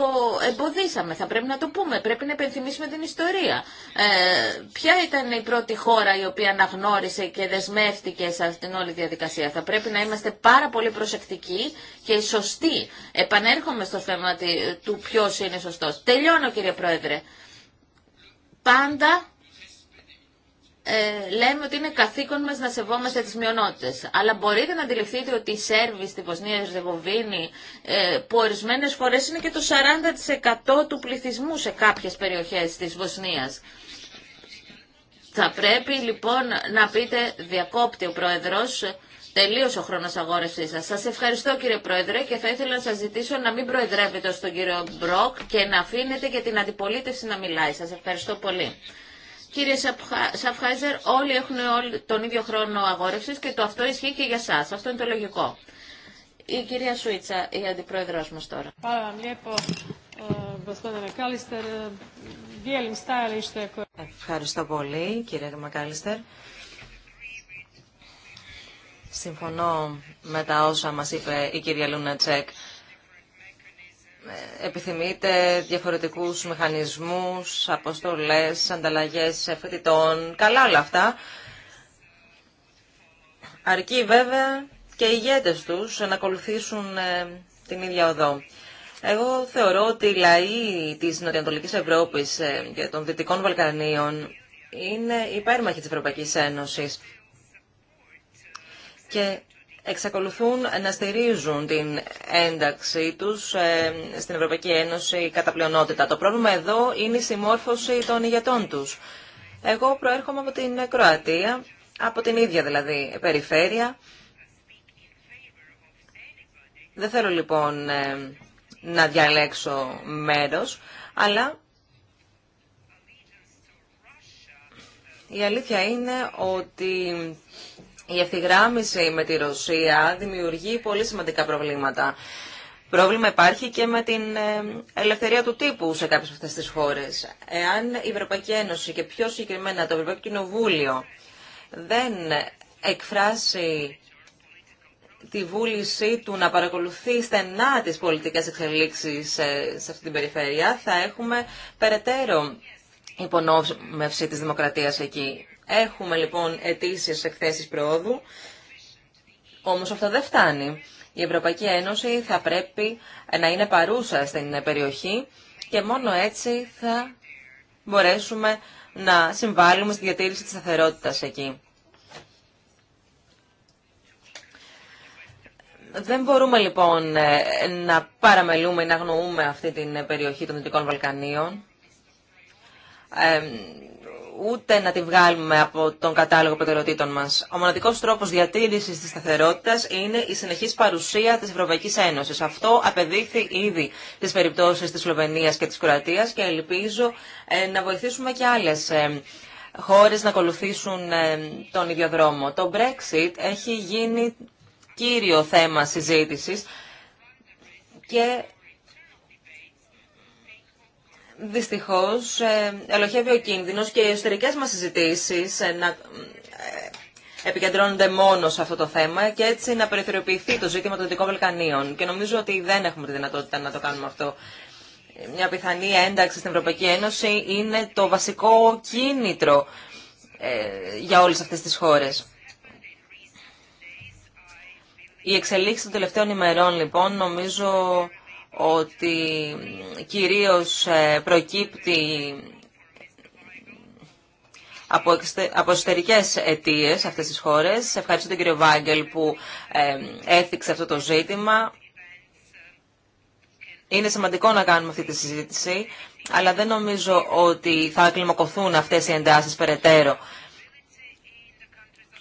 εμποδίσαμε, θα πρέπει να το πούμε, πρέπει να επενθυμίσουμε την ιστορία. Ε, ποια ήταν η πρώτη χώρα η οποία αναγνώρισε και δεσμεύτηκε σε αυτήν όλη διαδικασία. Θα πρέπει να είμαστε πάρα πολύ προσεκτικοί και σωστοί. Επανέρχομαι στο θέμα του ποιος είναι σωστός. Τελειώνω κύριε Πρόεδρε πάντα ε, λέμε ότι είναι καθήκον μας να σεβόμαστε τις μειονότητες. Αλλά μπορείτε να αντιληφθείτε ότι οι Σέρβοι στη Βοσνία Ζεβοβίνη ε, που ορισμένες φορές είναι και το 40% του πληθυσμού σε κάποιες περιοχές της Βοσνίας. Θα πρέπει λοιπόν να πείτε, διακόπτει ο Πρόεδρος, Τελείωσε ο χρόνο αγόρευσή σα. Σα ευχαριστώ κύριε Πρόεδρε και θα ήθελα να σα ζητήσω να μην προεδρεύετε στον κύριο Μπροκ και να αφήνετε και την αντιπολίτευση να μιλάει. Σα ευχαριστώ πολύ. Κύριε Σαφχάιζερ, όλοι έχουν όλοι τον ίδιο χρόνο αγόρευση και το αυτό ισχύει και για εσά. Αυτό είναι το λογικό. Η κυρία Σουίτσα, η αντιπρόεδρό μα τώρα. Ε, ε, ευχαριστώ πολύ, κύριε Μακάλιστερ. Συμφωνώ με τα όσα μας είπε η κυρία Λούνα Τσέκ. Επιθυμείτε διαφορετικούς μηχανισμούς, αποστολές, ανταλλαγές φοιτητών, καλά όλα αυτά. Αρκεί βέβαια και οι ηγέτες τους να ακολουθήσουν ε, την ίδια οδό. Εγώ θεωρώ ότι οι λαοί της Νοτιοανατολικής Ευρώπης ε, και των Δυτικών Βαλκανίων είναι υπέρμαχοι της Ευρωπαϊκής Ένωσης και εξακολουθούν να στηρίζουν την ένταξή τους ε, στην Ευρωπαϊκή Ένωση κατά πλειονότητα. Το πρόβλημα εδώ είναι η συμμόρφωση των ηγετών τους. Εγώ προέρχομαι από την Κροατία, από την ίδια δηλαδή περιφέρεια. Δεν θέλω λοιπόν ε, να διαλέξω μέρος, αλλά η αλήθεια είναι ότι η ευθυγράμμιση με τη Ρωσία δημιουργεί πολύ σημαντικά προβλήματα. Πρόβλημα υπάρχει και με την ε, ελευθερία του τύπου σε κάποιες αυτές τις χώρες. Εάν η Ευρωπαϊκή Ένωση και πιο συγκεκριμένα το Ευρωπαϊκό Κοινοβούλιο δεν εκφράσει τη βούλησή του να παρακολουθεί στενά τις πολιτικές εξελίξεις ε, σε αυτή την περιφέρεια, θα έχουμε περαιτέρω υπονόμευση της δημοκρατίας εκεί. Έχουμε λοιπόν αιτήσεις εκθέσεις προόδου, όμως αυτό δεν φτάνει. Η Ευρωπαϊκή Ένωση θα πρέπει να είναι παρούσα στην περιοχή και μόνο έτσι θα μπορέσουμε να συμβάλλουμε στη διατήρηση της σταθερότητας εκεί. Δεν μπορούμε λοιπόν να παραμελούμε ή να γνωρούμε αυτή την περιοχή των Δυτικών Βαλκανίων. Ε, ούτε να τη βγάλουμε από τον κατάλογο προτεραιοτήτων μα. Ο μοναδικό τρόπο διατήρηση τη σταθερότητα είναι η συνεχής παρουσία τη Ευρωπαϊκή Ένωση. Αυτό απεδείχθη ήδη στις περιπτώσει τη Σλοβενία και τη Κροατία, και ελπίζω ε, να βοηθήσουμε και άλλες ε, χώρες να ακολουθήσουν ε, τον ίδιο δρόμο. Το Brexit έχει γίνει κύριο θέμα συζήτησης και δυστυχώς ε, ελοχεύει ο κίνδυνο και οι εσωτερικέ μας συζητήσει ε, να ε, επικεντρώνονται μόνο σε αυτό το θέμα και έτσι να περιθωριοποιηθεί το ζήτημα των Δυτικών Βαλκανίων. Και νομίζω ότι δεν έχουμε τη δυνατότητα να το κάνουμε αυτό. Μια πιθανή ένταξη στην Ευρωπαϊκή Ένωση είναι το βασικό κίνητρο για όλες αυτέ τι χώρε. Η εξελίξη των τελευταίων ημερών, λοιπόν, νομίζω ότι κυρίως ε, προκύπτει από, από εσωτερικέ αιτίε σε αυτέ τι χώρε. Ευχαριστώ τον κύριο Βάγκελ που ε, έθιξε αυτό το ζήτημα. Είναι σημαντικό να κάνουμε αυτή τη συζήτηση, αλλά δεν νομίζω ότι θα κλιμακωθούν αυτές οι εντάσεις περαιτέρω.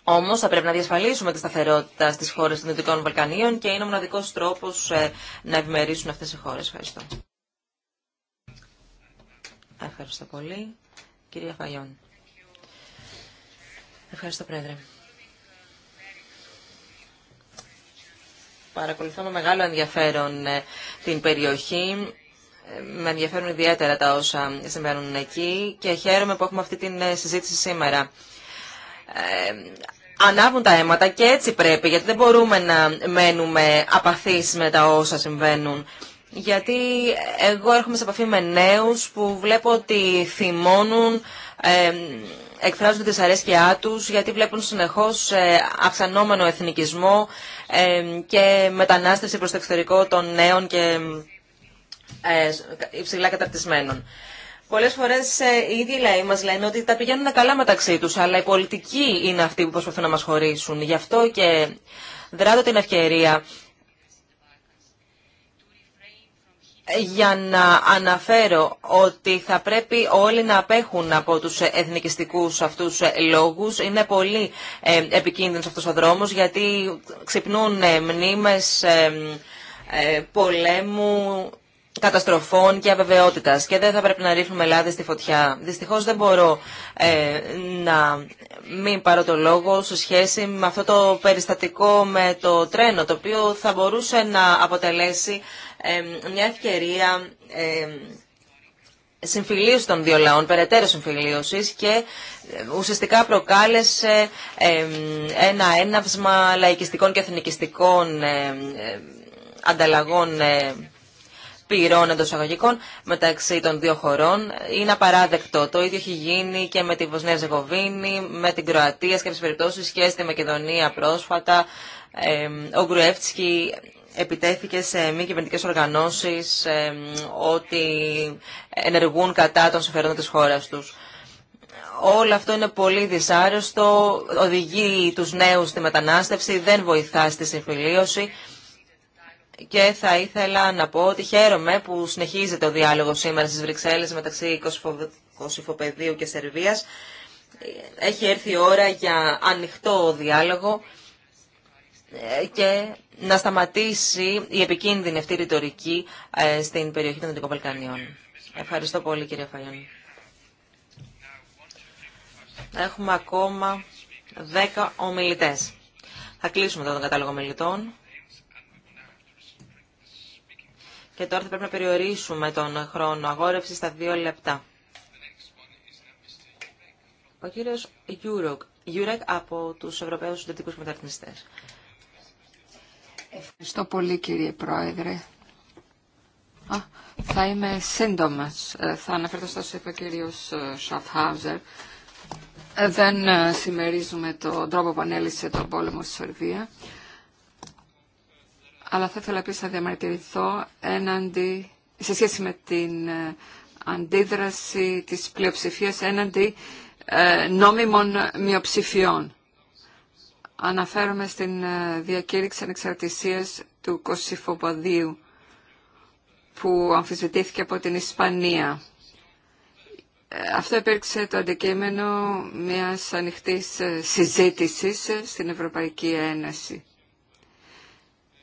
Όμω θα πρέπει να διασφαλίσουμε τη σταθερότητα στι χώρε των Δυτικών Βαλκανίων και είναι ο μοναδικό τρόπο ε, να ευημερήσουν αυτέ οι χώρε. Ευχαριστώ. Ευχαριστώ πολύ. Κυρία Φαγιόν. Ευχαριστώ, Πρόεδρε. Παρακολουθώ με μεγάλο ενδιαφέρον ε, την περιοχή. Ε, με ενδιαφέρουν ιδιαίτερα τα όσα συμβαίνουν εκεί και χαίρομαι που έχουμε αυτή τη συζήτηση σήμερα ανάβουν τα αίματα και έτσι πρέπει, γιατί δεν μπορούμε να μένουμε απαθείς με τα όσα συμβαίνουν. Γιατί εγώ έρχομαι σε επαφή με νέους που βλέπω ότι θυμώνουν, ε, εκφράζουν τη δυσαρέσκειά τους, γιατί βλέπουν συνεχώς ε, αυξανόμενο εθνικισμό και μετανάστευση προς το εξωτερικό των νέων και ε, υψηλά καταρτισμένων. Πολλέ φορέ ε, οι ίδιοι λαοί μα λένε ότι τα πηγαίνουν καλά μεταξύ του, αλλά οι πολιτικοί είναι αυτοί που προσπαθούν να μα χωρίσουν. Γι' αυτό και δράτω την ευκαιρία για να αναφέρω ότι θα πρέπει όλοι να απέχουν από τους εθνικιστικούς αυτούς λόγους. Είναι πολύ ε, επικίνδυνος αυτός ο δρόμος γιατί ξυπνούν ε, μνήμες πολέμου καταστροφών και αβεβαιότητας και δεν θα πρέπει να ρίχνουμε λάδι στη φωτιά. Δυστυχώς δεν μπορώ ε, να μην πάρω το λόγο σε σχέση με αυτό το περιστατικό με το τρένο, το οποίο θα μπορούσε να αποτελέσει ε, μια ευκαιρία ε, συμφιλίωση των δύο λαών, περαιτέρω συμφιλίωσης και ε, ουσιαστικά προκάλεσε ε, ένα έναυσμα λαϊκιστικών και εθνικιστικών ανταλλαγών πυρών εντό εισαγωγικών μεταξύ των δύο χωρών είναι απαράδεκτο. Το ίδιο έχει γίνει και με τη Βοσνία Ζεγοβίνη, με την Κροατία, σε κάποιε περιπτώσει και στη Μακεδονία πρόσφατα. ο Γκρουεύτσκι επιτέθηκε σε μη κυβερνητικέ οργανώσει ότι ενεργούν κατά των συμφερόντων τη χώρα του. Όλο αυτό είναι πολύ δυσάρεστο, οδηγεί τους νέους στη μετανάστευση, δεν βοηθά στη συμφιλίωση. Και θα ήθελα να πω ότι χαίρομαι που συνεχίζεται ο διάλογο σήμερα στις Βρυξέλλες μεταξύ Κωσυφοπεδίου και Σερβίας. Έχει έρθει η ώρα για ανοιχτό διάλογο ε, και να σταματήσει η επικίνδυνη αυτή ρητορική ε, στην περιοχή των Δυτικών Βαλκανίων. Ευχαριστώ πολύ κύριε Φαγιόν. Έχουμε ακόμα 10 ομιλητές. Θα κλείσουμε τώρα τον κατάλογο ομιλητών. Και τώρα θα πρέπει να περιορίσουμε τον χρόνο αγόρευση στα δύο λεπτά. Ο κύριος Γιούρεκ, Γιούρεκ από τους Ευρωπαίους Συντατικούς Μεταρρυθμιστές. Ευχαριστώ πολύ κύριε Πρόεδρε. Α, θα είμαι σύντομα. Ε, θα αναφερθώ στο είπε ο κύριος Σαφχάουζερ. Ε, δεν ε, συμμερίζουμε τον τρόπο που ανέλησε τον πόλεμο στη Σορβία αλλά θα ήθελα επίσης να διαμαρτυρηθώ έναντι, σε σχέση με την ε, αντίδραση της πλειοψηφίας έναντι ε, νόμιμων μειοψηφιών. Αναφέρομαι στην ε, διακήρυξη ανεξαρτησίας του Κωσυφοποδίου που αμφισβητήθηκε από την Ισπανία. Αυτό υπήρξε το αντικείμενο μιας ανοιχτής συζήτησης στην Ευρωπαϊκή Ένωση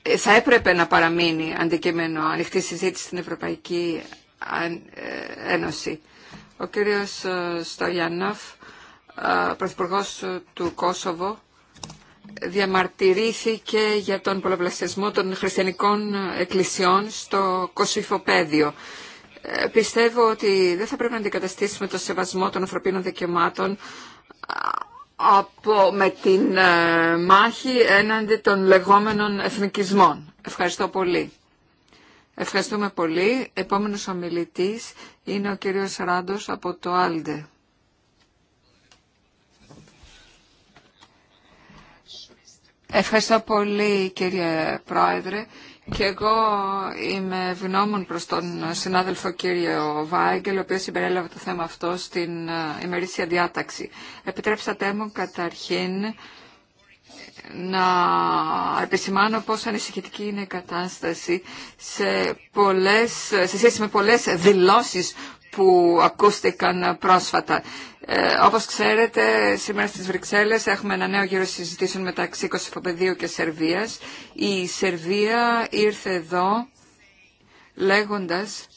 θα έπρεπε να παραμείνει αντικείμενο ανοιχτή συζήτηση στην Ευρωπαϊκή ε, Ένωση. Ο κύριος ε, Σταγιαννόφ, ε, πρωθυπουργός του Κόσοβο, διαμαρτυρήθηκε για τον πολλαπλασιασμό των χριστιανικών εκκλησιών στο Κωσυφοπαίδιο. Πιστεύω ότι δεν θα πρέπει να αντικαταστήσουμε το σεβασμό των ανθρωπίνων δικαιωμάτων από, με την ε, μάχη έναντι των λεγόμενων εθνικισμών. Ευχαριστώ πολύ. Ευχαριστούμε πολύ. Επόμενος ομιλητής είναι ο κύριος Ράντος από το Άλντε. Ευχαριστώ πολύ κύριε Πρόεδρε. Και εγώ είμαι ευγνώμων προς τον συνάδελφο κύριο Βάγκελ, ο οποίος συμπεριέλαβε το θέμα αυτό στην ε, ημερήσια διάταξη. Επιτρέψατε μου καταρχήν να επισημάνω πόσο ανησυχητική είναι η κατάσταση σε, πολλές, σε σχέση με πολλές δηλώσεις που ακούστηκαν πρόσφατα. Ε, όπως ξέρετε, σήμερα στις Βρυξέλλες έχουμε ένα νέο γύρο συζητήσεων μεταξύ Κωσυφοπεδίου και Σερβίας. Η Σερβία ήρθε εδώ λέγοντας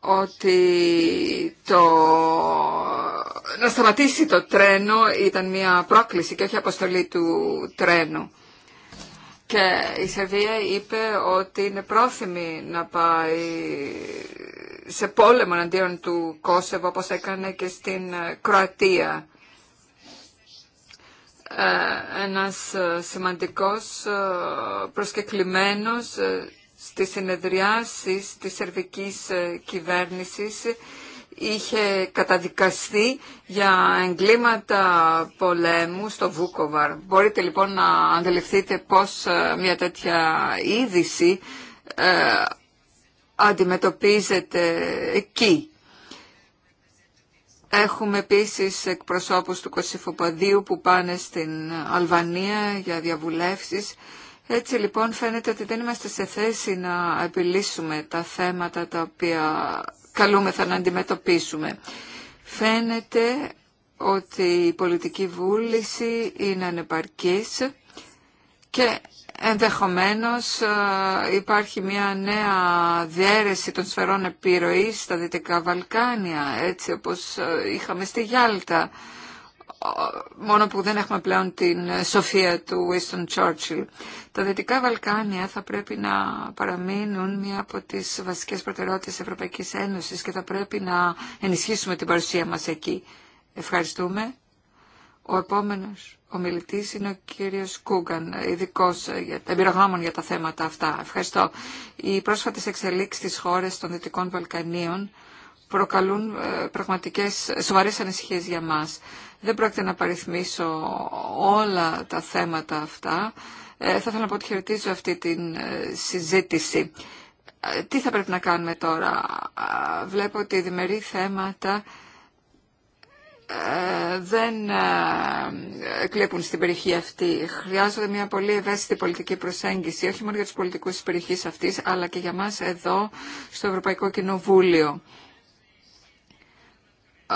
ότι το... να σταματήσει το τρένο ήταν μια πρόκληση και όχι αποστολή του τρένου. Και η Σερβία είπε ότι είναι πρόθυμη να πάει σε πόλεμο εναντίον του Κόσεβο όπως έκανε και στην ε, Κροατία. Ε, ένας ε, σημαντικός προσκεκλημένος στις συνεδριάσεις της σερβικής κυβέρνησης είχε καταδικαστεί για εγκλήματα πολέμου στο Βούκοβαρ. Μπορείτε λοιπόν να αντιληφθείτε πώς μια τέτοια είδηση αντιμετωπίζεται εκεί. Έχουμε επίσης εκπροσώπους του Κωσυφοπαδίου που πάνε στην Αλβανία για διαβουλεύσεις. Έτσι λοιπόν φαίνεται ότι δεν είμαστε σε θέση να επιλύσουμε τα θέματα τα οποία καλούμεθα να αντιμετωπίσουμε. Φαίνεται ότι η πολιτική βούληση είναι ανεπαρκής και Ενδεχομένως ε, υπάρχει μια νέα διαίρεση των σφαιρών επιρροής στα Δυτικά Βαλκάνια, έτσι όπως ε, είχαμε στη Γιάλτα, μόνο που δεν έχουμε πλέον την σοφία του Winston Churchill. Τα Δυτικά Βαλκάνια θα πρέπει να παραμείνουν μία από τις βασικές προτεραιότητες της Ευρωπαϊκής Ένωσης και θα πρέπει να ενισχύσουμε την παρουσία μας εκεί. Ευχαριστούμε. Ο επόμενος ομιλητής είναι ο κύριος Κούγκαν, ειδικό ε, εμπειρογνώμων για τα θέματα αυτά. Ευχαριστώ. Οι πρόσφατε εξελίξει στι χώρες των Δυτικών Βαλκανίων προκαλούν ε, πραγματικές σοβαρές ανησυχίες για μα. Δεν πρόκειται να παριθμίσω όλα τα θέματα αυτά. Ε, θα ήθελα να πω ότι χαιρετίζω αυτή την συζήτηση. Τι θα πρέπει να κάνουμε τώρα. Βλέπω ότι οι διμερεί θέματα δεν ε, κλέπουν στην περιοχή αυτή. Χρειάζονται μια πολύ ευαίσθητη πολιτική προσέγγιση, όχι μόνο για τους πολιτικούς της περιοχής αυτής, αλλά και για μας εδώ στο Ευρωπαϊκό Κοινοβούλιο. Ε,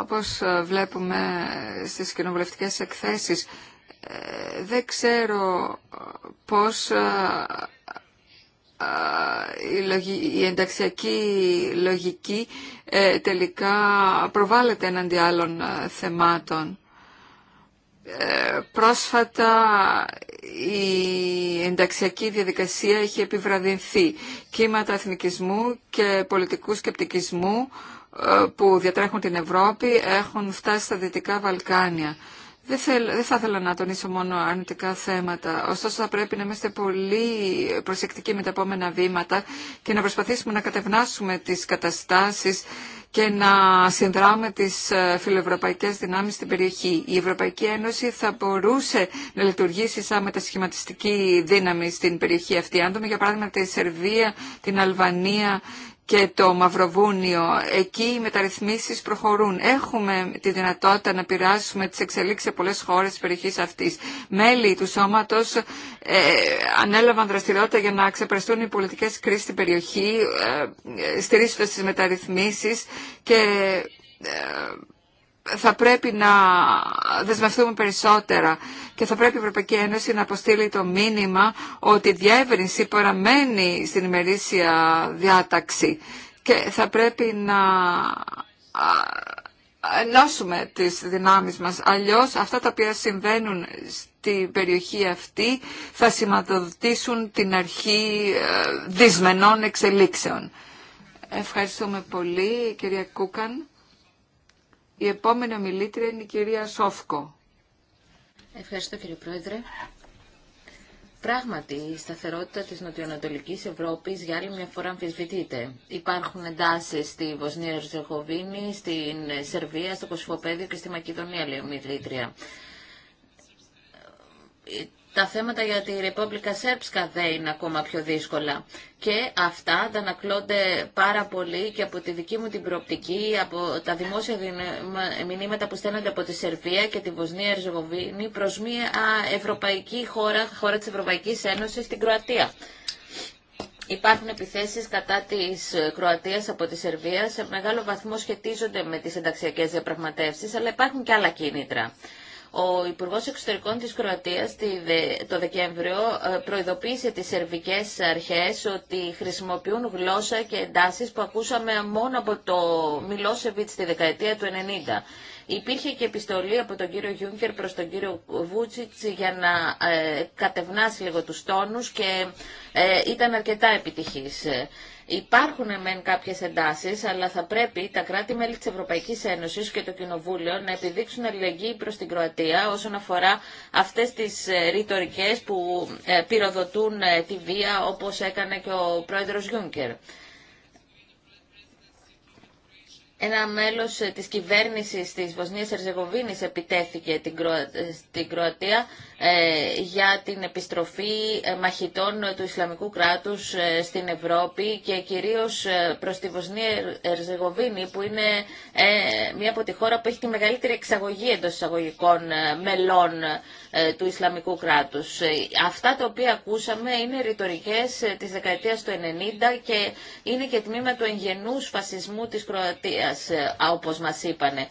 όπως βλέπουμε στις κοινοβουλευτικέ εκθέσεις, ε, δεν ξέρω πώς η ενταξιακή λογική ε, τελικά προβάλλεται εναντί άλλων ε, θεμάτων. Ε, πρόσφατα η ενταξιακή διαδικασία έχει επιβραδυνθεί. Κύματα εθνικισμού και πολιτικού σκεπτικισμού που διατρέχουν την Ευρώπη έχουν φτάσει στα Δυτικά Βαλκάνια. Δεν, θέλ, θα ήθελα να τονίσω μόνο αρνητικά θέματα. Ωστόσο θα πρέπει να είμαστε πολύ προσεκτικοί με τα επόμενα βήματα και να προσπαθήσουμε να κατευνάσουμε τις καταστάσεις και να συνδράμε τις ε, φιλοευρωπαϊκές δυνάμεις στην περιοχή. Η Ευρωπαϊκή Ένωση θα μπορούσε να λειτουργήσει σαν μετασχηματιστική δύναμη στην περιοχή αυτή. Αν δούμε για παράδειγμα τη Σερβία, την Αλβανία και το Μαυροβούνιο. Εκεί οι μεταρρυθμίσεις προχωρούν. Έχουμε τη δυνατότητα να πειράσουμε τις εξελίξεις σε πολλές χώρες της περιοχής αυτής. Μέλη του σώματος ε, ανέλαβαν δραστηριότητα για να ξεπεραστούν οι πολιτικές κρίσεις στην περιοχή, ε, στηρίζοντας τις μεταρρυθμίσεις και ε, θα πρέπει να δεσμευτούμε περισσότερα και θα πρέπει η Ευρωπαϊκή Ένωση να αποστείλει το μήνυμα ότι η διεύρυνση παραμένει στην ημερήσια διάταξη και θα πρέπει να ενώσουμε τις δυνάμεις μας. Αλλιώς αυτά τα οποία συμβαίνουν στην περιοχή αυτή θα σηματοδοτήσουν την αρχή ε, δυσμενών εξελίξεων. Ευχαριστούμε πολύ κυρία Κούκαν. Η επόμενη ομιλήτρια είναι η κυρία Σόφκο. Ευχαριστώ κύριε Πρόεδρε. Πράγματι, η σταθερότητα της νοτιοανατολικής Ευρώπης για άλλη μια φορά αμφισβητείται. Υπάρχουν εντάσεις στη Βοσνία Ριζεχοβίνη, στην Σερβία, στο Κοσφοπέδιο και στη Μακεδονία, λέει ο Μιλήτρια τα θέματα για τη Ρεπόμπλικα Σέρψκα δεν είναι ακόμα πιο δύσκολα. Και αυτά αντανακλώνται πάρα πολύ και από τη δική μου την προοπτική, από τα δημόσια μηνύματα που στέλνονται από τη Σερβία και τη Βοσνία Ερζεγοβίνη προς μια ευρωπαϊκή χώρα, χώρα της Ευρωπαϊκής Ένωσης, την Κροατία. Υπάρχουν επιθέσεις κατά της Κροατίας από τη Σερβία, σε μεγάλο βαθμό σχετίζονται με τις ενταξιακές διαπραγματεύσεις, αλλά υπάρχουν και άλλα κίνητρα. Ο Υπουργό Εξωτερικών τη Κροατία το Δεκέμβριο ε, προειδοποίησε τι σερβικέ αρχέ ότι χρησιμοποιούν γλώσσα και εντάσει που ακούσαμε μόνο από το Μιλόσεβιτ στη δεκαετία του 90. Υπήρχε και επιστολή από τον κύριο Γιούνκερ προς τον κύριο Βούτσιτ για να ε, κατευνάσει λίγο τους τόνους και ε, ήταν αρκετά επιτυχής. Υπάρχουν μεν κάποιες εντάσεις, αλλά θα πρέπει τα κράτη-μέλη της Ευρωπαϊκής Ένωσης και το Κοινοβούλιο να επιδείξουν αλληλεγγύη προς την Κροατία όσον αφορά αυτές τις ε, ρητορικέ που ε, πυροδοτούν ε, τη βία όπως έκανε και ο πρόεδρος Γιούνκερ. Ένα μέλος της κυβέρνησης της Βοσνίας Ερζεγοβίνης επιτέθηκε στην Κροατία ε, για την επιστροφή ε, μαχητών του Ισλαμικού κράτους ε, στην Ευρώπη και κυρίως προς τη Βοσνία Ερζεγοβίνη που είναι μία από τη χώρα που έχει τη μεγαλύτερη εξαγωγή εντός εισαγωγικών μελών του Ισλαμικού κράτους. Αυτά τα οποία ακούσαμε είναι ρητορικέ της δεκαετίας του 90 και είναι και τμήμα του εγγενούς φασισμού της Κροατίας, όπως μας είπανε.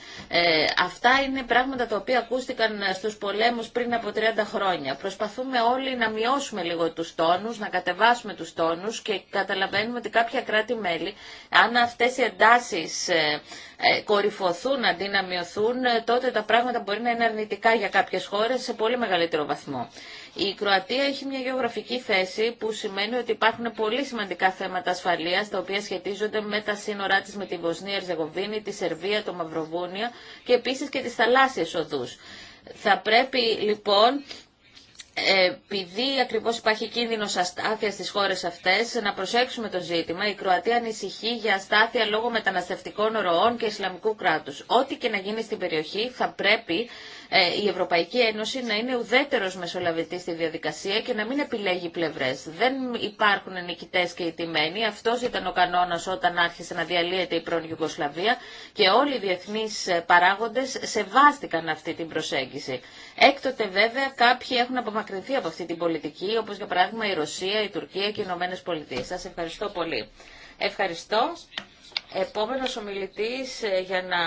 Αυτά είναι πράγματα τα οποία ακούστηκαν στους πολέμους πριν από χρόνια. Προσπαθούμε όλοι να μειώσουμε λίγο τους τόνους, να κατεβάσουμε τους τόνους και καταλαβαίνουμε ότι κάποια κράτη-μέλη, αν αυτές οι εντάσεις ε, ε, κορυφωθούν αντί να μειωθούν, ε, τότε τα πράγματα μπορεί να είναι αρνητικά για κάποιες χώρες σε πολύ μεγαλύτερο βαθμό. Η Κροατία έχει μια γεωγραφική θέση που σημαίνει ότι υπάρχουν πολύ σημαντικά θέματα ασφαλείας τα οποία σχετίζονται με τα σύνορά της με τη Βοσνία, Ερζεγοβίνη, τη Σερβία, το Μαυροβούνιο και επίσης και τις θαλάσσιες οδούς. Θα πρέπει λοιπόν ε, επειδή ακριβώς υπάρχει κίνδυνος αστάθεια στις χώρες αυτές, να προσέξουμε το ζήτημα. Η Κροατία ανησυχεί για αστάθεια λόγω μεταναστευτικών ροών και Ισλαμικού κράτους. Ό,τι και να γίνει στην περιοχή θα πρέπει ε, η Ευρωπαϊκή Ένωση να είναι ουδέτερος μεσολαβητή στη διαδικασία και να μην επιλέγει πλευρέ. Δεν υπάρχουν νικητέ και ιτημένοι. Αυτό ήταν ο κανόνα όταν άρχισε να διαλύεται η πρώην Ιουγκοσλαβία και όλοι οι διεθνεί παράγοντες σεβάστηκαν αυτή την προσέγγιση. Έκτοτε βέβαια κάποιοι έχουν απομακρυνθεί από αυτή την πολιτική, όπω για παράδειγμα η Ρωσία, η Τουρκία και οι Ηνωμένε Πολιτείε. Σα ευχαριστώ πολύ. Ευχαριστώ. Επόμενος ομιλητής ε, για να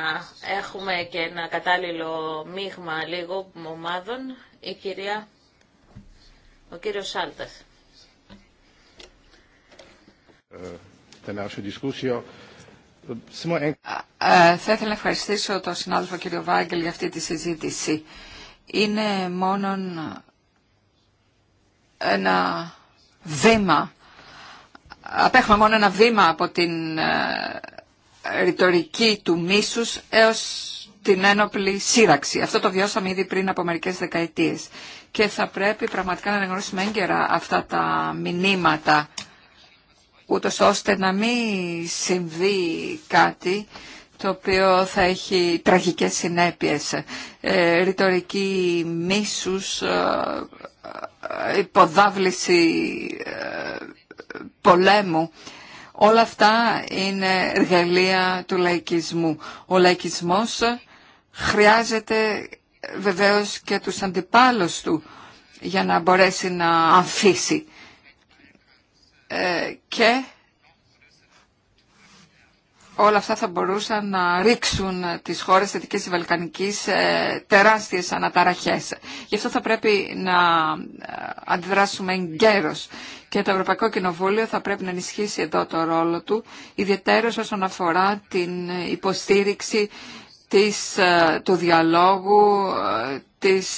έχουμε και ένα κατάλληλο μείγμα λίγο ομάδων, η κυρία, ο κύριος Σάλτας. Θα ήθελα να ευχαριστήσω τον συνάδελφο κύριο Βάγκελ για αυτή τη συζήτηση. Είναι μόνον ένα βήμα Απέχουμε μόνο ένα βήμα από την ε, ρητορική του μίσους έως την ένοπλη σύραξη. Αυτό το βιώσαμε ήδη πριν από μερικές δεκαετίες. Και θα πρέπει πραγματικά να αναγνωρίσουμε έγκαιρα αυτά τα μηνύματα, ούτω ώστε να μην συμβεί κάτι το οποίο θα έχει τραγικές συνέπειες. Ε, ρητορική μίσους, ε, ε, υποδάβληση ε, πολέμου. Όλα αυτά είναι εργαλεία του λαϊκισμού. Ο λαϊκισμός χρειάζεται βεβαίως και τους αντιπάλους του για να μπορέσει να αμφίσει. Ε, και όλα αυτά θα μπορούσαν να ρίξουν τις χώρες της της Βαλκανικής τεράστιες αναταραχές. Γι' αυτό θα πρέπει να ε, αντιδράσουμε εγκαίρως και το Ευρωπαϊκό Κοινοβούλιο θα πρέπει να ενισχύσει εδώ το ρόλο του, ιδιαίτερως όσον αφορά την υποστήριξη της, ε, του διαλόγου, ε, της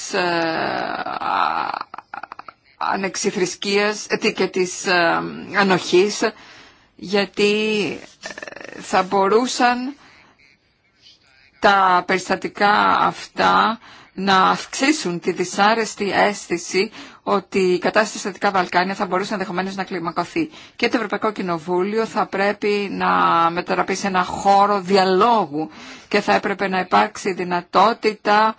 ανεξιθρησκείας και της ανοχής γιατί ε, θα μπορούσαν τα περιστατικά αυτά να αυξήσουν τη δυσάρεστη αίσθηση ότι η κατάσταση στα Δυτικά Βαλκάνια θα μπορούσε ενδεχομένω να κλιμακωθεί. Και το Ευρωπαϊκό Κοινοβούλιο θα πρέπει να μετατραπεί σε ένα χώρο διαλόγου και θα έπρεπε να υπάρξει δυνατότητα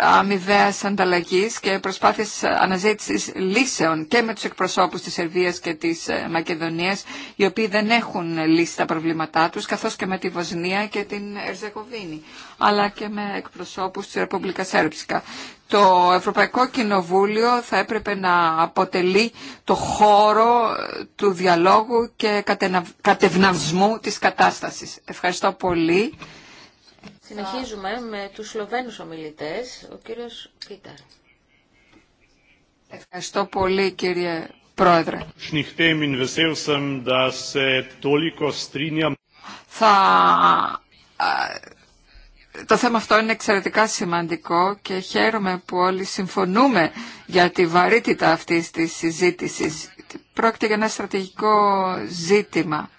Αμοιβέ ανταλλαγής και προσπάθειες αναζήτησης λύσεων και με τους εκπροσώπους της Σερβίας και της ε, Μακεδονίας οι οποίοι δεν έχουν λύσει τα προβλήματά τους καθώς και με τη Βοσνία και την Ερζεγοβίνη αλλά και με εκπροσώπους της Ρεπούμπλικα Σέρψικα. Το Ευρωπαϊκό Κοινοβούλιο θα έπρεπε να αποτελεί το χώρο ε, του διαλόγου και κατευναυσμού της κατάστασης. Ευχαριστώ πολύ. Συνεχίζουμε με τους Σλοβαίνους ομιλητές, ο κύριος Πίταρ. Ευχαριστώ πολύ κύριε Πρόεδρε. Θα... Το θέμα αυτό είναι εξαιρετικά σημαντικό και χαίρομαι που όλοι συμφωνούμε για τη βαρύτητα αυτής της συζήτησης. Πρόκειται για ένα στρατηγικό ζήτημα.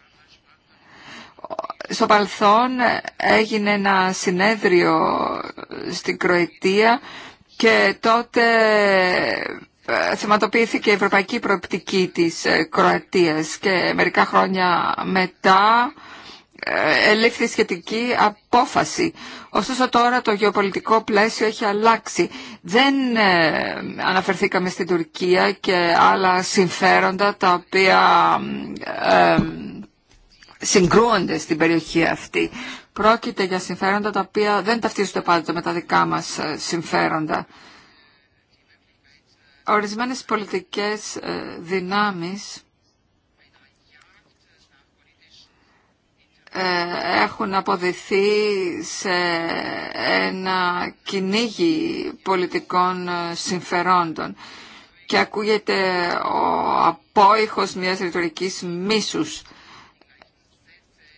Στο παρελθόν έγινε ένα συνέδριο στην Κροατία και τότε ε, θεματοποιήθηκε η ευρωπαϊκή προεπτική της ε, Κροατίας και μερικά χρόνια μετά ε, ελήφθη σχετική απόφαση. Ωστόσο τώρα το γεωπολιτικό πλαίσιο έχει αλλάξει. Δεν αναφερθήκαμε στην Τουρκία και άλλα συμφέροντα τα οποία συγκρούονται στην περιοχή αυτή. Πρόκειται για συμφέροντα τα οποία δεν ταυτίζονται πάντοτε με τα δικά μας ε, συμφέροντα. Ορισμένες πολιτικές ε, δυνάμεις ε, έχουν αποδειθεί σε ένα κυνήγι πολιτικών συμφερόντων και ακούγεται ο απόϊχος μιας ρητορικής μίσους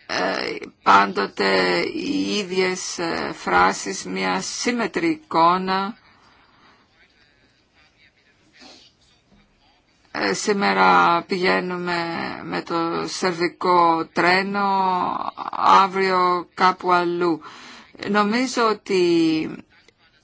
ε, πάντοτε οι ίδιες ε, φράσεις, μια σύμμετρη εικόνα. Ε, σήμερα πηγαίνουμε με το σερβικό τρένο, αύριο κάπου αλλού. Νομίζω ότι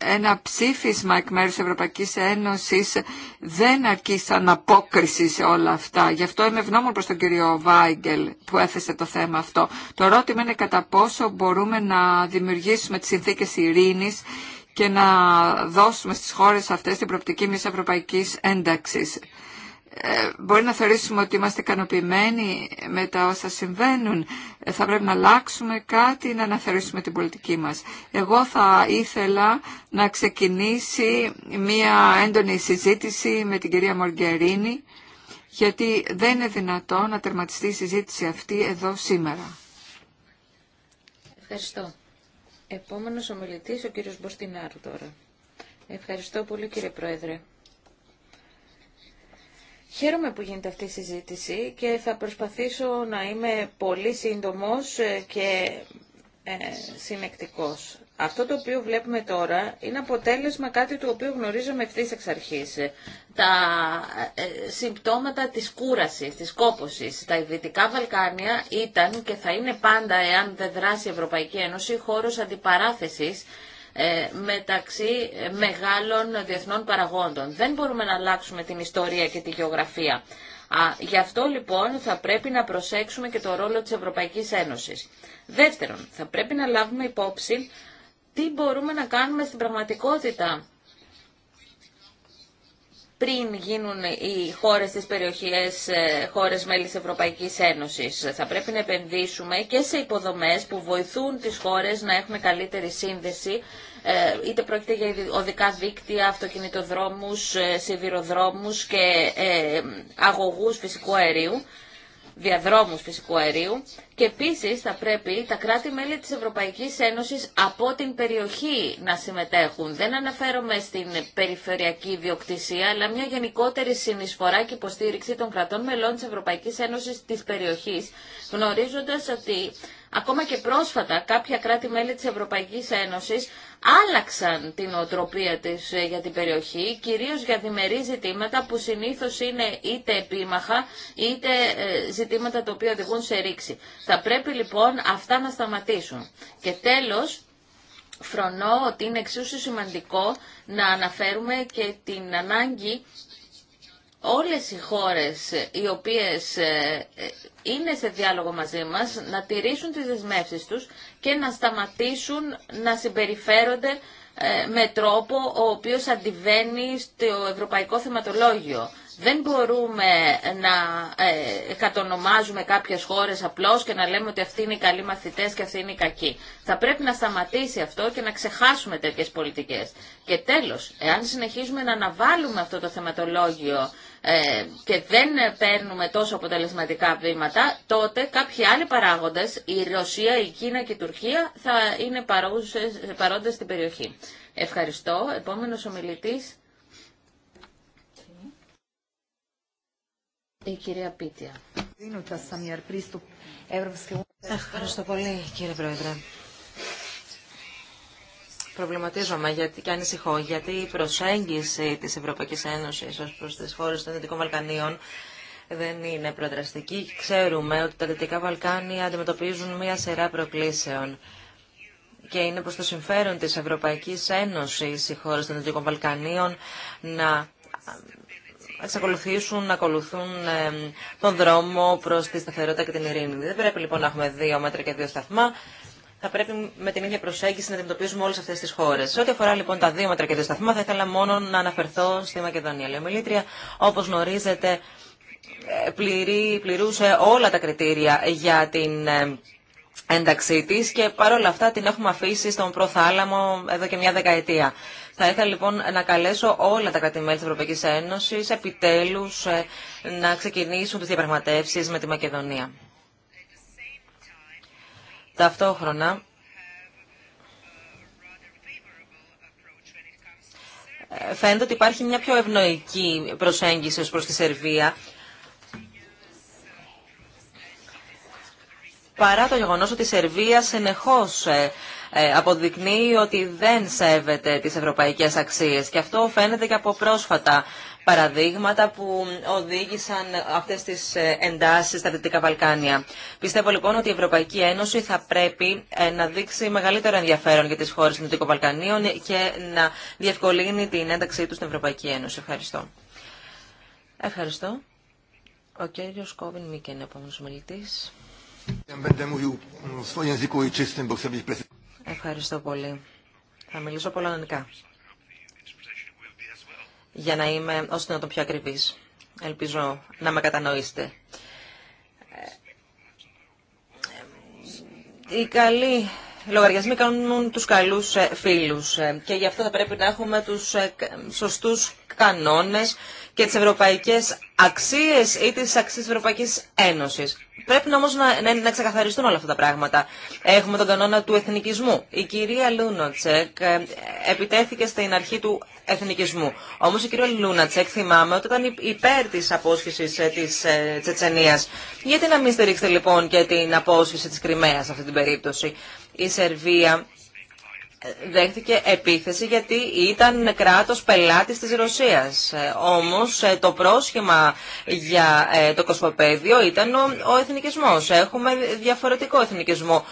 ένα ψήφισμα εκ μέρους της Ευρωπαϊκής Ένωσης δεν αρκεί σαν απόκριση σε όλα αυτά. Γι' αυτό είμαι ευγνώμων προς τον κύριο Βάιγκελ που έθεσε το θέμα αυτό. Το ερώτημα είναι κατά πόσο μπορούμε να δημιουργήσουμε τις συνθήκες ειρήνης και να δώσουμε στις χώρες αυτές την προοπτική μιας ευρωπαϊκής ένταξης. Ε, μπορεί να θεωρήσουμε ότι είμαστε ικανοποιημένοι με τα όσα συμβαίνουν. Ε, θα πρέπει να αλλάξουμε κάτι, να αναθεωρήσουμε την πολιτική μας. Εγώ θα ήθελα να ξεκινήσει μια έντονη συζήτηση με την κυρία Μοργκερίνη, γιατί δεν είναι δυνατό να τερματιστεί η συζήτηση αυτή εδώ σήμερα. Ευχαριστώ. Επόμενος ομιλητής, ο κύριος Μποστινάρου τώρα. Ευχαριστώ πολύ κύριε Πρόεδρε. Χαίρομαι που γίνεται αυτή η συζήτηση και θα προσπαθήσω να είμαι πολύ σύντομος ε, και ε, συνεκτικός. Αυτό το οποίο βλέπουμε τώρα είναι αποτέλεσμα κάτι το οποίο γνωρίζουμε ευθύ εξ αρχή. Τα ε, συμπτώματα της κούρασης, της κόπωσης. Τα ιδρυτικά Βαλκάνια ήταν και θα είναι πάντα, εάν δεν δράσει η Ευρωπαϊκή Ένωση, χώρος αντιπαράθεσης ε, μεταξύ μεγάλων διεθνών παραγόντων. Δεν μπορούμε να αλλάξουμε την ιστορία και τη γεωγραφία. Α, γι' αυτό λοιπόν θα πρέπει να προσέξουμε και το ρόλο της Ευρωπαϊκής Ένωσης. Δεύτερον, θα πρέπει να λάβουμε υπόψη τι μπορούμε να κάνουμε στην πραγματικότητα πριν γίνουν οι χώρες της περιοχής ε, χώρες μέλη της Ευρωπαϊκής Ένωσης. Θα πρέπει να επενδύσουμε και σε υποδομές που βοηθούν τις χώρες να έχουν καλύτερη σύνδεση ε, είτε πρόκειται για οδικά δίκτυα, αυτοκινητοδρόμους, ε, σιδηροδρόμους και ε, αγωγούς φυσικού αερίου διαδρόμους φυσικού αερίου και επίσης θα πρέπει τα κράτη-μέλη της Ευρωπαϊκής Ένωσης από την περιοχή να συμμετέχουν. Δεν αναφέρομαι στην περιφερειακή ιδιοκτησία, αλλά μια γενικότερη συνεισφορά και υποστήριξη των κρατών μελών της Ευρωπαϊκής Ένωσης της περιοχής, γνωρίζοντας ότι Ακόμα και πρόσφατα κάποια κράτη-μέλη της Ευρωπαϊκής Ένωσης άλλαξαν την οτροπία της ε, για την περιοχή, κυρίως για διμερεί ζητήματα που συνήθως είναι είτε επίμαχα είτε ε, ζητήματα τα οποία οδηγούν σε ρήξη. Θα πρέπει λοιπόν αυτά να σταματήσουν. Και τέλος, φρονώ ότι είναι εξίσου σημαντικό να αναφέρουμε και την ανάγκη όλες οι χώρες οι οποίες ε, είναι σε διάλογο μαζί μας να τηρήσουν τις δεσμεύσεις τους και να σταματήσουν να συμπεριφέρονται ε, με τρόπο ο οποίος αντιβαίνει στο ευρωπαϊκό θεματολόγιο. Δεν μπορούμε να ε, κατονομάζουμε κάποιες χώρες απλώς και να λέμε ότι αυτοί είναι οι καλοί μαθητές και αυτοί είναι οι κακοί. Θα πρέπει να σταματήσει αυτό και να ξεχάσουμε τέτοιες πολιτικές. Και τέλος, εάν συνεχίζουμε να αναβάλουμε αυτό το θεματολόγιο ε, και δεν παίρνουμε τόσο αποτελεσματικά βήματα, τότε κάποιοι άλλοι παράγοντες, η Ρωσία, η Κίνα και η Τουρκία, θα είναι παρόντες στην περιοχή. Ευχαριστώ. Επόμενος ομιλητής. Η κυρία Πίτια. Ευχαριστώ πολύ κύριε Πρόεδρε προβληματίζομαι γιατί, και ανησυχώ γιατί η προσέγγιση της Ευρωπαϊκής Ένωσης ω προς τις χώρες των Δυτικών Βαλκανίων δεν είναι προδραστική. Ξέρουμε ότι τα Δυτικά Βαλκάνια αντιμετωπίζουν μία σειρά προκλήσεων και είναι προς το συμφέρον της Ευρωπαϊκής Ένωσης οι χώρες των Δυτικών Βαλκανίων να εξακολουθήσουν να ακολουθούν τον δρόμο προς τη σταθερότητα και την ειρήνη. Δεν πρέπει λοιπόν να έχουμε δύο μέτρα και δύο σταθμά θα πρέπει με την ίδια προσέγγιση να αντιμετωπίζουμε όλε αυτέ τι χώρε. Σε ό,τι αφορά λοιπόν τα μετρα και το σταθμό, θα ήθελα μόνο να αναφερθώ στη Μακεδονία. Η ομιλήτρια, όπω γνωρίζετε, ε, πληρούσε όλα τα κριτήρια για την ε, ένταξή τη και παρόλα αυτά την έχουμε αφήσει στον προθάλαμο εδώ και μια δεκαετία. Θα ήθελα λοιπόν να καλέσω όλα τα κρατημέλη μελη τη Ευρωπαϊκή Ένωση επιτέλου ε, να ξεκινήσουν τις διαπραγματεύσεις με τη Μακεδονία. Ταυτόχρονα, φαίνεται ότι υπάρχει μια πιο ευνοϊκή προσέγγιση ως προς τη Σερβία, παρά το γεγονός ότι η Σερβία συνεχώς ε, ε, αποδεικνύει ότι δεν σέβεται τις ευρωπαϊκές αξίες. Και αυτό φαίνεται και από πρόσφατα παραδείγματα που οδήγησαν αυτές τις ε, εντάσεις στα Δυτικά Βαλκάνια. Πιστεύω λοιπόν ότι η Ευρωπαϊκή Ένωση θα πρέπει ε, να δείξει μεγαλύτερο ενδιαφέρον για τις χώρες των Δυτικών Βαλκανίων και να διευκολύνει την ένταξή τους στην Ευρωπαϊκή Ένωση. Ευχαριστώ. Ευχαριστώ. Ο κύριος Κόβιν Μίκεν, επόμενος μιλητής. Ευχαριστώ πολύ. Θα μιλήσω πολωνικά για να είμαι όσο να το πιο ακριβής. Ελπίζω να με κατανοήσετε. Ε, οι καλοί λογαριασμοί κάνουν τους καλούς ε, φίλους ε, και γι' αυτό θα πρέπει να έχουμε τους σωστούς κανόνες και τις ευρωπαϊκές αξίες ή τις αξίες της Ευρωπαϊκής Ένωσης. Πρέπει όμως να, να, να ξεκαθαριστούν όλα αυτά τα πράγματα. Έχουμε τον κανόνα του εθνικισμού. Η κυρία Λούνατσεκ ε, επιτέθηκε στην αρχή του εθνικισμού. Όμως η κυρία Λούνατσεκ θυμάμαι ότι ήταν υπέρ της απόσχησης ε, της ε, Τσετσενίας. Γιατί να μην στηρίξετε λοιπόν και την απόσχηση της Κρυμαίας σε αυτή την περίπτωση. Η Σερβία δέχτηκε επίθεση γιατί ήταν κράτος πελάτης της Ρωσίας. Ε, όμως ε, το πρόσχημα για ε, το κοσμοπέδιο ήταν ο εθνικισμός. Έχουμε διαφορετικό εθνικισμό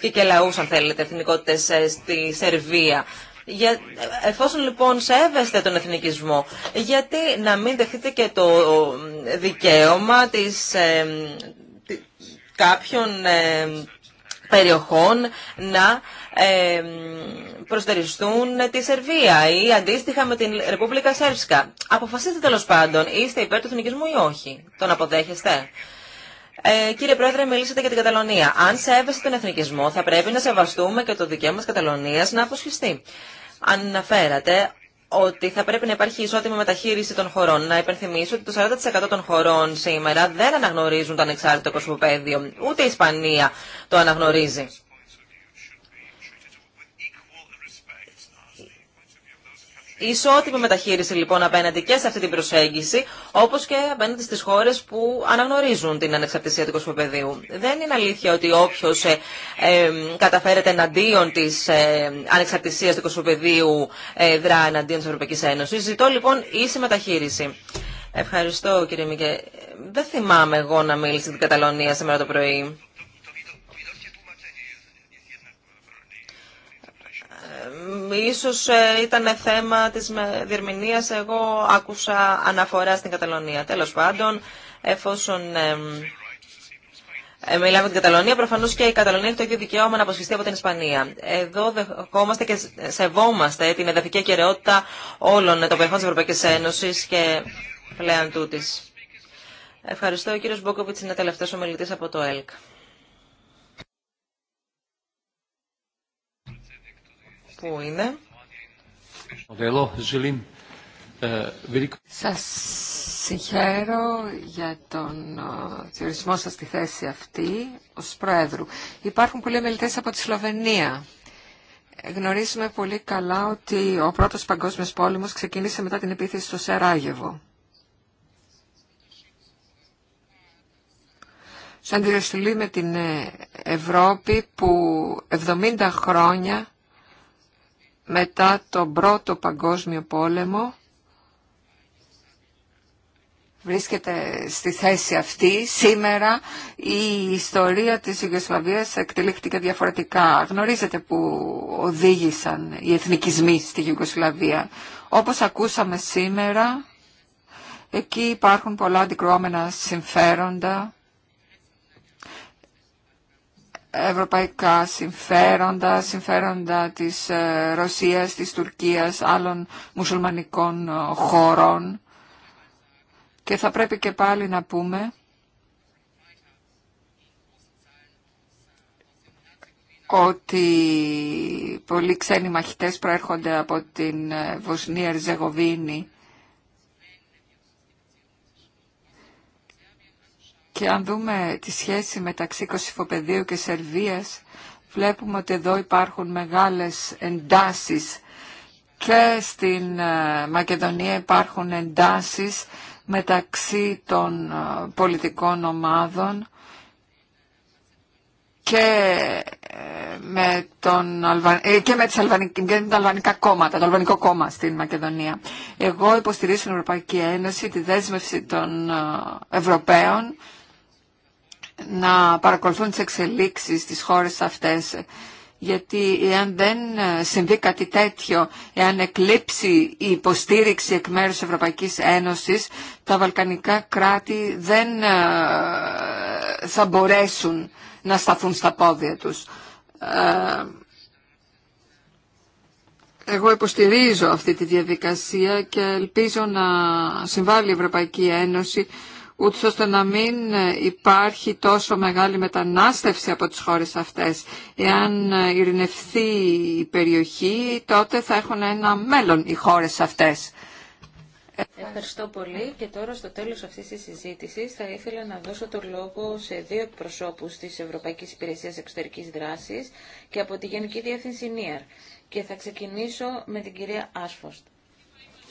και και λαούς αν θέλετε εθνικότητες στη Σερβία. Για, εφόσον λοιπόν σέβεστε τον εθνικισμό, γιατί να μην δεχτείτε και το δικαίωμα της, ε, κάποιων περιοχών να προστεριστούν τη Σερβία ή αντίστοιχα με την Ρεπούμπλικα Σέρβσκα. Αποφασίστε τέλο πάντων, είστε υπέρ του εθνικισμού ή όχι. Τον αποδέχεστε. Ε, κύριε Πρόεδρε, μιλήσατε για την Καταλωνία. Αν σέβεστε τον εθνικισμό, θα πρέπει να σεβαστούμε και το δικαίωμα τη Καταλωνία να αποσχιστεί. Αναφέρατε ότι θα πρέπει να υπάρχει ισότιμη μεταχείριση των χωρών. Να υπενθυμίσω ότι το 40% των χωρών σήμερα δεν αναγνωρίζουν το ανεξάρτητο κοσμοπέδιο. Ούτε η Ισπανία το αναγνωρίζει. Ισότιμη μεταχείριση λοιπόν απέναντι και σε αυτή την προσέγγιση, όπω και απέναντι στι χώρε που αναγνωρίζουν την ανεξαρτησία του κοσμοπεδίου. Δεν είναι αλήθεια ότι όποιο ε, ε, καταφέρεται εναντίον τη ε, ανεξαρτησία του κοσμοπεδίου ε, δρά εναντίον τη Ευρωπαϊκή Ένωση. Ζητώ λοιπόν ίση μεταχείριση. Ευχαριστώ κύριε Μικέ. Δεν θυμάμαι εγώ να μίλησα την Καταλωνία σήμερα το πρωί. ίσως ε, ήταν θέμα της διερμηνίας. Εγώ άκουσα αναφορά στην Καταλωνία. Τέλος πάντων, εφόσον ε, μιλάμε για την Καταλωνία, προφανώς και η Καταλωνία έχει το ίδιο δικαίωμα να αποσχιστεί από την Ισπανία. Εδώ δεχόμαστε και σεβόμαστε την εδαφική ακαιρεότητα όλων των περιοχών της Ευρωπαϊκής Ένωσης και πλέον τούτης. Ευχαριστώ. Ο κύριος Μπόκοβιτς είναι τελευταίος ομιλητής από το ΕΛΚ. Πού είναι. Ε, σας συγχαίρω για τον ε, διορισμό σας στη θέση αυτή ως Πρόεδρου. Υπάρχουν πολλοί μελητές από τη Σλοβενία. Γνωρίζουμε πολύ καλά ότι ο πρώτος παγκόσμιος πόλεμος ξεκίνησε μετά την επίθεση στο Σεράγεβο. Σαν τη με την ε, Ευρώπη που 70 χρόνια μετά τον πρώτο παγκόσμιο πόλεμο βρίσκεται στη θέση αυτή. Σήμερα η ιστορία της Ιουγκοσλαβίας εκτελήχθηκε διαφορετικά. Γνωρίζετε που οδήγησαν οι εθνικισμοί στη Ιουγκοσλαβία. Όπως ακούσαμε σήμερα, εκεί υπάρχουν πολλά αντικρουόμενα συμφέροντα ευρωπαϊκά συμφέροντα, συμφέροντα της ε, Ρωσίας, της Τουρκίας, άλλων μουσουλμανικών ε, χωρών. Και θα πρέπει και πάλι να πούμε ότι πολλοί ξένοι μαχητές προέρχονται από την ε, Βοσνία Ριζεγοβίνη Και αν δούμε τη σχέση μεταξύ Κωσυφοπεδίου και Σερβίας, βλέπουμε ότι εδώ υπάρχουν μεγάλες εντάσεις και στην ε, Μακεδονία υπάρχουν εντάσεις μεταξύ των ε, πολιτικών ομάδων και ε, με, τον και με, και με τα αλβανικά κόμματα, το αλβανικό κόμμα στην Μακεδονία. Εγώ υποστηρίζω την Ευρωπαϊκή Ένωση τη δέσμευση των Ευρωπαίων να παρακολουθούν τις εξελίξεις στις χώρες αυτές. Γιατί εάν δεν συμβεί κάτι τέτοιο, εάν εκλείψει η υποστήριξη εκ μέρους Ευρωπαϊκής Ένωσης, τα βαλκανικά κράτη δεν ε, θα μπορέσουν να σταθούν στα πόδια τους. Ε, εγώ υποστηρίζω αυτή τη διαδικασία και ελπίζω να συμβάλλει η Ευρωπαϊκή Ένωση ούτως ώστε να μην υπάρχει τόσο μεγάλη μετανάστευση από τις χώρες αυτές. Εάν ειρηνευθεί η περιοχή, τότε θα έχουν ένα μέλλον οι χώρες αυτές. Ευχαριστώ πολύ και τώρα στο τέλος αυτής της συζήτησης θα ήθελα να δώσω το λόγο σε δύο εκπροσώπους της Ευρωπαϊκής Υπηρεσίας Εξωτερικής Δράσης και από τη Γενική Διεύθυνση ΝΙΑΡ και θα ξεκινήσω με την κυρία Άσφωστ.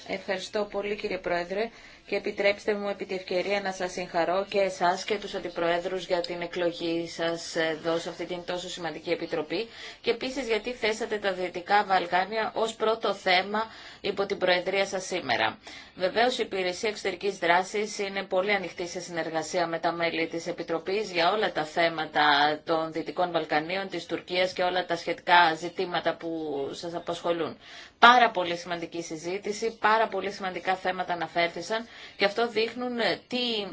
Ευχαριστώ πολύ κύριε Πρόεδρε και επιτρέψτε μου επί τη ευκαιρία να σας συγχαρώ και εσάς και τους αντιπροέδρους για την εκλογή σας εδώ σε αυτή την τόσο σημαντική επιτροπή και επίσης γιατί θέσατε τα Δυτικά Βαλκάνια ως πρώτο θέμα υπό την Προεδρία σας σήμερα. Βεβαίως η Υπηρεσία Εξωτερικής Δράσης είναι πολύ ανοιχτή σε συνεργασία με τα μέλη της Επιτροπής για όλα τα θέματα των Δυτικών Βαλκανίων, της Τουρκίας και όλα τα σχετικά ζητήματα που σας απασχολούν. Πάρα πολύ σημαντική συζήτηση, πάρα πολύ σημαντικά θέματα αναφέρθησαν και αυτό δείχνουν ε, τι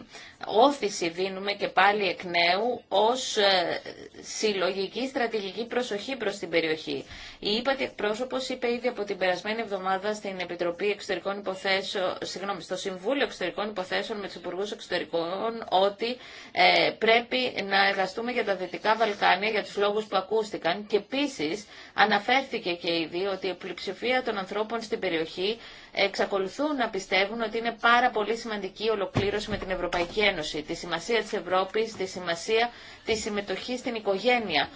όθηση δίνουμε και πάλι εκ νέου ως ε, συλλογική στρατηγική προσοχή προς την περιοχή. Η ύπατη εκπρόσωπος είπε ήδη από την περασμένη εβδομάδα στην Επιτροπή Εξωτερικών Υποθέσεων, συγγνώμη, στο Συμβούλιο Εξωτερικών Υποθέσεων με τους Υπουργού Εξωτερικών ότι ε, πρέπει να εργαστούμε για τα Δυτικά Βαλκάνια για τους λόγους που ακούστηκαν και επίση αναφέρθηκε και ήδη ότι η πλειοψηφία των ανθρώπων στην περιοχή εξακολουθούν να πιστεύουν ότι είναι πάρα πολύ σημαντική η ολοκλήρωση με την Ευρωπαϊκή Ένωση, τη σημασία της Ευρώπης, τη σημασία της συμμετοχής στην οικογένεια.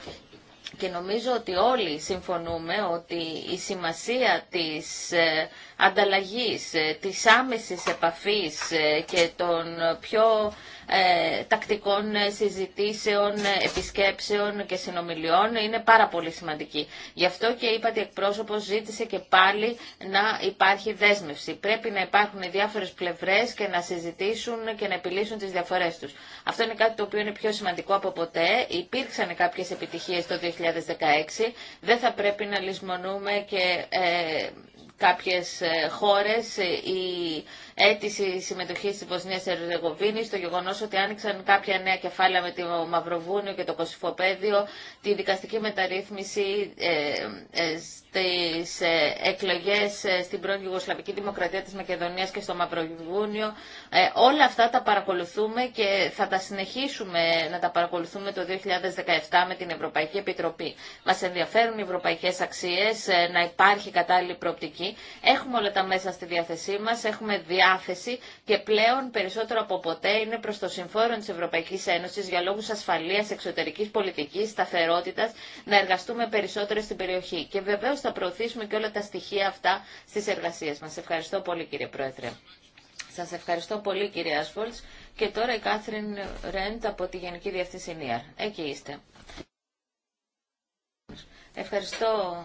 Και νομίζω ότι όλοι συμφωνούμε ότι η σημασία της ε, ανταλλαγής, ε, της άμεσης επαφής ε, και των πιο ε, τακτικών συζητήσεων, επισκέψεων και συνομιλιών είναι πάρα πολύ σημαντική. Γι' αυτό και είπα ότι εκπρόσωπος ζήτησε και πάλι να υπάρχει δέσμευση. Πρέπει να υπάρχουν οι διάφορες πλευρές και να συζητήσουν και να επιλύσουν τις διαφορές τους. Αυτό είναι κάτι το οποίο είναι πιο σημαντικό από ποτέ. Υπήρξαν κάποιες επιτυχίες το 2016. Δεν θα πρέπει να λησμονούμε και κάποιες ε, χώρες η ε, αίτηση συμμετοχή τη Βοσνία Ερζεγοβίνη, το γεγονό ότι άνοιξαν κάποια νέα κεφάλαια με το Μαυροβούνιο και το Κωσυφοπαίδιο, τη δικαστική μεταρρύθμιση ε, ε, στις ε, εκλογές στην πρώην Ιουγκοσλαβική Δημοκρατία τη Μακεδονία και στο Μαυροβούνιο. όλα αυτά τα παρακολουθούμε και θα τα συνεχίσουμε να τα παρακολουθούμε το 2017 με την Ευρωπαϊκή Επιτροπή. Μα ενδιαφέρουν οι ευρωπαϊκές αξίες, να υπάρχει κατάλληλη προοπτική. Έχουμε όλα τα μέσα στη διάθεσή μα. έχουμε διάθεση και πλέον περισσότερο από ποτέ είναι προς το συμφόρον της Ευρωπαϊκής Ένωσης για λόγους ασφαλείας, εξωτερικής πολιτικής, σταθερότητας να εργαστούμε περισσότερο στην περιοχή. Και βεβαίως θα προωθήσουμε και όλα τα στοιχεία αυτά στις εργασίες μας. Ευχαριστώ πολύ κύριε Πρόεδρε. Σας ευχαριστώ πολύ κύριε Άσφολτς. Και τώρα η Κάθριν Ρέντ από τη Γενική Διευθυνσία. Εκεί είστε. Ευχαριστώ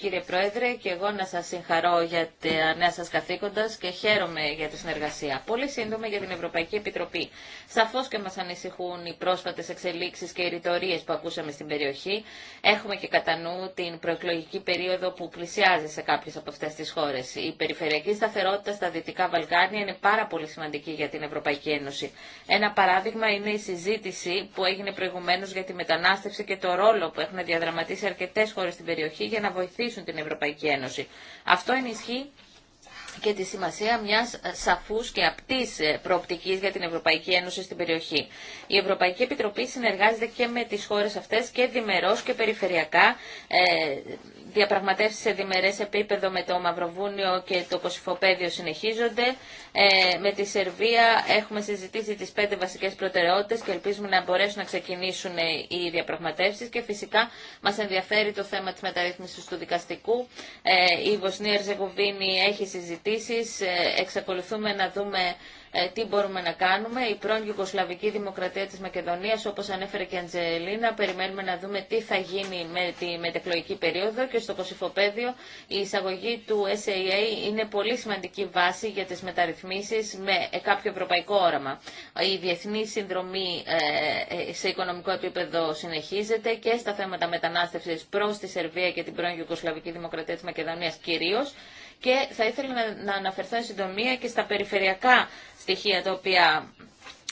Κύριε Πρόεδρε, και εγώ να σας συγχαρώ για τα νέα σας καθήκοντα και χαίρομαι για τη συνεργασία. Πολύ σύντομα για την Ευρωπαϊκή Επιτροπή. Σαφώς και μας ανησυχούν οι πρόσφατες εξελίξεις και οι ρητορίες που ακούσαμε στην περιοχή. Έχουμε και κατά νου την προεκλογική περίοδο που πλησιάζει σε κάποιες από αυτές τις χώρες. Η περιφερειακή σταθερότητα στα Δυτικά Βαλκάνια είναι πάρα πολύ σημαντική για την Ευρωπαϊκή Ένωση. Ένα παράδειγμα είναι η συζήτηση που έγινε προηγουμένως για τη μετανάστευση και το ρόλο που έχουν διαδραματίσει αρκετές χώρες στην περιοχή για να βοηθήσουν χρησιμοποιήσουν την Ευρωπαϊκή Ένωση. Αυτό ενισχύει και τη σημασία μιας σαφούς και απτής ε, προοπτικής για την Ευρωπαϊκή Ένωση στην περιοχή. Η Ευρωπαϊκή Επιτροπή συνεργάζεται και με τις χώρες αυτές και διμερώς και περιφερειακά ε, διαπραγματεύσεις σε διμερέ επίπεδο με το Μαυροβούνιο και το Κωσυφοπαίδιο συνεχίζονται. Ε, με τη Σερβία έχουμε συζητήσει τι πέντε βασικέ προτεραιότητε και ελπίζουμε να μπορέσουν να ξεκινήσουν ε, οι διαπραγματεύσει. και φυσικά μα ενδιαφέρει το θέμα τη μεταρρύθμισης του δικαστικού. Ε, η Βοσνία Ερζεγοβίνη έχει συζητήσεις, εξακολουθούμε να δούμε ε, τι μπορούμε να κάνουμε. Η πρώην Ιουγκοσλαβική Δημοκρατία της Μακεδονίας, όπως ανέφερε και η Αντζελίνα, περιμένουμε να δούμε τι θα γίνει με τη μετεκλογική περίοδο και στο Κωσυφοπέδιο η εισαγωγή του SAA είναι πολύ σημαντική βάση για τις μεταρρυθμίσεις με ε, κάποιο ευρωπαϊκό όραμα. Η διεθνή συνδρομή ε, σε οικονομικό επίπεδο συνεχίζεται και στα θέματα μετανάστευσης προς τη Σερβία και την πρώην Ιουγκοσλαβική Δημοκρατία της Μακεδονίας κυρίως. Και θα ήθελα να αναφερθώ εν συντομία και στα περιφερειακά στοιχεία τα οποία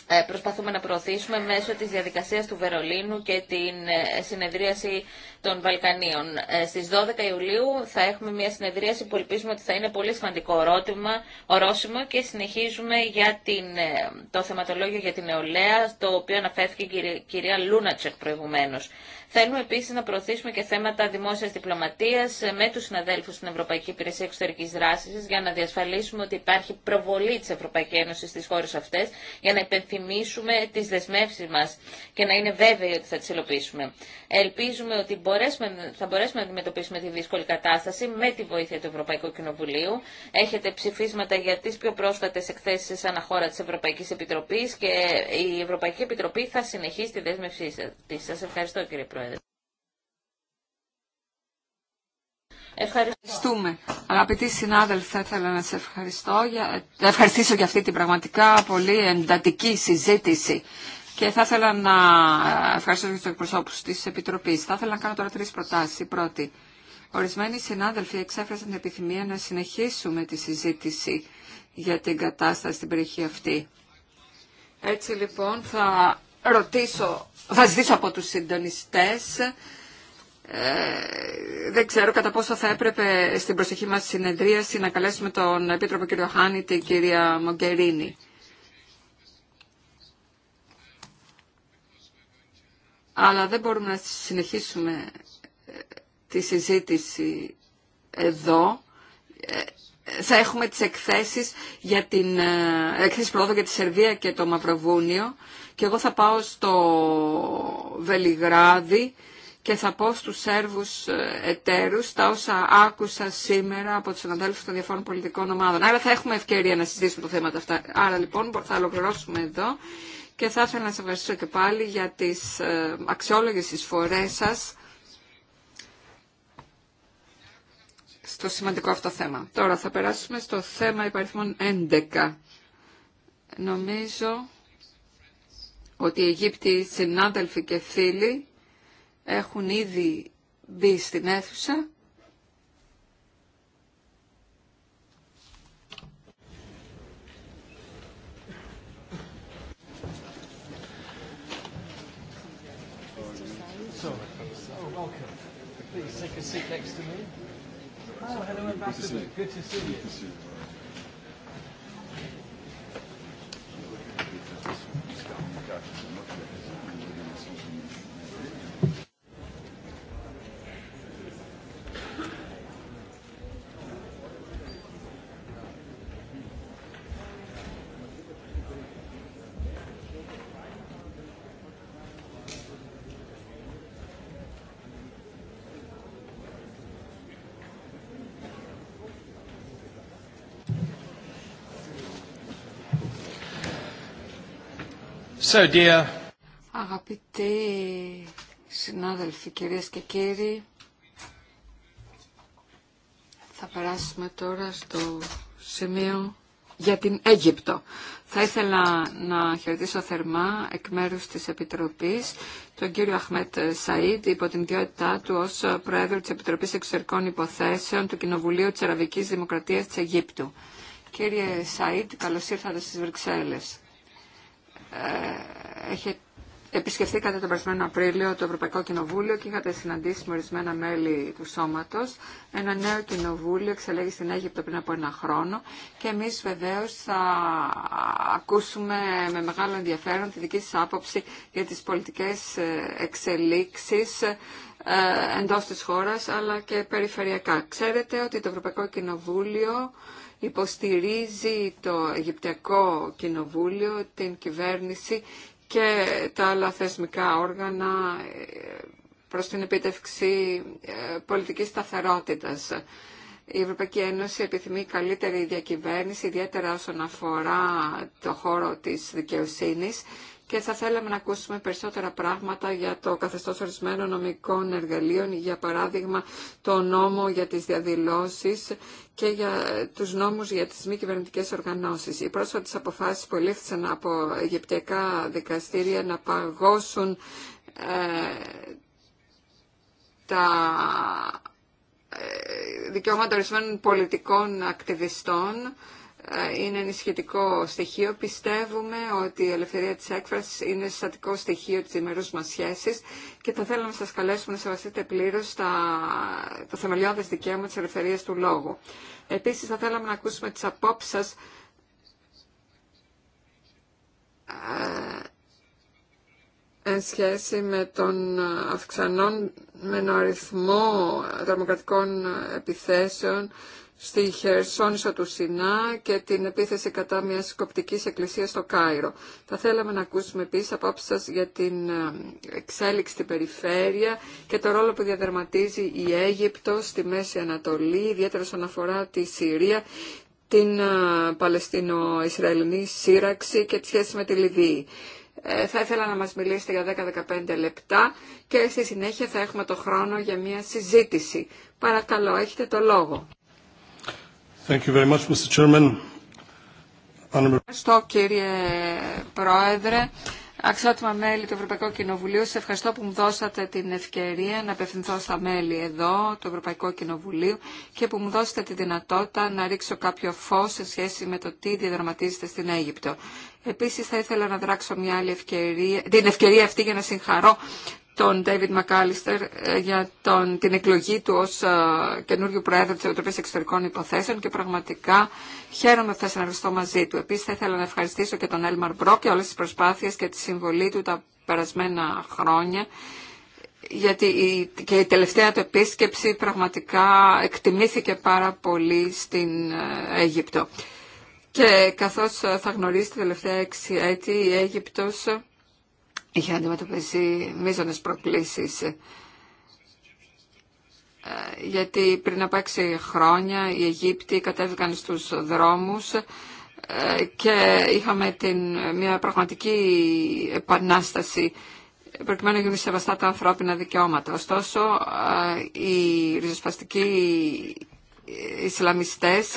ε, προσπαθούμε να προωθήσουμε μέσω της διαδικασίας του Βερολίνου και την ε, συνεδρίαση των Βαλκανίων. Ε, στις 12 Ιουλίου θα έχουμε μια συνεδρίαση που ελπίζουμε ότι θα είναι πολύ σημαντικό ορότημα, ορόσημο και συνεχίζουμε για το θεματολόγιο για την νεολαία, το οποίο αναφέρθηκε η κυρία Λούνατσεκ προηγουμένως. Θέλουμε επίση να προωθήσουμε και θέματα δημόσια διπλωματία ε, με του συναδέλφου στην Ευρωπαϊκή Υπηρεσία Εξωτερική Δράση για να διασφαλίσουμε ότι υπάρχει προβολή τη Ευρωπαϊκή Ένωση στι χώρε αυτέ για να υπενθυμίσουμε τι δεσμεύσει μα και να είναι βέβαιοι ότι θα τι υλοποιήσουμε. Ελπίζουμε ότι μπορέσουμε, θα μπορέσουμε να αντιμετωπίσουμε τη δύσκολη κατάσταση με τη βοήθεια του Ευρωπαϊκού Κοινοβουλίου. Έχετε ψηφίσματα για τι πιο πρόσφατε εκθέσει σαν χώρα τη Ευρωπαϊκή Επιτροπή και η Ευρωπαϊκή Επιτροπή θα συνεχίσει τη δέσμευσή σα. Σα ευχαριστώ κύριε Πρόεδρε. Ευχαριστούμε. Αγαπητοί συνάδελφοι, θα ήθελα να σε ευχαριστώ για... ευχαριστήσω για αυτή την πραγματικά πολύ εντατική συζήτηση. Και θα ήθελα να ευχαριστήσω και του εκπροσώπου τη Επιτροπή. Θα ήθελα να κάνω τώρα τρει προτάσει. πρώτη. Ορισμένοι συνάδελφοι εξέφρασαν την επιθυμία να συνεχίσουμε τη συζήτηση για την κατάσταση στην περιοχή αυτή. Έτσι λοιπόν θα ρωτήσω, θα ζητήσω από τους συντονιστές. Ε, δεν ξέρω κατά πόσο θα έπρεπε στην προσεχή μας συνεδρίαση να καλέσουμε τον Επίτροπο κύριο Χάνη την κυρία Μογκερίνη. Αλλά δεν μπορούμε να συνεχίσουμε ε, τη συζήτηση εδώ. Ε, θα έχουμε τις εκθέσεις για την εκθέσεις πρόοδο για τη Σερβία και το Μαυροβούνιο και εγώ θα πάω στο Βελιγράδι και θα πω στους Σέρβους ε, εταίρους τα όσα άκουσα σήμερα από τους συναδέλφους των διαφόρων πολιτικών ομάδων. Άρα θα έχουμε ευκαιρία να συζητήσουμε το θέμα αυτά. Άρα λοιπόν θα ολοκληρώσουμε εδώ και θα ήθελα να σας ευχαριστήσω και πάλι για τις ε, αξιόλογες εισφορές σας στο σημαντικό αυτό θέμα. Τώρα θα περάσουμε στο θέμα υπαριθμών 11. Νομίζω ότι οι Αιγύπτιοι συνάδελφοι και φίλοι έχουν ήδη μπει στην αίθουσα. Please take a seat next to me. Oh, hello, Ambassador. Good to see you. Good to see you. και μας φαίνεται So, Αγαπητοί συνάδελφοι, κυρίες και κύριοι, θα περάσουμε τώρα στο σημείο για την Αίγυπτο. Θα ήθελα να χαιρετήσω θερμά εκ μέρους της Επιτροπής τον κύριο Αχμέτ Σαΐτ, υπό την ιδιότητά του ως Πρόεδρο της Επιτροπής Εξωτερικών Υποθέσεων του Κοινοβουλίου της Αραβικής Δημοκρατίας της Αιγύπτου. Κύριε Σαΐτ, καλώς ήρθατε στις Βρυξέλλες. Ε, επισκεφθεί επισκεφθήκατε τον περασμένο Απρίλιο το Ευρωπαϊκό Κοινοβούλιο και είχατε συναντήσει με ορισμένα μέλη του σώματος. Ένα νέο κοινοβούλιο εξελέγει στην Αίγυπτο πριν από ένα χρόνο και εμείς βεβαίω θα ακούσουμε με μεγάλο ενδιαφέρον τη δική σας άποψη για τις πολιτικές ε, εξελίξεις ε, εντός της χώρας αλλά και περιφερειακά. Ξέρετε ότι το Ευρωπαϊκό Κοινοβούλιο υποστηρίζει το Αιγυπτιακό Κοινοβούλιο, την κυβέρνηση και τα άλλα θεσμικά όργανα ε, προς την επίτευξη ε, πολιτικής σταθερότητας. Η Ευρωπαϊκή Ένωση επιθυμεί καλύτερη διακυβέρνηση, ιδιαίτερα όσον αφορά το χώρο της δικαιοσύνης και θα θέλαμε να ακούσουμε περισσότερα πράγματα για το καθεστώς ορισμένων νομικών εργαλείων, για παράδειγμα το νόμο για τις διαδηλώσεις και για τους νόμους για τις μη κυβερνητικέ οργανώσεις. Οι πρόσφατες αποφάσεις που ελήφθησαν από αιγυπτιακά δικαστήρια να παγώσουν ε, τα ε, δικαιώματα ορισμένων πολιτικών ακτιβιστών είναι ενισχυτικό στοιχείο. Πιστεύουμε ότι η ελευθερία της έκφρασης είναι συστατικό στοιχείο της ημερούς μας σχέσης και θα θέλαμε να σας καλέσουμε να σεβαστείτε πλήρως τα, το θεμελιώδες δικαίωμα της ελευθερίας του λόγου. Επίσης θα θέλαμε να ακούσουμε τις απόψεις σας ε, εν σχέση με τον αυξανόμενο αριθμό δρομοκρατικών επιθέσεων στη Χερσόνησο του Σινά και την επίθεση κατά μια κοπτική εκκλησία στο Κάιρο. Θα θέλαμε να ακούσουμε επίση απόψει σας για την ε, εξέλιξη στην περιφέρεια και το ρόλο που διαδραματίζει η Αίγυπτο στη Μέση Ανατολή, ιδιαίτερα όσον αφορά τη Συρία, την ε, Παλαιστινο-Ισραηλινή σύραξη και τη σχέση με τη Λιβύη. Ε, θα ήθελα να μας μιλήσετε για 10-15 λεπτά και στη συνέχεια θα έχουμε το χρόνο για μια συζήτηση. Παρακαλώ, έχετε το λόγο. Ευχαριστώ κύριε Πρόεδρε. Αξιότιμα μέλη του Ευρωπαϊκού Κοινοβουλίου, σε ευχαριστώ που μου δώσατε την ευκαιρία να απευθυνθώ στα μέλη εδώ, του Ευρωπαϊκού Κοινοβουλίου, και που μου δώσατε τη δυνατότητα να ρίξω κάποιο φω σε σχέση με το τι διαδραματίζεται στην Αίγυπτο. Επίση, θα ήθελα να δράξω μια άλλη ευκαιρία, την ευκαιρία αυτή για να συγχαρώ τον Ντέιβιν Μακάλιστερ για τον, την εκλογή του ως ε, καινούριο πρόεδρο της Ευρωπαϊκής Εξωτερικών Υποθέσεων και πραγματικά χαίρομαι που θα συνεργαστώ μαζί του. Επίσης θα ήθελα να ευχαριστήσω και τον Έλμαρ Μπρόκ και όλες τις προσπάθειες και τη συμβολή του τα περασμένα χρόνια γιατί και η τελευταία του επίσκεψη πραγματικά εκτιμήθηκε πάρα πολύ στην ε, Αίγυπτο. Και καθώς ε, θα γνωρίσετε τελευταία έξι έτη η Αίγυπτος είχε αντιμετωπίσει μείζονες προκλήσεις. Ε, γιατί πριν από έξι χρόνια οι Αιγύπτιοι κατέβηκαν στους δρόμους ε, και είχαμε την, μια πραγματική επανάσταση προκειμένου να γίνουν σεβαστά τα ανθρώπινα δικαιώματα. Ωστόσο, ε, οι ριζοσπαστικοί Ισλαμιστές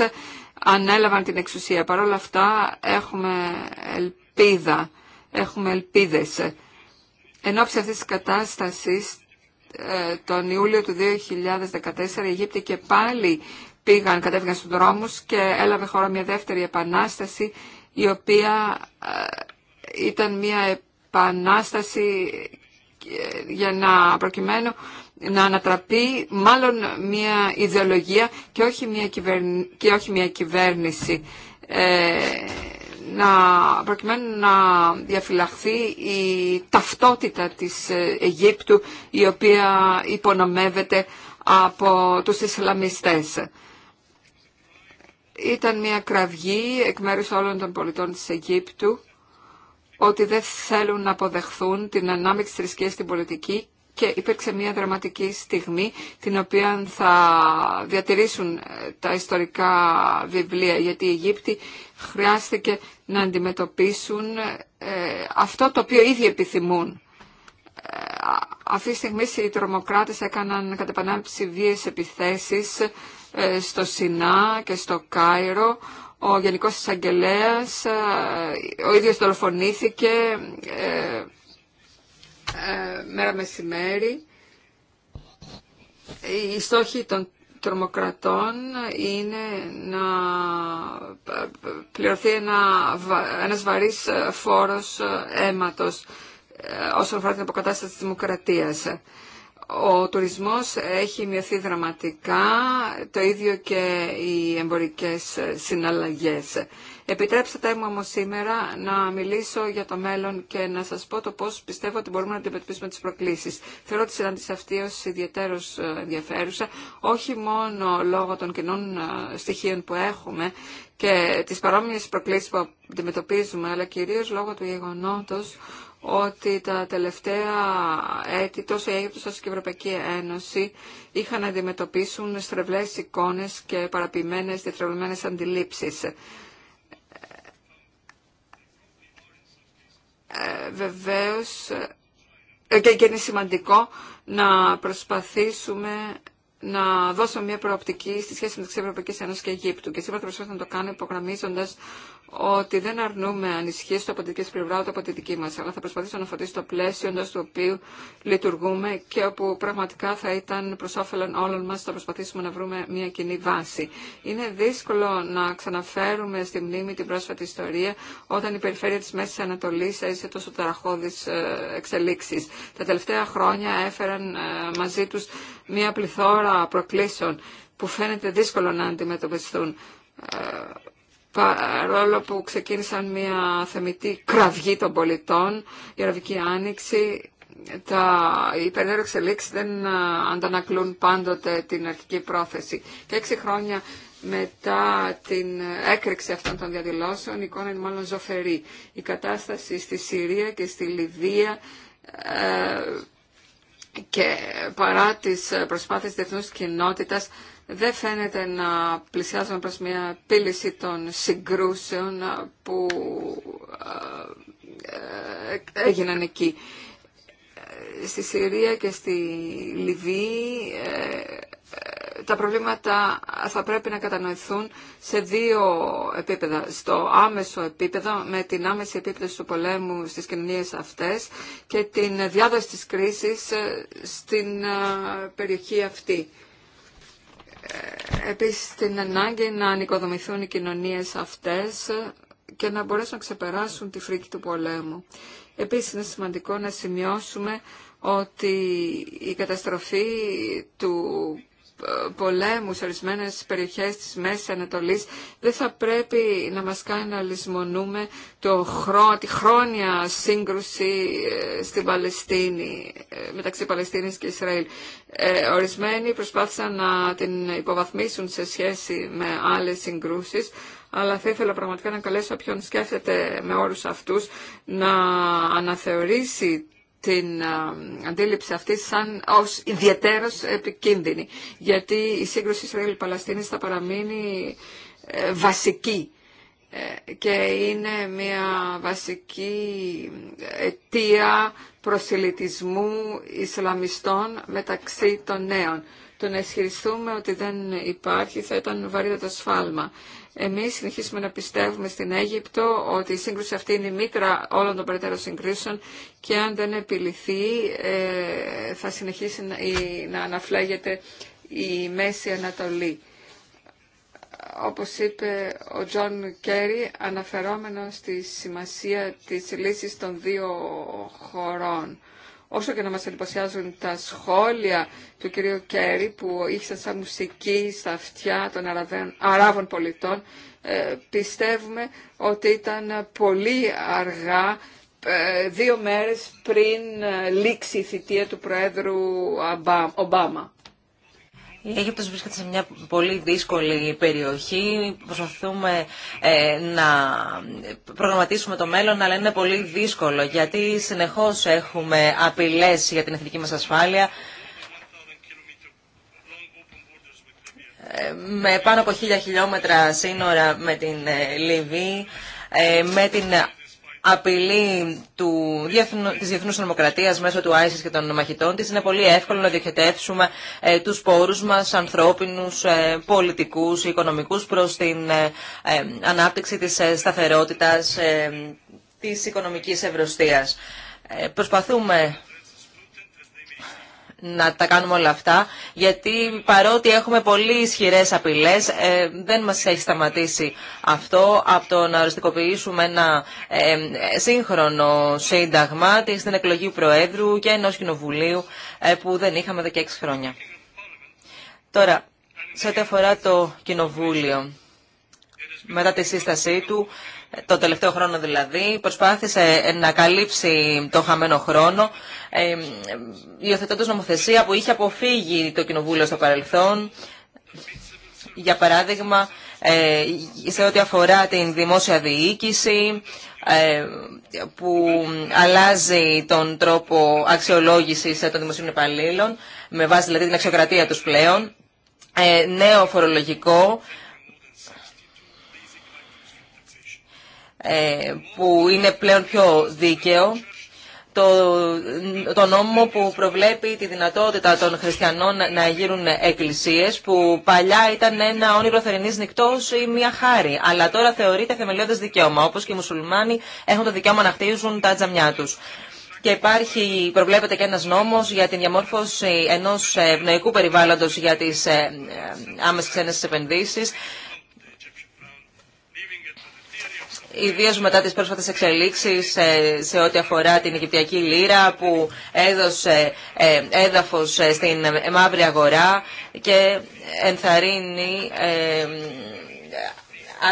ανέλαβαν την εξουσία. Παρ' όλα αυτά έχουμε ελπίδα, έχουμε ελπίδες Εν ώψη αυτής της κατάστασης, ε, τον Ιούλιο του 2014 οι Αιγύπτιοι και πάλι πήγαν, κατέβηκαν στους δρόμους και έλαβε χώρα μια δεύτερη επανάσταση η οποία ε, ήταν μια επανάσταση ε, για να προκειμένου να ανατραπεί μάλλον μια ιδεολογία και όχι μια, και όχι μια κυβέρνηση να, προκειμένου να διαφυλαχθεί η ταυτότητα της ε, Αιγύπτου η οποία υπονομεύεται από τους Ισλαμιστές. Ήταν μια κραυγή εκ μέρους όλων των πολιτών της Αιγύπτου ότι δεν θέλουν να αποδεχθούν την ανάμειξη θρησκείας στην πολιτική και υπήρξε μια δραματική στιγμή την οποία θα διατηρήσουν ε, τα ιστορικά βιβλία γιατί οι Αιγύπτιοι χρειάστηκε να αντιμετωπίσουν ε, αυτό το οποίο ήδη επιθυμούν. Ε, αυτή τη στιγμή οι τρομοκράτες έκαναν κατά επανάληψη βίες επιθέσεις στο Σινά και στο Κάιρο. Ο Γενικός Εισαγγελέας, ο ίδιος δολοφονήθηκε, ε, μέρα μεσημέρι. η στόχη των τρομοκρατών είναι να πληρωθεί ένα, ένας βαρύς φόρος αίματος ε, όσον αφορά την αποκατάσταση της δημοκρατίας. Ο τουρισμός έχει μειωθεί δραματικά, το ίδιο και οι εμπορικές συναλλαγές. Επιτρέψτε μου όμως σήμερα να μιλήσω για το μέλλον και να σας πω το πώς πιστεύω ότι μπορούμε να αντιμετωπίσουμε τις προκλήσεις. Θεωρώ τη συνάντηση αυτή ως ιδιαίτερως ε, ενδιαφέρουσα, όχι μόνο λόγω των κοινών ε, στοιχείων που έχουμε και τις παρόμοιες προκλήσεις που αντιμετωπίζουμε, αλλά κυρίως λόγω του γεγονότος ότι τα τελευταία έτη τόσο η Αίγυπτος όσο και η Ευρωπαϊκή Ένωση είχαν να αντιμετωπίσουν στρεβλές εικόνες και παραποιημένες διατρεβλημένες αντιλήψεις. Ε, βεβαίως ε, και, είναι σημαντικό να προσπαθήσουμε να δώσουμε μια προοπτική στη σχέση μεταξύ Ευρωπαϊκή Ένωση και Αιγύπτου. Και σήμερα θα προσπαθήσουμε να το κάνουμε υπογραμμίζοντα ότι δεν αρνούμε ανησυχίε στο από τη πλευρά ούτε από τη δική μα, αλλά θα προσπαθήσω να φωτίσω το πλαίσιο εντό του οποίου λειτουργούμε και όπου πραγματικά θα ήταν προ όφελον όλων μα να προσπαθήσουμε να βρούμε μια κοινή βάση. Είναι δύσκολο να ξαναφέρουμε στη μνήμη την πρόσφατη ιστορία όταν η περιφέρεια τη Μέση Ανατολή έζησε τόσο ταραχώδει ε, εξελίξει. Τα τελευταία χρόνια έφεραν ε, μαζί του μια πληθώρα προκλήσεων που φαίνεται δύσκολο να αντιμετωπιστούν ε, παρόλο που ξεκίνησαν μια θεμητή κραυγή των πολιτών, η Αραβική Άνοιξη, τα, οι περαιτέρω εξελίξεις δεν ε, αντανακλούν πάντοτε την αρχική πρόθεση. Και έξι χρόνια μετά την έκρηξη αυτών των διαδηλώσεων, η εικόνα είναι μάλλον ζωφερή. Η κατάσταση στη Συρία και στη Λιβύα ε, και παρά τις προσπάθειες της διεθνούς κοινότητας δεν φαίνεται να πλησιάζουμε προς μια πύληση των συγκρούσεων που ε, ε, έγιναν εκεί. Στη Συρία και στη Λιβύη ε, τα προβλήματα θα πρέπει να κατανοηθούν σε δύο επίπεδα. Στο άμεσο επίπεδο, με την άμεση επίπεδο του πολέμου στις κοινωνίες αυτές και την διάδοση της κρίσης στην περιοχή αυτή επίσης την ανάγκη να ανοικοδομηθούν οι κοινωνίες αυτές και να μπορέσουν να ξεπεράσουν τη φρίκη του πολέμου. Επίσης είναι σημαντικό να σημειώσουμε ότι η καταστροφή του πολέμου σε ορισμένε περιοχέ τη Μέση Ανατολή δεν θα πρέπει να μα κάνει να λησμονούμε το χρό... τη χρόνια σύγκρουση ε, στην Παλαιστίνη, ε, μεταξύ Παλαιστίνης και Ισραήλ. Ε, ορισμένοι προσπάθησαν να την υποβαθμίσουν σε σχέση με άλλε συγκρούσει, αλλά θα ήθελα πραγματικά να καλέσω όποιον σκέφτεται με όρους αυτούς να αναθεωρήσει την ε, αντίληψη αυτή σαν ως ιδιαίτερος επικίνδυνη. Γιατί η σύγκρουση Ισραήλ-Παλαστίνης θα παραμείνει ε, βασική ε, και είναι μια βασική αιτία προσιλητισμού Ισλαμιστών μεταξύ των νέων. Το να ισχυριστούμε ότι δεν υπάρχει θα ήταν βαρύτατο σφάλμα. Εμείς συνεχίσουμε να πιστεύουμε στην Αίγυπτο ότι η σύγκρουση αυτή είναι η μήτρα όλων των περαιτέρω συγκρίσεων και αν δεν επιληθεί ε, θα συνεχίσει να αναφλέγεται η Μέση Ανατολή. Όπως είπε ο Τζον Κέρι, αναφερόμενο στη σημασία της λύσης των δύο χωρών όσο και να μας εντυπωσιάζουν τα σχόλια του κυρίου Κέρι που είχε σαν μουσική στα αυτιά των Αράβων πολιτών, ε, πιστεύουμε ότι ήταν πολύ αργά ε, δύο μέρες πριν ε, λήξει η θητεία του Προέδρου Ομπάμα. Η Αίγυπτος βρίσκεται σε μια πολύ δύσκολη περιοχή. Προσπαθούμε ε, να προγραμματίσουμε το μέλλον, αλλά είναι πολύ δύσκολο, γιατί συνεχώς έχουμε απειλές για την εθνική μας ασφάλεια. Ε, με πάνω από χίλια χιλιόμετρα σύνορα με την ε, Λιβύη, με την απειλή του, της διεθνούς νομοκρατίας μέσω του ISIS και των μαχητών της, είναι πολύ εύκολο να διοχετεύσουμε ε, τους πόρους μας, ανθρώπινους, ε, πολιτικούς, οικονομικούς, προς την ε, ε, ανάπτυξη της ε, σταθερότητας, της οικονομικής ευρωστίας. Προσπαθούμε να τα κάνουμε όλα αυτά, γιατί παρότι έχουμε πολύ ισχυρές απειλές, ε, δεν μας έχει σταματήσει αυτό από το να οριστικοποιήσουμε ένα ε, σύγχρονο σύνταγμα στην εκλογή Προέδρου και ενός Κοινοβουλίου ε, που δεν είχαμε έξι χρόνια. Τώρα, σε ό,τι αφορά το Κοινοβούλιο, μετά τη σύστασή του, το τελευταίο χρόνο δηλαδή, προσπάθησε να καλύψει το χαμένο χρόνο, ε, υιοθετώντα νομοθεσία που είχε αποφύγει το Κοινοβούλιο στο παρελθόν. Για παράδειγμα, ε, σε ό,τι αφορά την δημόσια διοίκηση, ε, που αλλάζει τον τρόπο αξιολόγησης των δημοσίων υπαλλήλων, με βάση δηλαδή την αξιοκρατία τους πλέον, ε, νέο φορολογικό, Ε, που είναι πλέον πιο δίκαιο, το, το νόμο που προβλέπει τη δυνατότητα των χριστιανών να γύρουν εκκλησίες που παλιά ήταν ένα όνειρο θερινής νυχτός ή μια χάρη αλλά τώρα θεωρείται θεμελιώδες δικαίωμα όπως και οι μουσουλμάνοι έχουν το δικαίωμα να χτίζουν τα τζαμιά τους. Και υπάρχει, προβλέπεται και ένας νόμος για την διαμόρφωση ενός ευνοϊκού περιβάλλοντος για τις ε, ε, άμεσες ξένες επενδύσεις ιδίω μετά τι πρόσφατε εξελίξεις ε, σε ό,τι αφορά την Αιγυπτιακή Λύρα που έδωσε ε, έδαφος ε, στην μαύρη αγορά και ενθαρρύνει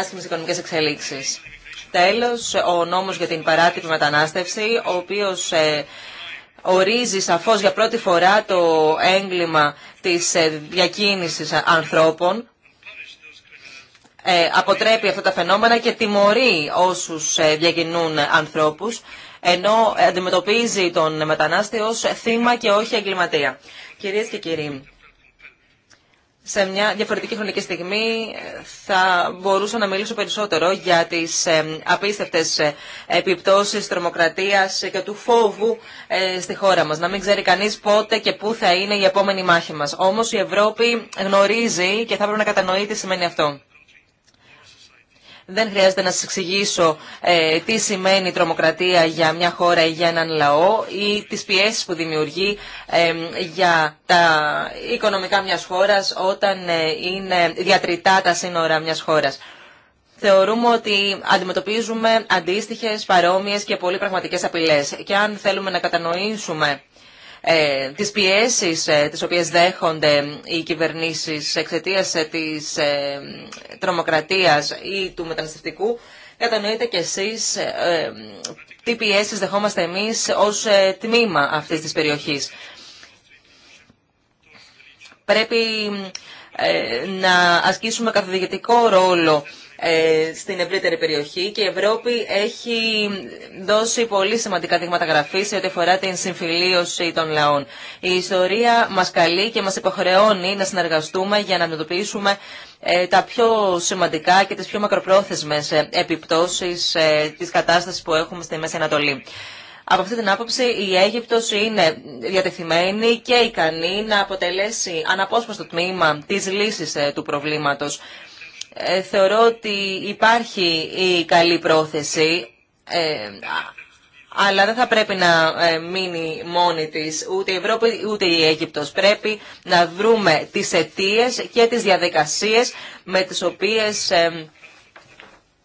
άσχημε οικονομικέ εξελίξεις. Τέλος, ο νόμος για την παράτυπη μετανάστευση, ο οποίος ορίζει σαφώς για πρώτη φορά το έγκλημα της διακίνησης ανθρώπων ε, αποτρέπει αυτά τα φαινόμενα και τιμωρεί όσους ε, διακινούν ανθρώπους, ενώ αντιμετωπίζει τον μετανάστη ως θύμα και όχι εγκληματία. Κυρίες και κύριοι, σε μια διαφορετική χρονική στιγμή ε, θα μπορούσα να μιλήσω περισσότερο για τις απίστευτες επιπτώσεις τρομοκρατίας και του φόβου στη χώρα μας. Να μην ξέρει κανείς πότε και πού θα είναι η επόμενη μάχη μας. Όμως η Ευρώπη γνωρίζει και θα πρέπει να κατανοεί τι σημαίνει αυτό. Δεν χρειάζεται να σας εξηγήσω ε, τι σημαίνει τρομοκρατία για μια χώρα ή για έναν λαό ή τις πιέσεις που δημιουργεί ε, για τα οικονομικά μιας χώρας όταν ε, είναι διατριτά τα σύνορα μιας χώρας. Θεωρούμε ότι αντιμετωπίζουμε αντίστοιχες, παρόμοιες και πολύ πραγματικές απειλές. Και αν θέλουμε να κατανοήσουμε ε, τις πιέσεις ε, τις οποίες δέχονται οι κυβερνήσεις εξαιτίας ε, της ε, τρομοκρατίας ή του μεταναστευτικού, κατανοείτε κι εσείς ε, τι πιέσεις δεχόμαστε εμείς ως τμήμα αυτής της περιοχής. Πρέπει να ασκήσουμε καθοδηγητικό ρόλο ε, στην ευρύτερη περιοχή και η Ευρώπη έχει δώσει πολύ σημαντικά δείγματα γραφή σε ό,τι αφορά την συμφιλίωση των λαών. Η ιστορία μα καλεί και μα υποχρεώνει να συνεργαστούμε για να αντιμετωπίσουμε ε, τα πιο σημαντικά και τις πιο μακροπρόθεσμες ε, επιπτώσεις της κατάστασης που έχουμε στη Μέση Ανατολή. Από αυτή την άποψη η Αίγυπτος είναι διατεθειμένη και ικανή να αποτελέσει αναπόσπαστο τμήμα της λύσης του προβλήματος. Ε, θεωρώ ότι υπάρχει η καλή πρόθεση, ε, αλλά δεν θα πρέπει να ε, μείνει μόνη της ούτε η Ευρώπη ούτε η Αίγυπτος. Πρέπει να βρούμε τις αιτίε και τις διαδικασίες με τις οποίες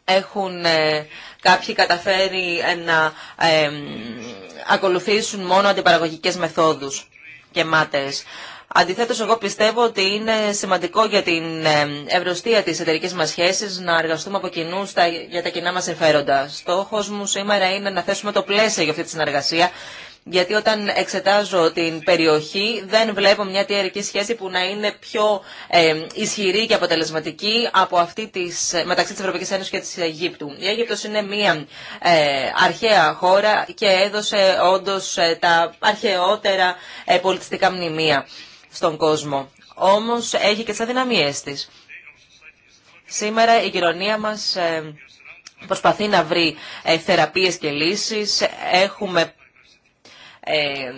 έχουν κάποιοι καταφέρει να ακολουθήσουν μόνο αντιπαραγωγικές μεθόδους και μάταιες. Αντιθέτως, εγώ πιστεύω ότι είναι σημαντικό για την ε, ευρωστία της εταιρική μας σχέσης να εργαστούμε από κοινού για τα κοινά μας συμφέροντα. Στόχος μου σήμερα είναι να θέσουμε το πλαίσιο για αυτή τη συνεργασία, γιατί όταν εξετάζω την περιοχή δεν βλέπω μια εταιρική σχέση που να είναι πιο ε, ισχυρή και αποτελεσματική από αυτή της, μεταξύ της Ευρωπαϊκής Ένωσης και της Αιγύπτου. Η Αίγυπτος είναι μια ε, αρχαία χώρα και έδωσε όντως ε, τα αρχαιότερα πολιτιστικά μνημεία στον κόσμο. Όμως έχει και τις αδυναμίες της. Σήμερα η κοινωνία μας ε, προσπαθεί να βρει ε, θεραπείες και λύσεις. Έχουμε ε,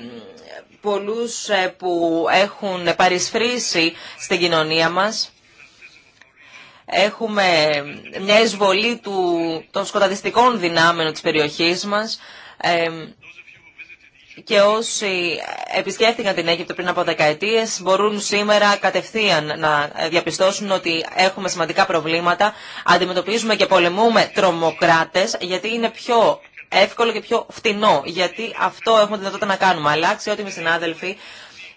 πολλούς που έχουν παρισφρήσει στην κοινωνία μας. Έχουμε μια εισβολή του, των σκοταδιστικών δυνάμεων της περιοχής μας και όσοι επισκέφθηκαν την Αίγυπτο πριν από δεκαετίες μπορούν σήμερα κατευθείαν να διαπιστώσουν ότι έχουμε σημαντικά προβλήματα, αντιμετωπίζουμε και πολεμούμε τρομοκράτες γιατί είναι πιο εύκολο και πιο φτηνό, γιατί αυτό έχουμε δυνατότητα να κάνουμε. Αλλά αξιότιμοι συνάδελφοι,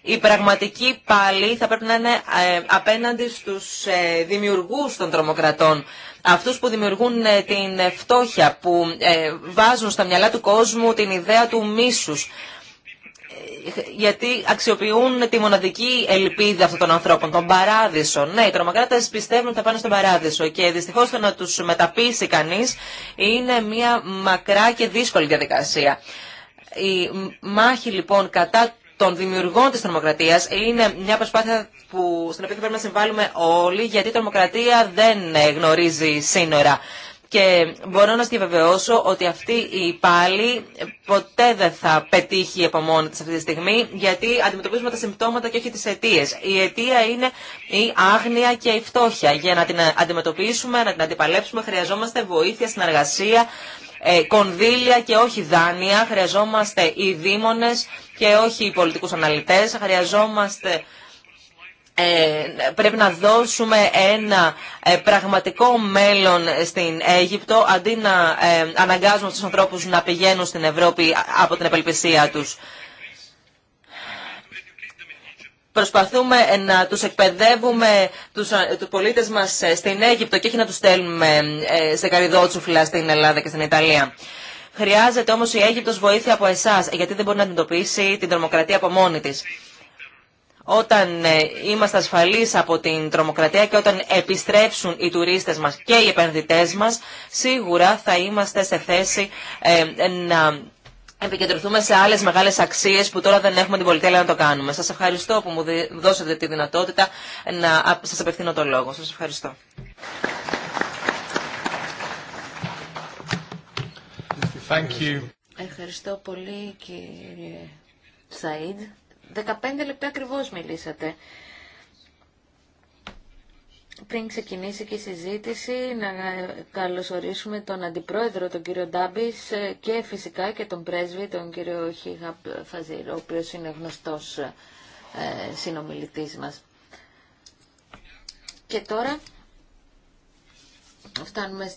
η πραγματική πάλι θα πρέπει να είναι ε, απέναντι στους ε, δημιουργούς των τρομοκρατών αυτούς που δημιουργούν ε, την ε, φτώχεια, που ε, βάζουν στα μυαλά του κόσμου την ιδέα του μίσους γιατί αξιοποιούν τη μοναδική ελπίδα αυτών των ανθρώπων, τον παράδεισο. Ναι, οι τρομοκράτε πιστεύουν ότι θα πάνε στον παράδεισο και δυστυχώ το να του μεταπίσει κανεί είναι μια μακρά και δύσκολη διαδικασία. Η μάχη λοιπόν κατά των δημιουργών της τρομοκρατίας είναι μια προσπάθεια που, στην οποία πρέπει να συμβάλλουμε όλοι γιατί η τρομοκρατία δεν ε, γνωρίζει σύνορα. Και μπορώ να σας διαβεβαιώσω ότι αυτή η πάλι ποτέ δεν θα πετύχει από μόνη της αυτή τη στιγμή γιατί αντιμετωπίζουμε τα συμπτώματα και όχι τις αιτίε. Η αιτία είναι η άγνοια και η φτώχεια. Για να την αντιμετωπίσουμε, να την αντιπαλέψουμε χρειαζόμαστε βοήθεια, συνεργασία, ε, κονδύλια και όχι δάνεια. Χρειαζόμαστε οι δήμονες και όχι οι πολιτικούς αναλυτές. Χρειαζόμαστε... Ε, πρέπει να δώσουμε ένα ε, πραγματικό μέλλον στην Αίγυπτο αντί να αναγκάζουμε τους ανθρώπους να πηγαίνουν στην Ευρώπη από την επελπισία τους. Προσπαθούμε να τους εκπαιδεύουμε τους, ε, τους πολίτες μας ε, στην Αίγυπτο και όχι να τους στέλνουμε ε, σε καριδότσουφλα στην Ελλάδα και στην Ιταλία. Χρειάζεται όμως η Αίγυπτος βοήθεια από εσάς, γιατί δεν μπορεί να αντιμετωπίσει την τρομοκρατία από μόνη της. Όταν είμαστε ασφαλείς από την τρομοκρατία και όταν επιστρέψουν οι τουρίστες μας και οι επενδυτές μας, σίγουρα θα είμαστε σε θέση να επικεντρωθούμε σε άλλες μεγάλες αξίες που τώρα δεν έχουμε την πολιτεία να το κάνουμε. Σας ευχαριστώ που μου δώσατε τη δυνατότητα να σας απευθύνω το λόγο. Σας ευχαριστώ. Thank you. Ευχαριστώ πολύ κύριε Σαΐντ. 15 λεπτά ακριβώς μιλήσατε πριν ξεκινήσει και η συζήτηση, να καλωσορίσουμε τον Αντιπρόεδρο, τον κύριο Ντάμπη, ε, και φυσικά και τον πρέσβη, τον κύριο Χίγα Φαζήρο, ο οποίος είναι γνωστός ε, συνομιλητής μας. Και τώρα φτάνουμε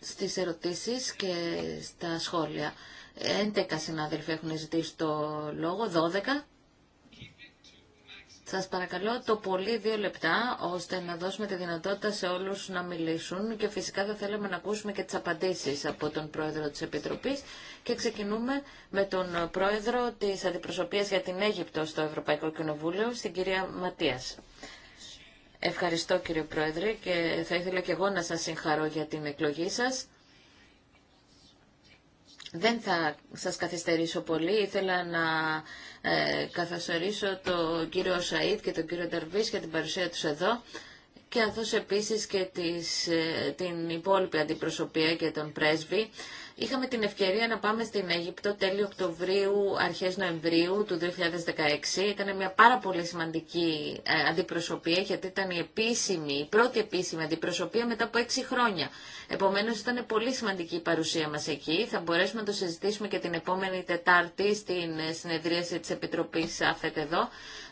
στις ερωτήσεις και στα σχόλια. 11 συνάδελφοι έχουν ζητήσει το λόγο, 12. Σας παρακαλώ το πολύ δύο λεπτά, ώστε να δώσουμε τη δυνατότητα σε όλους να μιλήσουν και φυσικά θα θέλαμε να ακούσουμε και τις απαντήσεις από τον Πρόεδρο της Επιτροπής και ξεκινούμε με τον Πρόεδρο της Αντιπροσωπείας για την Αίγυπτο στο Ευρωπαϊκό Κοινοβούλιο, στην κυρία Ματίας. Ευχαριστώ κύριε Πρόεδρε και θα ήθελα και εγώ να σας συγχαρώ για την εκλογή σας. Δεν θα σας καθυστερήσω πολύ. Ήθελα να ε, τον κύριο Σαΐτ και τον κύριο Νταρβής για την παρουσία τους εδώ και αθώς επίσης και τις, ε, την υπόλοιπη αντιπροσωπεία και τον πρέσβη. Είχαμε την ευκαιρία να πάμε στην Αίγυπτο τέλη Οκτωβρίου, αρχές Νοεμβρίου του 2016. Ήταν μια πάρα πολύ σημαντική ε, αντιπροσωπεία, γιατί ήταν η επίσημη, η πρώτη επίσημη αντιπροσωπεία μετά από έξι χρόνια. Επομένως ήταν πολύ σημαντική η παρουσία μας εκεί. Θα μπορέσουμε να το συζητήσουμε και την επόμενη Τετάρτη στην συνεδρίαση της Επιτροπής ΑΦΕΤ εδώ.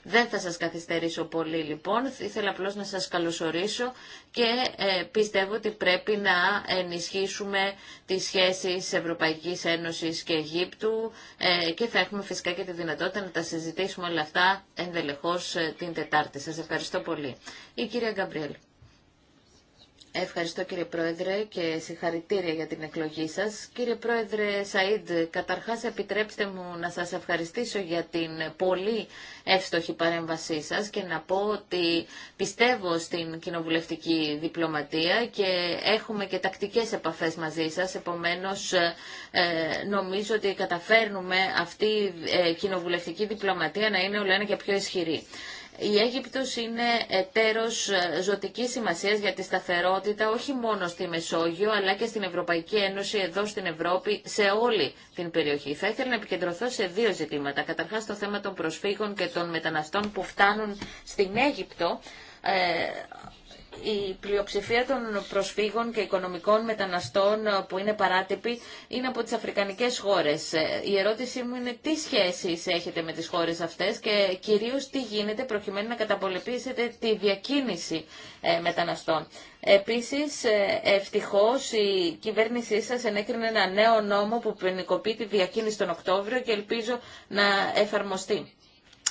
Δεν θα σας καθυστερήσω πολύ λοιπόν. Ήθελα απλώς να σας καλωσορίσω και ε, πιστεύω ότι πρέπει να ενισχύσουμε τις σχέσεις Ευρωπαϊκής Ένωσης και Αιγύπτου ε, και θα έχουμε φυσικά και τη δυνατότητα να τα συζητήσουμε όλα αυτά ενδελεχώς ε, την Τετάρτη. Σας ευχαριστώ πολύ. Η κυρία Γκαμπριέλ. Ευχαριστώ κύριε Πρόεδρε και συγχαρητήρια για την εκλογή σας. Κύριε Πρόεδρε Σαΐντ, καταρχάς επιτρέψτε μου να σας ευχαριστήσω για την πολύ εύστοχη παρέμβασή σας και να πω ότι πιστεύω στην κοινοβουλευτική διπλωματία και έχουμε και τακτικές επαφές μαζί σας, επομένως ε, νομίζω ότι καταφέρνουμε αυτή η ε, κοινοβουλευτική διπλωματία να είναι όλο και πιο ισχυρή. Η Αίγυπτος είναι τέρος ε, ζωτικής σημασίας για τη σταθερότητα όχι μόνο στη Μεσόγειο αλλά και στην Ευρωπαϊκή Ένωση, εδώ στην Ευρώπη, σε όλη την περιοχή. Θα ήθελα να επικεντρωθώ σε δύο ζητήματα. Καταρχάς το θέμα των προσφύγων και των μεταναστών που φτάνουν στην Αίγυπτο ε, η πλειοψηφία των προσφύγων και οικονομικών μεταναστών που είναι παράτυποι είναι από τις αφρικανικές χώρες. Η ερώτησή μου είναι τι σχέσεις έχετε με τις χώρες αυτές και κυρίως τι γίνεται προκειμένου να καταπολεπίσετε τη διακίνηση ε, μεταναστών. Επίσης, ε, ευτυχώς η κυβέρνησή σας ενέκρινε ένα νέο νόμο που ποινικοποιεί τη διακίνηση τον Οκτώβριο και ελπίζω να εφαρμοστεί.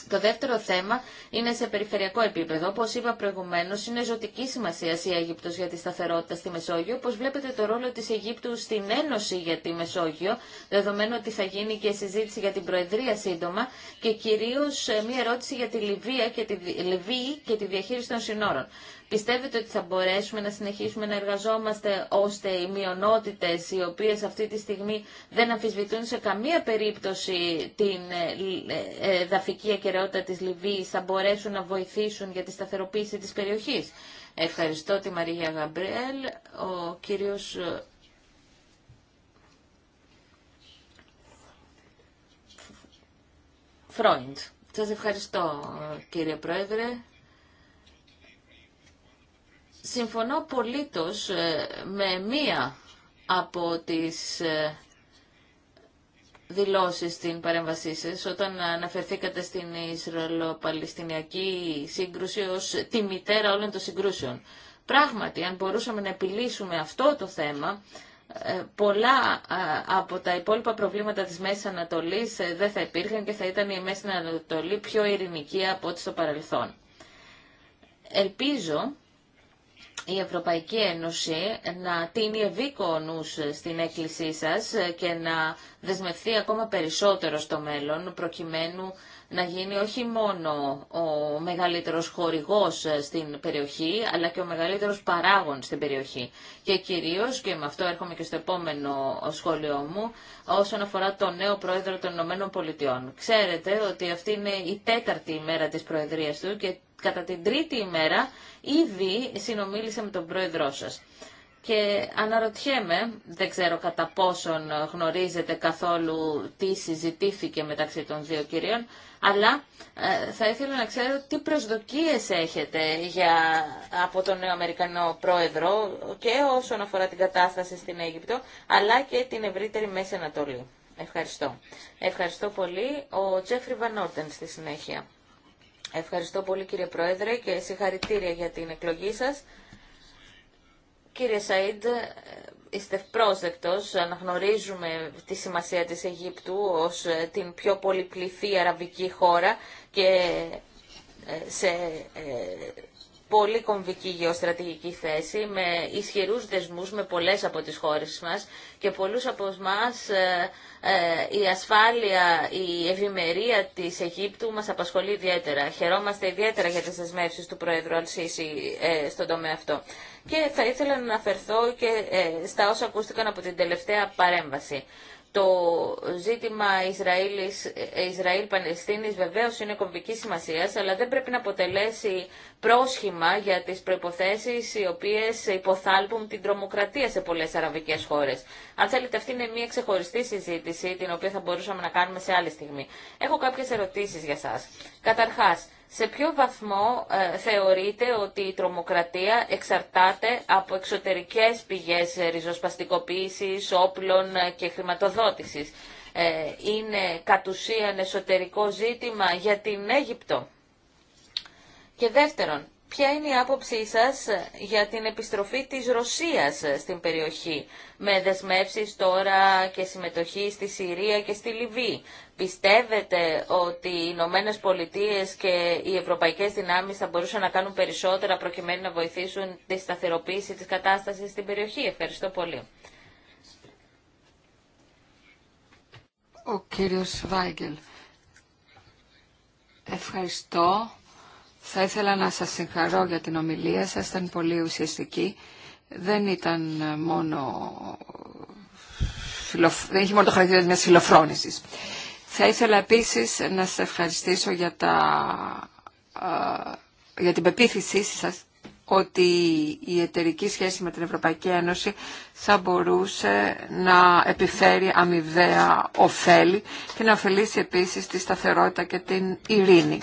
Το δεύτερο θέμα είναι σε περιφερειακό επίπεδο. Όπω είπα προηγουμένω, είναι ζωτική σημασία η Αίγυπτο για τη σταθερότητα στη Μεσόγειο. Πώ βλέπετε, το ρόλο τη Αιγύπτου στην Ένωση για τη Μεσόγειο, δεδομένου ότι θα γίνει και συζήτηση για την Προεδρία σύντομα και κυρίω ε, μία ερώτηση για τη Λιβύη και τη διαχείριση των συνόρων. Πιστεύετε ότι θα μπορέσουμε να συνεχίσουμε να εργαζόμαστε ώστε οι μειονότητες οι οποίες αυτή τη στιγμή δεν αμφισβητούν σε καμία περίπτωση την ε, ε, ε, δαφική ακαιρεότητα της Λιβύης θα μπορέσουν να βοηθήσουν για τη σταθεροποίηση της περιοχής. Ευχαριστώ τη Μαρία Γαμπριέλ. Ο κύριος Φρόιντ. Σας ευχαριστώ κύριε Πρόεδρε. Συμφωνώ πολύτως ε, με μία από τις ε, δηλώσεις στην παρέμβασή σας όταν αναφερθήκατε στην Ισραηλο-Παλαιστινιακή σύγκρουση ως τη μητέρα όλων των συγκρούσεων. Πράγματι, αν μπορούσαμε να επιλύσουμε αυτό το θέμα, ε, πολλά από τα υπόλοιπα προβλήματα της Μέσης Ανατολής δεν θα υπήρχαν και θα ήταν η Μέση Ανατολή πιο ειρηνική από ό,τι στο παρελθόν. Ελπίζω η Ευρωπαϊκή Ένωση να τίνει ευήκονους στην έκκλησή σας και να δεσμευθεί ακόμα περισσότερο στο μέλλον προκειμένου να γίνει όχι μόνο ο μεγαλύτερος χορηγός στην περιοχή, αλλά και ο μεγαλύτερος παράγων στην περιοχή. Και κυρίως, και με αυτό έρχομαι και στο επόμενο σχόλιο μου, όσον αφορά τον νέο πρόεδρο των Ηνωμένων Πολιτειών. Ξέρετε ότι αυτή είναι η τέταρτη ημέρα της προεδρίας του και κατά την τρίτη ημέρα ήδη συνομίλησε με τον πρόεδρό σας. Και αναρωτιέμαι, δεν ξέρω κατά πόσον γνωρίζετε καθόλου τι συζητήθηκε μεταξύ των δύο κυρίων, αλλά ε, θα ήθελα να ξέρω τι προσδοκίες έχετε για, από τον νέο Αμερικανό πρόεδρο και όσον αφορά την κατάσταση στην Αίγυπτο, αλλά και την ευρύτερη Μέση Ανατολή. Ευχαριστώ. Ευχαριστώ πολύ. Ο Τζέφρι Βανόρτεν στη συνέχεια. Ευχαριστώ πολύ κύριε Πρόεδρε και συγχαρητήρια για την εκλογή σας. Κύριε Σαΐντ, ε, είστε πρόσδεκτος, αναγνωρίζουμε τη σημασία της Αιγύπτου ως ε, την πιο πολυπληθή αραβική χώρα και ε, σε πολύ κομβική γεωστρατηγική θέση, με ισχυρούς δεσμούς με πολλές από τις χώρες μας και πολλούς από εμά ε, η ασφάλεια, η ευημερία της Αιγύπτου μας απασχολεί ιδιαίτερα. Χαιρόμαστε ιδιαίτερα για τις δεσμεύσεις του Πρόεδρου Αλσίση ε, στον τομέα αυτό. Και θα ήθελα να αναφερθώ και ε, στα όσα ακούστηκαν από την τελευταία παρέμβαση. Το ζήτημα Ισραήλ-Παλαιστίνης βεβαίως είναι κομβική σημασίας, αλλά δεν πρέπει να αποτελέσει πρόσχημα για τις προϋποθέσεις οι οποίες υποθάλπουν την τρομοκρατία σε πολλές αραβικές χώρες. Αν θέλετε, αυτή είναι μια ξεχωριστή συζήτηση, την οποία θα μπορούσαμε να κάνουμε σε άλλη στιγμή. Έχω κάποιες ερωτήσεις για σας. Καταρχάς, σε ποιο βαθμό ε, θεωρείτε ότι η τρομοκρατία εξαρτάται από εξωτερικές πηγές ε, ριζοσπαστικοποίησης, όπλων ε, και χρηματοδότησης. Ε, είναι κατ' ουσίαν εσωτερικό ζήτημα για την Αίγυπτο. Και δεύτερον, Ποια είναι η άποψή σας για την επιστροφή της Ρωσίας στην περιοχή με δεσμεύσεις τώρα και συμμετοχή στη Συρία και στη Λιβύη. Πιστεύετε ότι οι Ηνωμένε Πολιτείε και οι ευρωπαϊκές δυνάμεις θα μπορούσαν να κάνουν περισσότερα προκειμένου να βοηθήσουν τη σταθεροποίηση της κατάστασης στην περιοχή. Ευχαριστώ πολύ. Ο κύριος Βάγγελ. Ευχαριστώ. Θα ήθελα να σας συγχαρώ για την ομιλία σας, ήταν πολύ ουσιαστική. Δεν ήταν μόνο... Δεν είχε μόνο το χαρακτήρα μιας φιλοφρόνησης. Θα ήθελα επίσης να σας ευχαριστήσω για, τα... για την πεποίθησή σας ότι η εταιρική σχέση με την Ευρωπαϊκή Ένωση θα μπορούσε να επιφέρει αμοιβαία ωφέλη και να ωφελήσει επίσης τη σταθερότητα και την ειρήνη.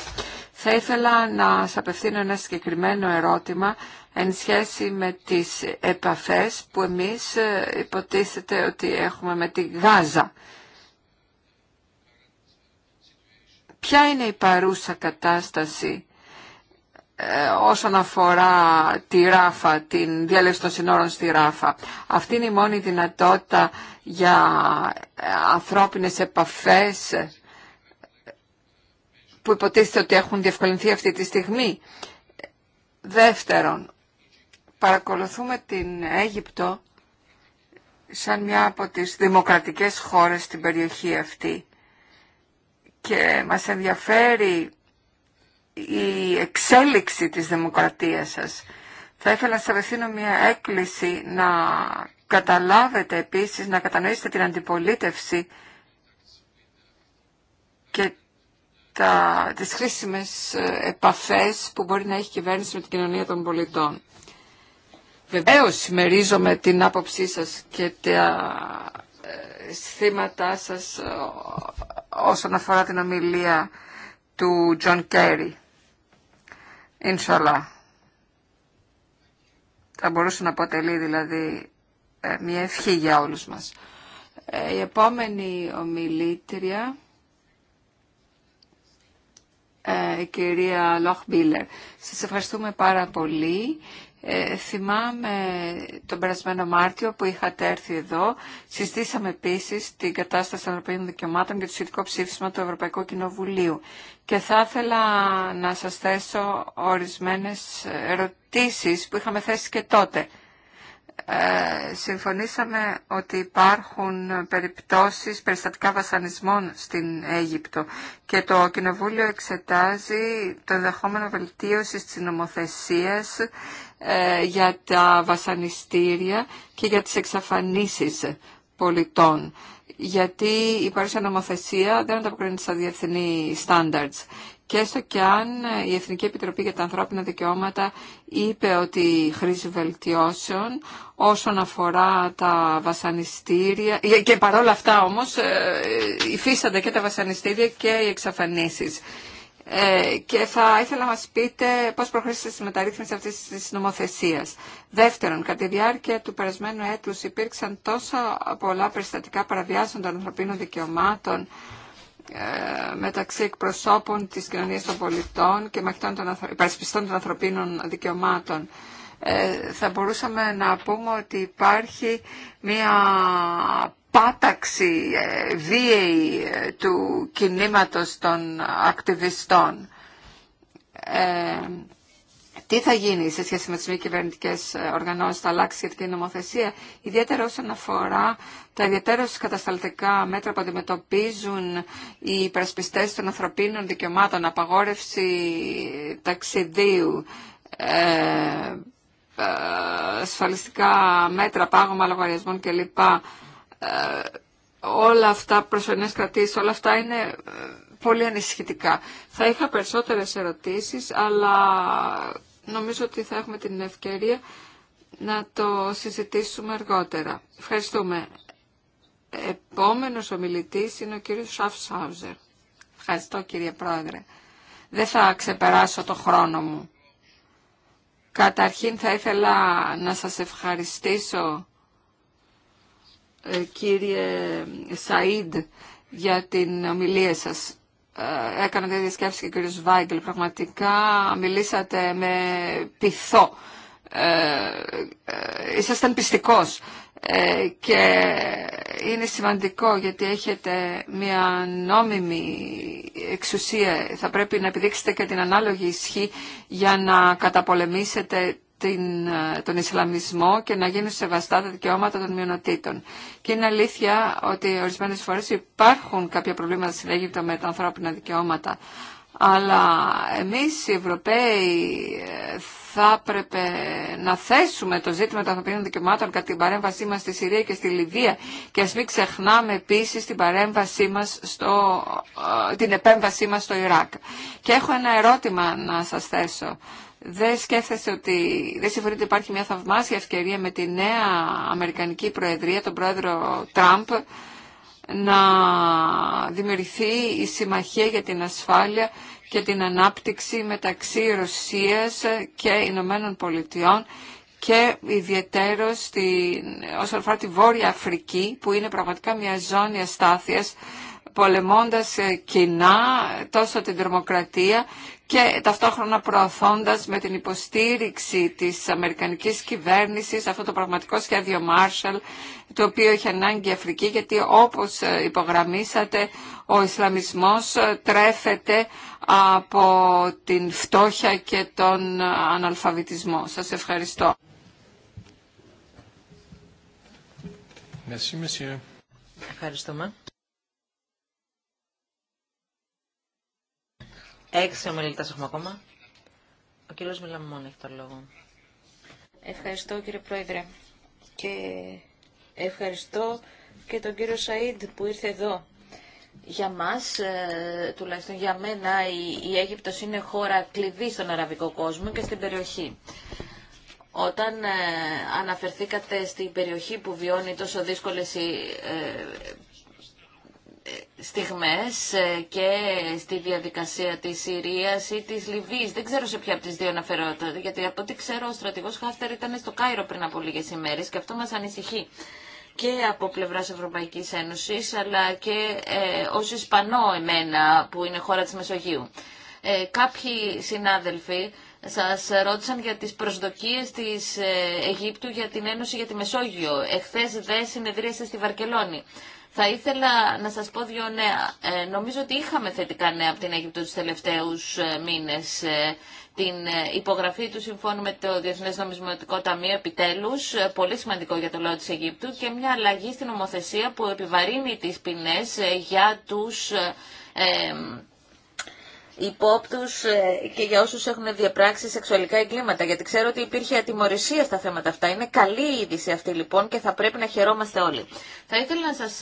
Θα ήθελα να σας απευθύνω ένα συγκεκριμένο ερώτημα εν σχέση με τις επαφές που εμείς ε, υποτίθεται ότι έχουμε με τη Γάζα. Ποια είναι η παρούσα κατάσταση ε, όσον αφορά τη ράφα, την διέλευση των συνόρων στη ράφα. Αυτή είναι η μόνη δυνατότητα για ε, ανθρώπινες επαφές που υποτίθεται ότι έχουν διευκολυνθεί αυτή τη στιγμή. Δεύτερον, παρακολουθούμε την Αίγυπτο σαν μια από τις δημοκρατικές χώρες στην περιοχή αυτή και μας ενδιαφέρει η εξέλιξη της δημοκρατίας σας. Θα ήθελα να σας απευθύνω μια έκκληση να καταλάβετε επίσης, να κατανοήσετε την αντιπολίτευση και τα, τις χρήσιμες ε, επαφές που μπορεί να έχει η κυβέρνηση με την κοινωνία των πολιτών. Βεβαίω συμμερίζομαι την άποψή σας και τα ε, αισθήματά σας ε, όσον αφορά την ομιλία του Τζον Κέρι. Ινσαλά. Θα μπορούσε να αποτελεί δηλαδή μια ευχή για όλους μας. Η επόμενη ομιλήτρια ε, κυρία Μπίλερ. Σας ευχαριστούμε πάρα πολύ. Ε, θυμάμαι τον περασμένο Μάρτιο που είχατε έρθει εδώ. Συστήσαμε επίση την κατάσταση των Ευρωπαϊκών Δικαιωμάτων και το σχετικό ψήφισμα του Ευρωπαϊκού Κοινοβουλίου. Και θα ήθελα να σας θέσω ορισμένες ερωτήσεις που είχαμε θέσει και τότε. Ε, συμφωνήσαμε ότι υπάρχουν περιπτώσεις περιστατικά βασανισμών στην Αίγυπτο και το Κοινοβούλιο εξετάζει το ενδεχόμενο βελτίωση της νομοθεσίας ε, για τα βασανιστήρια και για τις εξαφανίσεις πολιτών γιατί η παρούσα νομοθεσία δεν ανταποκρίνεται στα διεθνή standards και έστω και αν ε, η Εθνική Επιτροπή για τα Ανθρώπινα Δικαιώματα είπε ότι χρήση βελτιώσεων όσον αφορά τα βασανιστήρια ε, και παρόλα αυτά όμως ε, υφίστανται και τα βασανιστήρια και οι εξαφανίσεις. και θα ήθελα να μας πείτε πώς προχωρήσετε στη μεταρρύθμιση αυτής της νομοθεσίας. Δεύτερον, κατά τη διάρκεια του περασμένου έτους υπήρξαν τόσα πολλά περιστατικά παραβιάσεων των ανθρωπίνων δικαιωμάτων ε, μεταξύ εκπροσώπων της κοινωνίας των πολιτών και μαχητών των υπερασπιστών των ανθρωπίνων δικαιωμάτων. Ε, θα μπορούσαμε να πούμε ότι υπάρχει μία πάταξη ε, βίαιη του κινήματος των ακτιβιστών τι θα γίνει σε σχέση με τις μη κυβερνητικέ ε, οργανώσεις, θα αλλάξει σχετική νομοθεσία, ιδιαίτερα όσον αφορά τα ιδιαίτερα κατασταλτικά μέτρα που αντιμετωπίζουν οι υπερασπιστές των ανθρωπίνων δικαιωμάτων, απαγόρευση ταξιδίου, ε, ε ασφαλιστικά μέτρα, πάγωμα λογαριασμών κλπ. Ε, όλα αυτά, προσωρινές κρατήσει, όλα αυτά είναι ε, πολύ ανησυχητικά. Θα είχα περισσότερες ερωτήσεις, αλλά νομίζω ότι θα έχουμε την ευκαιρία να το συζητήσουμε αργότερα. Ευχαριστούμε. Επόμενος ομιλητής είναι ο κύριος Σαφσάουζερ. Ευχαριστώ κύριε Πρόεδρε. Δεν θα ξεπεράσω το χρόνο μου. Καταρχήν θα ήθελα να σας ευχαριστήσω ε, κύριε Σαΐντ για την ομιλία σας. Ε, έκανε τη διασκέψη και ο κ. Βάγκελ. Πραγματικά μιλήσατε με πειθό. Ήσασταν ε, ε, πιστικός και είναι σημαντικό γιατί έχετε μια νόμιμη εξουσία. Θα πρέπει να επιδείξετε και την ανάλογη ισχύ για να καταπολεμήσετε την, ε, τον Ισλαμισμό και να γίνουν σεβαστά τα δικαιώματα των μειονοτήτων. Και είναι αλήθεια ότι ορισμένες φορές υπάρχουν κάποια προβλήματα στην Αίγυπτο με τα ανθρώπινα δικαιώματα. Αλλά εμείς οι Ευρωπαίοι ε, θα έπρεπε να θέσουμε το ζήτημα των ανθρωπίνων δικαιωμάτων κατά την παρέμβασή μας στη Συρία και στη Λιβύη και ας μην ξεχνάμε επίσης την παρέμβασή μας στο, ε, την επέμβασή μας στο Ιράκ. Και έχω ένα ερώτημα να σας θέσω δεν σκέφτεσαι ότι, δεν συμφωνείτε ότι υπάρχει μια θαυμάσια ευκαιρία με τη νέα Αμερικανική Προεδρία, τον πρόεδρο Τραμπ, να δημιουργηθεί η Συμμαχία για την Ασφάλεια και την Ανάπτυξη μεταξύ Ρωσίας και Ηνωμένων Πολιτειών και ιδιαίτερο τη όσον αφορά τη Βόρεια Αφρική που είναι πραγματικά μια ζώνη αστάθειας πολεμώντας κοινά τόσο την τρομοκρατία και ταυτόχρονα προωθώντας με την υποστήριξη της Αμερικανικής κυβέρνησης αυτό το πραγματικό σχέδιο Marshall το οποίο έχει ανάγκη η Αφρική γιατί όπως υπογραμμίσατε ο Ισλαμισμός τρέφεται από την φτώχεια και τον αναλφαβητισμό. Σας ευχαριστώ. Merci, Ευχαριστούμε. Έξι ομιλητέ έχουμε ακόμα. Ο κύριος μόνο έχει το λόγο. Ευχαριστώ κύριε Πρόεδρε. Και ευχαριστώ και τον κύριο Σαΐντ που ήρθε εδώ. Για μας, ε, τουλάχιστον για μένα, η Αίγυπτος είναι χώρα κλειδί στον αραβικό κόσμο και στην περιοχή. Όταν ε, αναφερθήκατε στην περιοχή που βιώνει τόσο δύσκολες ε, στιγμές ε, και στη διαδικασία της Συρίας ή της Λιβύης. Δεν ξέρω σε ποια από τις δύο αναφέρω γιατί από ό,τι ξέρω ο στρατηγός Χάφτερ ήταν στο Κάιρο πριν από λίγες ημέρες και αυτό μας ανησυχεί και από πλευράς Ευρωπαϊκής Ένωσης, αλλά και ε, ως Ισπανό εμένα που είναι χώρα της Μεσογείου. Ε, κάποιοι συνάδελφοι σας ρώτησαν για τις προσδοκίες της ε, Αιγύπτου για την Ένωση για τη Μεσόγειο. Εχθές δε συνεδρίασε στη Βαρκελόνη. Θα ήθελα να σας πω δύο νέα. Ε, νομίζω ότι είχαμε θετικά νέα από την Αίγυπτο τους τελευταίους ε, μήνες. Ε, την υπογραφή του συμφώνου με το Διεθνές Νομισματικό Ταμείο επιτέλους, πολύ σημαντικό για το λαό της Αιγύπτου, και μια αλλαγή στην ομοθεσία που επιβαρύνει τις ποινές για τους υπόπτους ε, και για όσου έχουν διαπράξει σεξουαλικά εγκλήματα, γιατί ξέρω ότι υπήρχε ατιμορρησία στα θέματα αυτά. Είναι καλή η είδηση αυτή λοιπόν και θα πρέπει να χαιρόμαστε όλοι. Θα ήθελα να σας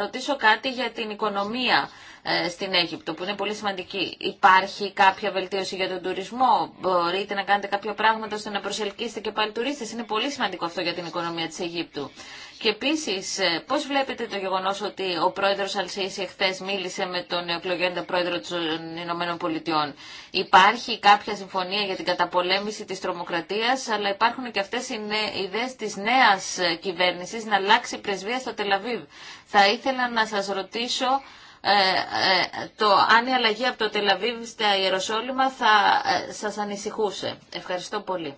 ρωτήσω κάτι για την οικονομία ε, στην Αίγυπτο, που είναι πολύ σημαντική. Υπάρχει κάποια βελτίωση για τον τουρισμό, μπορείτε να κάνετε κάποια πράγματα ώστε να προσελκύσετε και πάλι τουρίστες. Είναι πολύ σημαντικό αυτό για την οικονομία της Αιγύπτου. Και επίση, ε, πώ βλέπετε το γεγονός ότι ο πρόεδρος Αλσίση εχθές μίλησε με τον εκλογέντα πρόεδρο των Ηνωμένων Πολιτειών. Υπάρχει κάποια συμφωνία για την καταπολέμηση της τρομοκρατίας, αλλά υπάρχουν και αυτές οι ιδέες της νέας ε, κυβέρνησης να αλλάξει πρεσβεία στο Τελαβίβ. Θα ήθελα να σας ρωτήσω ε, το αν η αλλαγή από το Τελαβίβ στα Ιεροσόλυμα θα ε, σας ανησυχούσε. Ευχαριστώ πολύ.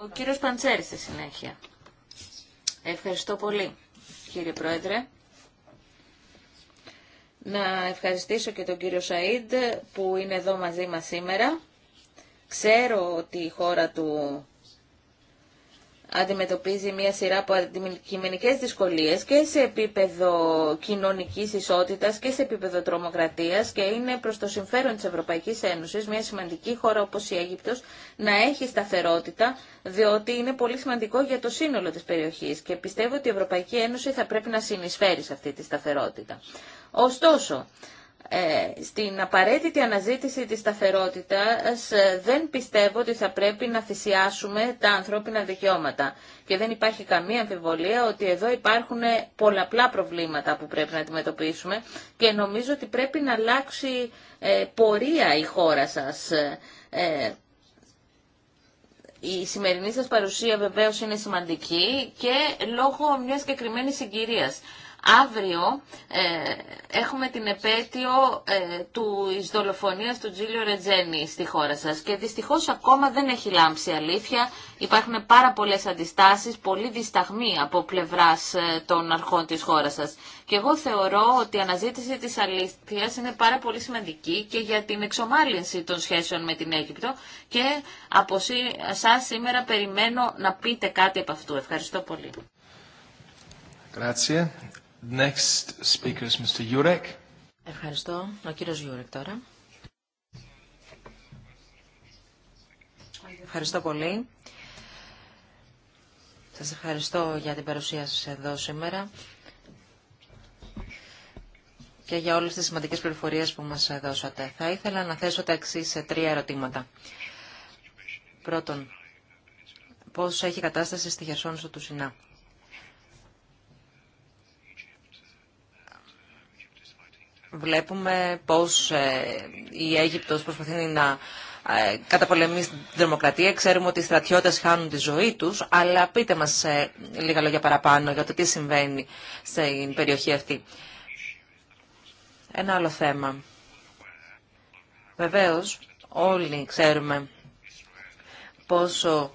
Ο κύριος Παντσέρη στη συνέχεια. Ευχαριστώ πολύ, κύριε Πρόεδρε. Να ευχαριστήσω και τον κύριο Σαΐντ που είναι εδώ μαζί μας σήμερα. Ξέρω ότι η χώρα του αντιμετωπίζει μια σειρά από αντικειμενικές δυσκολίες και σε επίπεδο κοινωνικής ισότητας και σε επίπεδο τρομοκρατίας και είναι προς το συμφέρον της Ευρωπαϊκής Ένωσης μια σημαντική χώρα όπως η Αίγυπτος να έχει σταθερότητα διότι είναι πολύ σημαντικό για το σύνολο της περιοχής και πιστεύω ότι η Ευρωπαϊκή Ένωση θα πρέπει να συνεισφέρει σε αυτή τη σταθερότητα. Ωστόσο, ε, στην απαραίτητη αναζήτηση της σταθερότητας ε, δεν πιστεύω ότι θα πρέπει να θυσιάσουμε τα ανθρώπινα δικαιώματα. Και δεν υπάρχει καμία αμφιβολία ότι εδώ υπάρχουν πολλαπλά προβλήματα που πρέπει να αντιμετωπίσουμε και νομίζω ότι πρέπει να αλλάξει ε, πορεία η χώρα σας. Η σημερινή σας παρουσία βεβαίως είναι σημαντική και λόγω μιας συγκεκριμένη συγκυρίας. Αύριο ε, έχουμε την επέτειο ε, του εις του Τζίλιο Ρετζένη στη χώρα σας και δυστυχώς ακόμα δεν έχει λάμψει αλήθεια. Υπάρχουν πάρα πολλές αντιστάσεις, πολύ δισταγμοί από πλευράς ε, των αρχών της χώρας σας. Και εγώ θεωρώ ότι η αναζήτηση της αλήθειας είναι πάρα πολύ σημαντική και για την εξομάλυνση των σχέσεων με την Αίγυπτο και από εσά σήμερα περιμένω να πείτε κάτι από αυτού. Ευχαριστώ πολύ. Grazie. Ευχαριστώ. Ο κύριος Γιούρεκ τώρα. Ευχαριστώ πολύ. Σας ευχαριστώ για την παρουσία σας εδώ σήμερα και για όλες τις σημαντικές πληροφορίες που μας δώσατε. Θα ήθελα να θέσω τα εξή σε τρία ερωτήματα. Πρώτον, πώς έχει κατάσταση στη Χερσόνησο του Σινά. βλέπουμε πώς ε, η Αίγυπτος προσπαθεί να ε, καταπολεμήσει την δημοκρατία. Ξέρουμε ότι οι στρατιώτες χάνουν τη ζωή τους, αλλά πείτε μας ε, λίγα λόγια παραπάνω για το τι συμβαίνει στην περιοχή αυτή. Ένα άλλο θέμα. Βεβαίως, όλοι ξέρουμε πόσο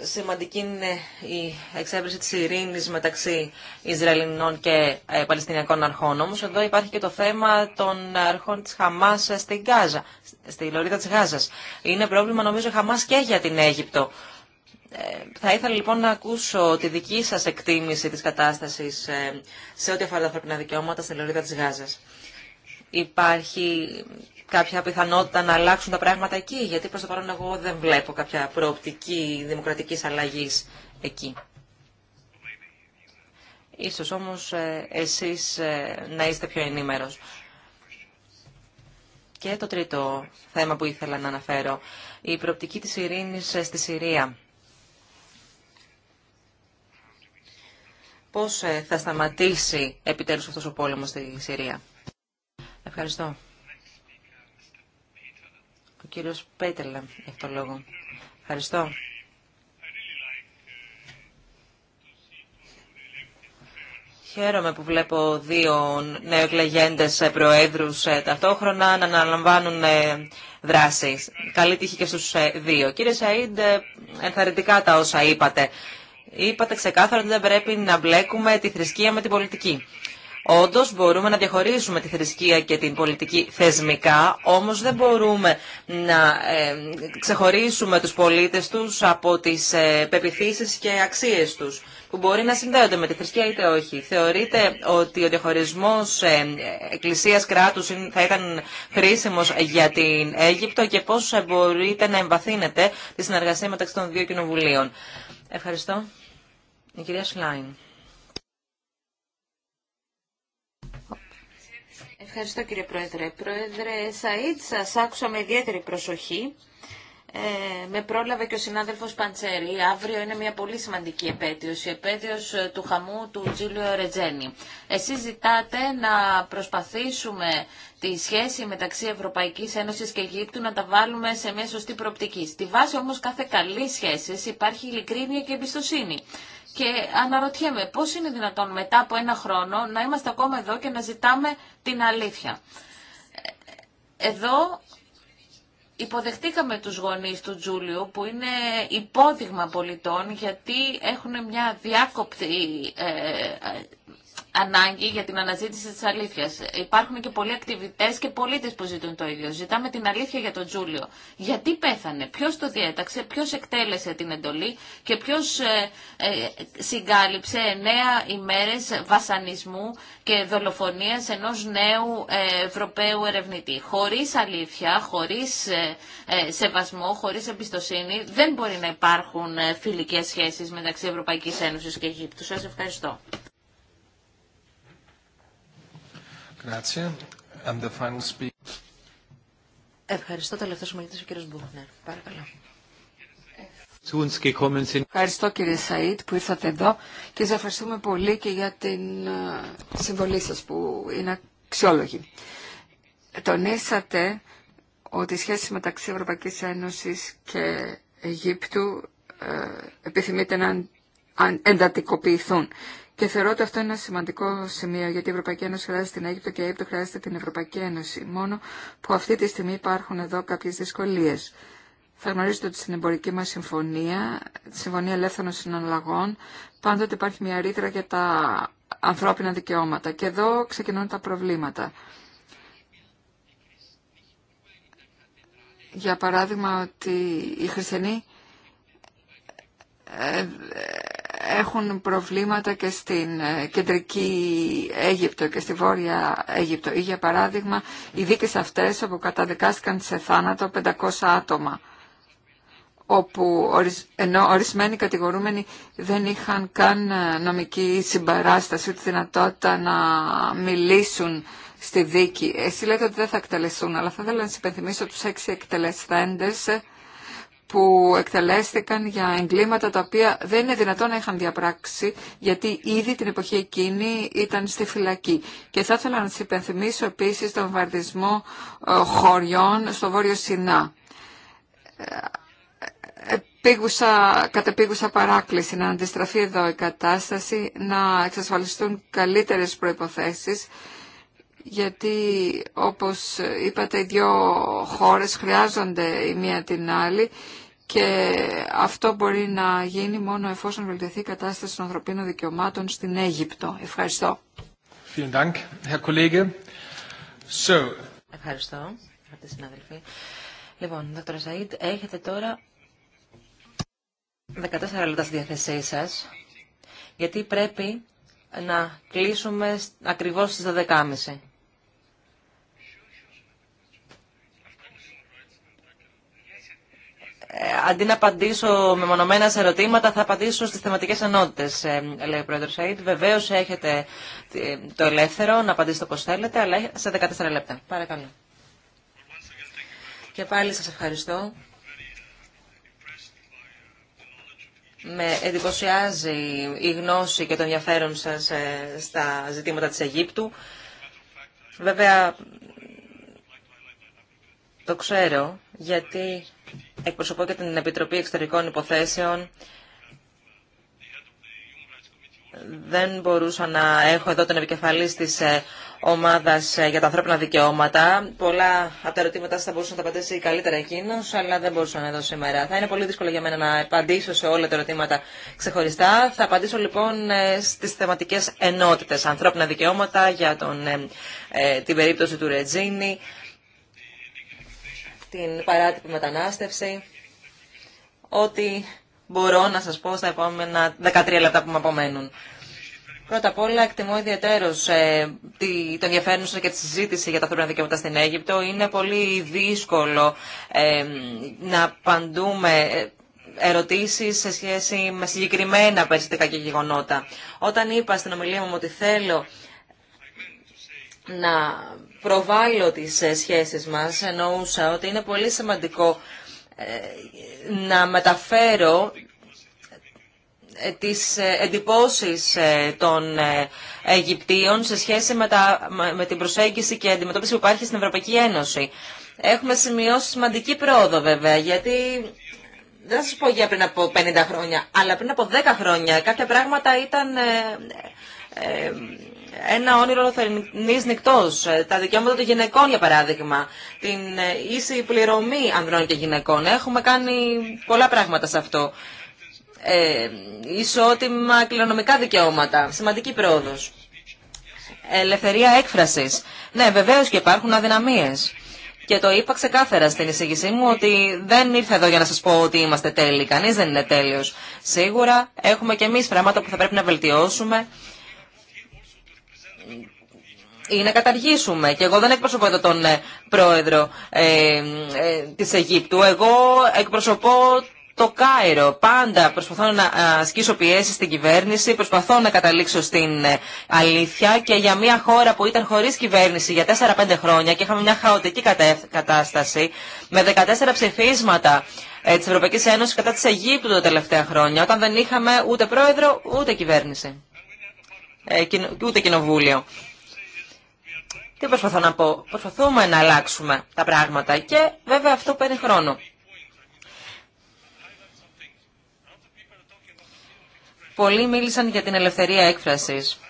Σημαντική είναι η εξέβριση της ειρήνης μεταξύ Ισραηλινών και ε, Παλαιστινιακών αρχών. Όμως εδώ υπάρχει και το θέμα των αρχών της Χαμάς ε, στην Γάζα, στη λωρίδα της Γάζας. Είναι πρόβλημα νομίζω Χαμάς και για την Αίγυπτο. Ε, θα ήθελα λοιπόν να ακούσω τη δική σας εκτίμηση της κατάστασης σε ό,τι αφορά τα ανθρωπινά δικαιώματα στη λωρίδα της Γάζας. Υπάρχει κάποια πιθανότητα να αλλάξουν τα πράγματα εκεί, γιατί προς το παρόν εγώ δεν βλέπω κάποια προοπτική δημοκρατικής αλλαγής εκεί. Ίσως όμως ε, εσείς ε, να είστε πιο ενήμερος. Και το τρίτο θέμα που ήθελα να αναφέρω, η προοπτική της ειρήνης ε, στη Συρία. Πώς θα σταματήσει επιτέλους αυτός ο πόλεμος στη Συρία. Ευχαριστώ κύριος Πέτελε, έχει το λόγο. Ευχαριστώ. Χαίρομαι που βλέπω δύο νεοεκλεγέντες προέδρους ε, ταυτόχρονα να αναλαμβάνουν ε, δράσεις. Καλή τύχη και στους ε, δύο. Κύριε Σαΐντ, ενθαρρυντικά τα όσα είπατε. Είπατε ξεκάθαρα ότι δεν πρέπει να μπλέκουμε τη θρησκεία με την πολιτική. Όντω μπορούμε να διαχωρίσουμε τη θρησκεία και την πολιτική θεσμικά, όμως δεν μπορούμε να ε, ξεχωρίσουμε τους πολίτες τους από τις ε, πεπιθήσεις και αξίες τους, που μπορεί να συνδέονται με τη θρησκεία είτε όχι. Θεωρείτε ότι ο διαχωρισμός ε, εκκλησίας κράτους θα ήταν χρήσιμο για την Αίγυπτο και πώς μπορείτε να εμβαθύνετε τη συνεργασία μεταξύ των δύο κοινοβουλίων. Ευχαριστώ. κυρία Σλάιν. Ευχαριστώ κύριε Πρόεδρε. Πρόεδρε Σαΐτ, σας άκουσα με ιδιαίτερη προσοχή. Ε, με πρόλαβε και ο συνάδελφος Παντσέρη. Αύριο είναι μια πολύ σημαντική επέτειος, η επέτειος ε, του χαμού του Τζίλιο Ρετζένη. Εσείς ζητάτε να προσπαθήσουμε τη σχέση μεταξύ Ευρωπαϊκής Ένωσης και Αιγύπτου να τα βάλουμε σε μια σωστή προοπτική. Στη βάση όμως κάθε καλή σχέση υπάρχει ειλικρίνεια και εμπιστοσύνη. Και αναρωτιέμαι πώς είναι δυνατόν μετά από ένα χρόνο να είμαστε ακόμα εδώ και να ζητάμε την αλήθεια. Εδώ υποδεχτήκαμε τους γονείς του Τζούλιου που είναι υπόδειγμα πολιτών γιατί έχουν μια διάκοπτη ε, ανάγκη για την αναζήτηση της αλήθειας. Υπάρχουν και πολλοί ακτιβιτές και πολίτες που ζητούν το ίδιο. Ζητάμε την αλήθεια για τον Τζούλιο. Γιατί πέθανε, ποιος το διέταξε, ποιος εκτέλεσε την εντολή και ποιος ε, ε, συγκάλυψε εννέα ημέρες βασανισμού και δολοφονίας ενός νέου ε, Ευρωπαίου ερευνητή. Χωρίς αλήθεια, χωρίς ε, ε, σεβασμό, χωρίς εμπιστοσύνη δεν μπορεί να υπάρχουν φιλικές σχέσεις μεταξύ Ευρωπαϊκής Ένωσης και Αιγύπτου. Σα ευχαριστώ. Ευχαριστώ. τελευταίο ομιλητή ο κύριο Μπούχνερ. Παρακαλώ. Ευχαριστώ κύριε Σαΐτ που ήρθατε εδώ και σας ευχαριστούμε πολύ και για την ε, συμβολή σας που είναι αξιόλογη. Τονίσατε ότι οι σχέσεις μεταξύ Ευρωπαϊκής Ένωσης και Αιγύπτου ε, επιθυμείται να εντατικοποιηθούν και θεωρώ ότι αυτό είναι ένα σημαντικό σημείο, γιατί η Ευρωπαϊκή Ένωση χρειάζεται την Αίγυπτο και η Αίγυπτο χρειάζεται την Ευρωπαϊκή Ένωση. Μόνο που αυτή τη στιγμή υπάρχουν εδώ κάποιε δυσκολίε. Θα γνωρίζετε ότι στην εμπορική μα συμφωνία, τη Συμφωνία Ελεύθερων Συναλλαγών, πάντοτε υπάρχει μια ρήτρα για τα ανθρώπινα δικαιώματα. Και εδώ ξεκινούν τα προβλήματα. Για παράδειγμα, ότι οι χριστιανοί ε, έχουν προβλήματα και στην ε, κεντρική Αίγυπτο και στη Βόρεια Αίγυπτο. Ή για παράδειγμα οι δίκες αυτές όπου καταδικάστηκαν σε θάνατο 500 άτομα όπου ενώ ορισμένοι κατηγορούμενοι δεν είχαν καν ε, νομική συμπαράσταση τη δυνατότητα να μιλήσουν στη δίκη. Εσύ λέτε ότι δεν θα εκτελεστούν, αλλά θα ήθελα να σας υπενθυμίσω τους έξι εκτελεσθέντες που εκτελέστηκαν για εγκλήματα τα οποία δεν είναι δυνατόν να είχαν διαπράξει γιατί ήδη την εποχή εκείνη ήταν στη φυλακή. Και θα ήθελα να σας υπενθυμίσω επίσης τον βαρδισμό ε, χωριών στο Βόρειο Σινά. Ε, Πήγουσα, παράκληση να αντιστραφεί εδώ η κατάσταση, να εξασφαλιστούν καλύτερες προϋποθέσεις γιατί όπως είπατε οι δύο χώρες χρειάζονται η μία την άλλη και αυτό μπορεί να γίνει μόνο εφόσον βελτιωθεί η κατάσταση των ανθρωπίνων δικαιωμάτων στην Αίγυπτο. Ευχαριστώ. Ευχαριστώ, αγαπητοί συνάδελφοι. Λοιπόν, δόκτωρα Σαΐτ, έχετε τώρα 14 λεπτά στη διάθεσή σας, γιατί πρέπει να κλείσουμε ακριβώς στις 12.30. Ε, αντί να απαντήσω με μονομένα σε ερωτήματα, θα απαντήσω στις θεματικές ενότητες, ε, λέει ο Πρόεδρος Σαΐτ. Βεβαίως έχετε ε, το ελεύθερο να απαντήσετε όπως θέλετε, αλλά σε 14 λεπτά. Παρακαλώ. Και πάλι σας ευχαριστώ. Με εντυπωσιάζει η γνώση και το ενδιαφέρον σας στα ζητήματα της Αιγύπτου. Βέβαια, το ξέρω, γιατί εκπροσωπώ και την Επιτροπή Εξωτερικών Υποθέσεων. Δεν μπορούσα να έχω εδώ τον επικεφαλής της ε, ομάδας ε, για τα ανθρώπινα δικαιώματα. Πολλά από τα ερωτήματά θα μπορούσε να τα απαντήσει καλύτερα εκείνο, αλλά δεν μπορούσα να εδώ σήμερα. Θα είναι πολύ δύσκολο για μένα να απαντήσω σε όλα τα ερωτήματα ξεχωριστά. Θα απαντήσω λοιπόν ε, στις θεματικές ενότητες. Ανθρώπινα δικαιώματα για τον, την περίπτωση του Ρετζίνη, την παράτυπη μετανάστευση. Ό,τι μπορώ να σας πω στα επόμενα 13 λεπτά που με απομένουν. Πρώτα απ' όλα, εκτιμώ ιδιαίτερω ε, το και τη συζήτηση για τα ανθρώπινα δικαιώματα στην Αίγυπτο. Είναι πολύ δύσκολο ε, να απαντούμε ε, ερωτήσεις σε σχέση με συγκεκριμένα περιστατικά και γεγονότα. Όταν είπα στην ομιλία μου ότι θέλω να προβάλλω τις ε, σχέσεις μας, εννοούσα ότι είναι πολύ σημαντικό ε, να μεταφέρω ε, τις εντυπώσεις των Αιγυπτίων σε σχέση με, τα, με την προσέγγιση και αντιμετώπιση που υπάρχει στην Ευρωπαϊκή Ένωση. Έχουμε σημειώσει σημαντική πρόοδο βέβαια, γιατί δεν θα σας πω για πριν από 50 χρόνια, αλλά πριν από 10 χρόνια κάποια πράγματα ήταν ένα όνειρο θερινή νυχτό. Ε, τα δικαιώματα των γυναικών για παράδειγμα, την ε, ίση πληρωμή ανδρών και γυναικών. Έχουμε κάνει πολλά πράγματα σε αυτό. Ε, ισότιμα κληρονομικά δικαιώματα, σημαντική πρόοδο. Ελευθερία έκφραση. Ναι, βεβαίω και υπάρχουν αδυναμίε. Και το είπα ξεκάθαρα στην εισήγησή μου ότι δεν ήρθα εδώ για να σας πω ότι είμαστε τέλειοι. Κανείς δεν είναι τέλειος. Σίγουρα έχουμε και εμείς πράγματα που θα πρέπει να βελτιώσουμε να καταργήσουμε. Και εγώ δεν εκπροσωπώ εδώ τον ε, πρόεδρο ε, ε, της Αιγύπτου. Εγώ εκπροσωπώ το Κάιρο. Πάντα προσπαθώ να ασκήσω πιέσει στην κυβέρνηση, προσπαθώ να καταλήξω στην ε, αλήθεια και για μια χώρα που ήταν χωρί κυβέρνηση για 4-5 χρόνια και είχαμε μια χαοτική κατάσταση με 14 ψηφίσματα ε, τη Ευρωπαϊκή Ένωση κατά τη Αιγύπτου τα τελευταία χρόνια, όταν δεν είχαμε ούτε πρόεδρο ούτε κυβέρνηση. Ε, ούτε κοινοβούλιο. Τι προσπαθώ να πω. Προσπαθούμε να αλλάξουμε τα πράγματα και βέβαια αυτό παίρνει χρόνο. Πολλοί μίλησαν για την ελευθερία έκφρασης.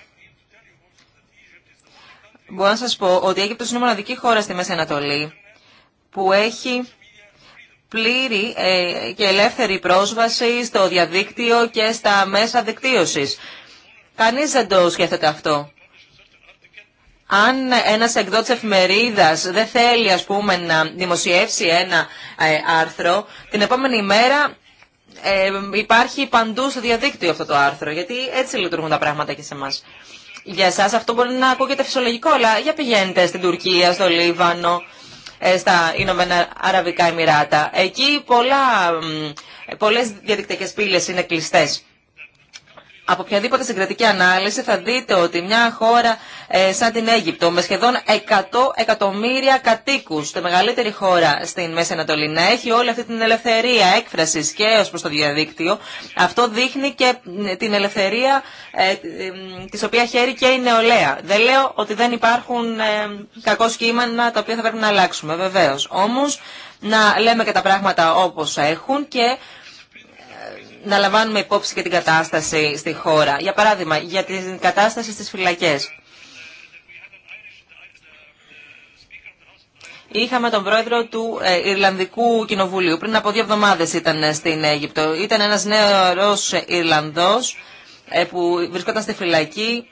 Μπορώ να σας πω ότι η Αίγυπτος είναι η μοναδική χώρα στη Μέση Ανατολή που έχει πλήρη ε, και ελεύθερη πρόσβαση στο διαδίκτυο και στα μέσα δικτύωσης. Κανείς δεν το σκέφτεται αυτό αν ένας εκδότης Εφημερίδα δεν θέλει ας πούμε να δημοσιεύσει ένα ε, άρθρο, την επόμενη μέρα ε, υπάρχει παντού στο διαδίκτυο αυτό το άρθρο, γιατί έτσι λειτουργούν τα πράγματα και σε εμά. Για εσά αυτό μπορεί να ακούγεται φυσιολογικό, αλλά για πηγαίνετε στην Τουρκία, στο Λίβανο, ε, στα Ηνωμένα Αραβικά Εμμυράτα. Εκεί πολλέ πολλές διαδικτυακές είναι κλειστέ από οποιαδήποτε συγκρατική ανάλυση θα δείτε ότι μια χώρα ε, σαν την Αίγυπτο με σχεδόν 100 εκατομμύρια κατοίκους, τη μεγαλύτερη χώρα στην Μέση Ανατολή, να έχει όλη αυτή την ελευθερία έκφρασης και ως προς το διαδίκτυο, αυτό δείχνει και την ελευθερία ε, της οποία χαίρει και η νεολαία. Δεν λέω ότι δεν υπάρχουν ε, κακό σχήμανα τα οποία θα πρέπει να αλλάξουμε, βεβαίως. Όμως να λέμε και τα πράγματα όπως έχουν και να λαμβάνουμε υπόψη και την κατάσταση στη χώρα. Για παράδειγμα, για την κατάσταση στις φυλακές. Είχαμε τον πρόεδρο του ε, Ιρλανδικού Κοινοβουλίου. Πριν από δύο εβδομάδες ήταν ε, στην Αίγυπτο. Ήταν ένας νέος Ιρλανδός ε, που βρισκόταν στη φυλακή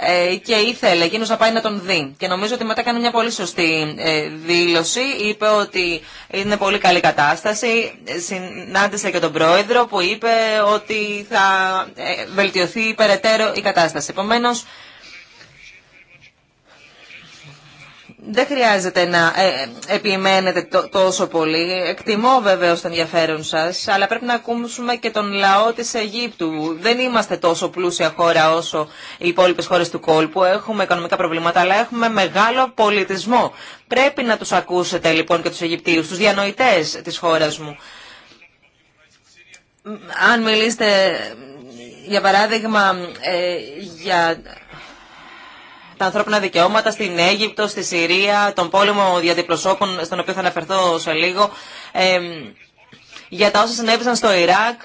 ε, και ήθελε εκείνο να πάει να τον δει. Και νομίζω ότι μετά κάνει μια πολύ σωστή ε, δήλωση. Είπε ότι είναι πολύ καλή κατάσταση. Ε, συνάντησε και τον πρόεδρο που είπε ότι θα βελτιωθεί περαιτέρω η κατάσταση. Επομένως, δεν χρειάζεται να ε, ε, επιμένετε τόσο πολύ. Εκτιμώ βεβαίω το ενδιαφέρον σα, αλλά πρέπει να ακούσουμε και τον λαό τη Αιγύπτου. Δεν είμαστε τόσο πλούσια χώρα όσο οι υπόλοιπε χώρε του κόλπου. Έχουμε οικονομικά προβλήματα, αλλά έχουμε μεγάλο πολιτισμό. Πρέπει να του ακούσετε λοιπόν και του Αιγυπτίου, του διανοητέ τη χώρα μου. Αν μιλήσετε, για παράδειγμα, ε, για τα ανθρώπινα δικαιώματα στην Αίγυπτο, στη Συρία, τον πόλεμο διαδιπροσώπων, στον οποίο θα αναφερθώ σε λίγο, ε, για τα όσα συνέβησαν στο Ιράκ,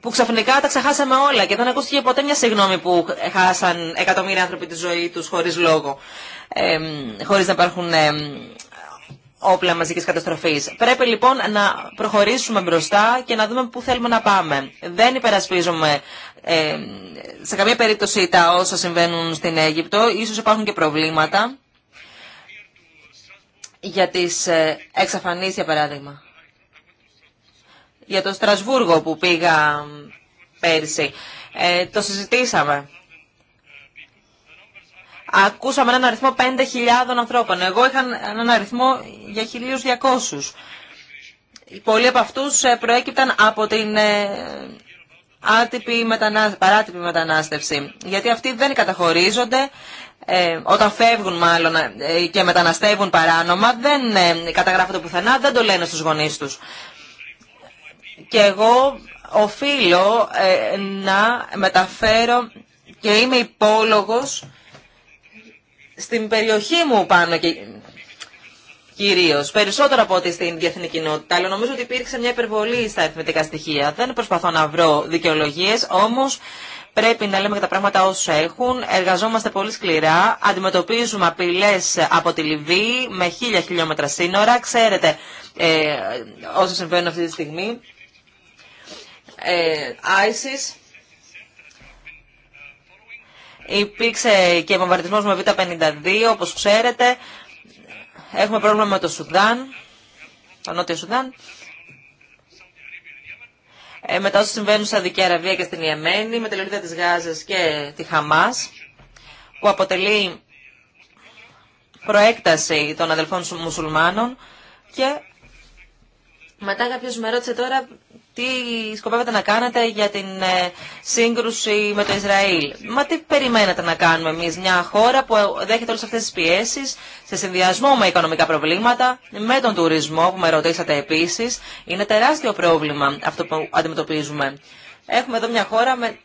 που ξαφνικά τα ξεχάσαμε όλα και δεν ακούστηκε ποτέ μια συγγνώμη που χάσαν εκατομμύρια άνθρωποι τη ζωή τους χωρίς λόγο, ε, χωρίς να υπάρχουν ε, όπλα μαζικής καταστροφής. Πρέπει λοιπόν να προχωρήσουμε μπροστά και να δούμε πού θέλουμε να πάμε. Δεν υπερασπίζουμε ε, σε καμία περίπτωση τα όσα συμβαίνουν στην Αίγυπτο. Ίσως υπάρχουν και προβλήματα για τις ε, εξαφανίσεις, για παράδειγμα. Για το Στρασβούργο που πήγα πέρσι. Ε, το συζητήσαμε. Ακούσαμε έναν αριθμό 5.000 ανθρώπων. Εγώ είχα έναν αριθμό για 1.200. Πολλοί από αυτούς ε, προέκυπταν από την ε, άτυπη παράτυπη μετανάστευση. Γιατί αυτοί δεν καταχωρίζονται, ε, όταν φεύγουν μάλλον και μεταναστεύουν παράνομα, δεν ε, καταγράφονται πουθενά, δεν το λένε στους γονείς τους. Και εγώ οφείλω να μεταφέρω και είμαι υπόλογος στην περιοχή μου πάνω και κυρίω, περισσότερο από ότι στην διεθνή κοινότητα. Αλλά νομίζω ότι υπήρξε μια υπερβολή στα αριθμητικά στοιχεία. Δεν προσπαθώ να βρω δικαιολογίε, όμω πρέπει να λέμε και τα πράγματα όσου έχουν. Εργαζόμαστε πολύ σκληρά. Αντιμετωπίζουμε απειλέ από τη Λιβύη με χίλια χιλιόμετρα σύνορα. Ξέρετε ε, όσα συμβαίνουν αυτή τη στιγμή. Ε, ISIS Υπήρξε και βομβαρδισμό με Β52, όπως ξέρετε. Έχουμε πρόβλημα με το Σουδάν, το Νότιο Σουδάν. Ε, μετά όσο συμβαίνουν στα Δική Αραβία και στην Ιεμένη, με τη λωρίδα της Γάζας και τη Χαμάς, που αποτελεί προέκταση των αδελφών μουσουλμάνων και μετά κάποιος με ρώτησε τώρα τι σκοπεύετε να κάνετε για την ε, σύγκρουση με το Ισραήλ. Μα τι περιμένετε να κάνουμε εμεί μια χώρα που δέχεται όλε αυτέ τι πιέσει σε συνδυασμό με οικονομικά προβλήματα, με τον τουρισμό που με ρωτήσατε επίση, Είναι τεράστιο πρόβλημα αυτό που αντιμετωπίζουμε. Έχουμε εδώ μια χώρα με,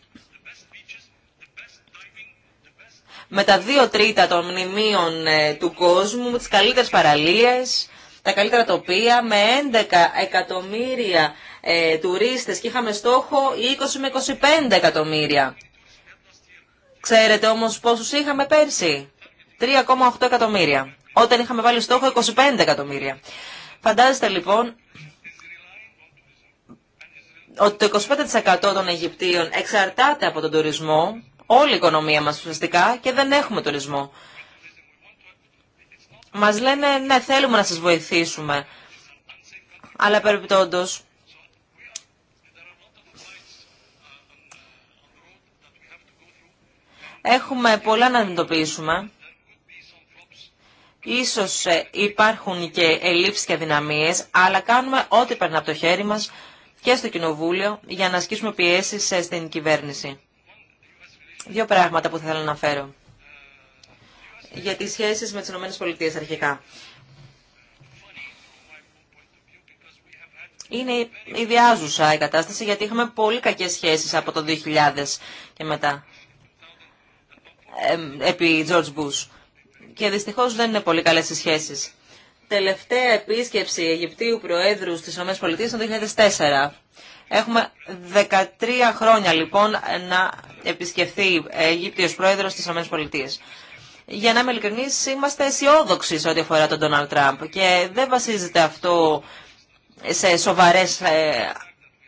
με τα δύο τρίτα των μνημείων ε, του κόσμου, με τις καλύτερες παραλίες, τα καλύτερα τοπία, με 11 εκατομμύρια ε, τουρίστες και είχαμε στόχο 20 με 25 εκατομμύρια. Ξέρετε όμως πόσους είχαμε πέρσι. 3,8 εκατομμύρια. Όταν είχαμε βάλει στόχο 25 εκατομμύρια. Φαντάζεστε λοιπόν ότι το 25% των Αιγυπτίων εξαρτάται από τον τουρισμό, όλη η οικονομία μας ουσιαστικά, και δεν έχουμε τουρισμό. Μας λένε, ναι, θέλουμε να σας βοηθήσουμε. Αλλά περιπτώντως, Έχουμε πολλά να αντιμετωπίσουμε. Ίσως ε, υπάρχουν και ελλείψεις και αδυναμίες, αλλά κάνουμε ό,τι περνά από το χέρι μας και στο Κοινοβούλιο για να ασκήσουμε πιέσεις ε, στην κυβέρνηση. Δύο πράγματα που θα ήθελα να φέρω για τις σχέσεις με τις ΗΠΑ αρχικά. Είναι ιδιάζουσα η κατάσταση γιατί είχαμε πολύ κακές σχέσεις από το 2000 και μετά επί George Bush. Και δυστυχώς δεν είναι πολύ καλές οι σχέσεις. Τελευταία επίσκεψη Αιγυπτίου Προέδρου στις ΗΠΑ το 2004. Έχουμε 13 χρόνια λοιπόν να επισκεφθεί Αιγύπτιος Πρόεδρος στις ΗΠΑ. Για να είμαι ειλικρινής, είμαστε αισιόδοξοι σε ό,τι αφορά τον Ντόναλτ Τραμπ και δεν βασίζεται αυτό σε σοβαρές ε,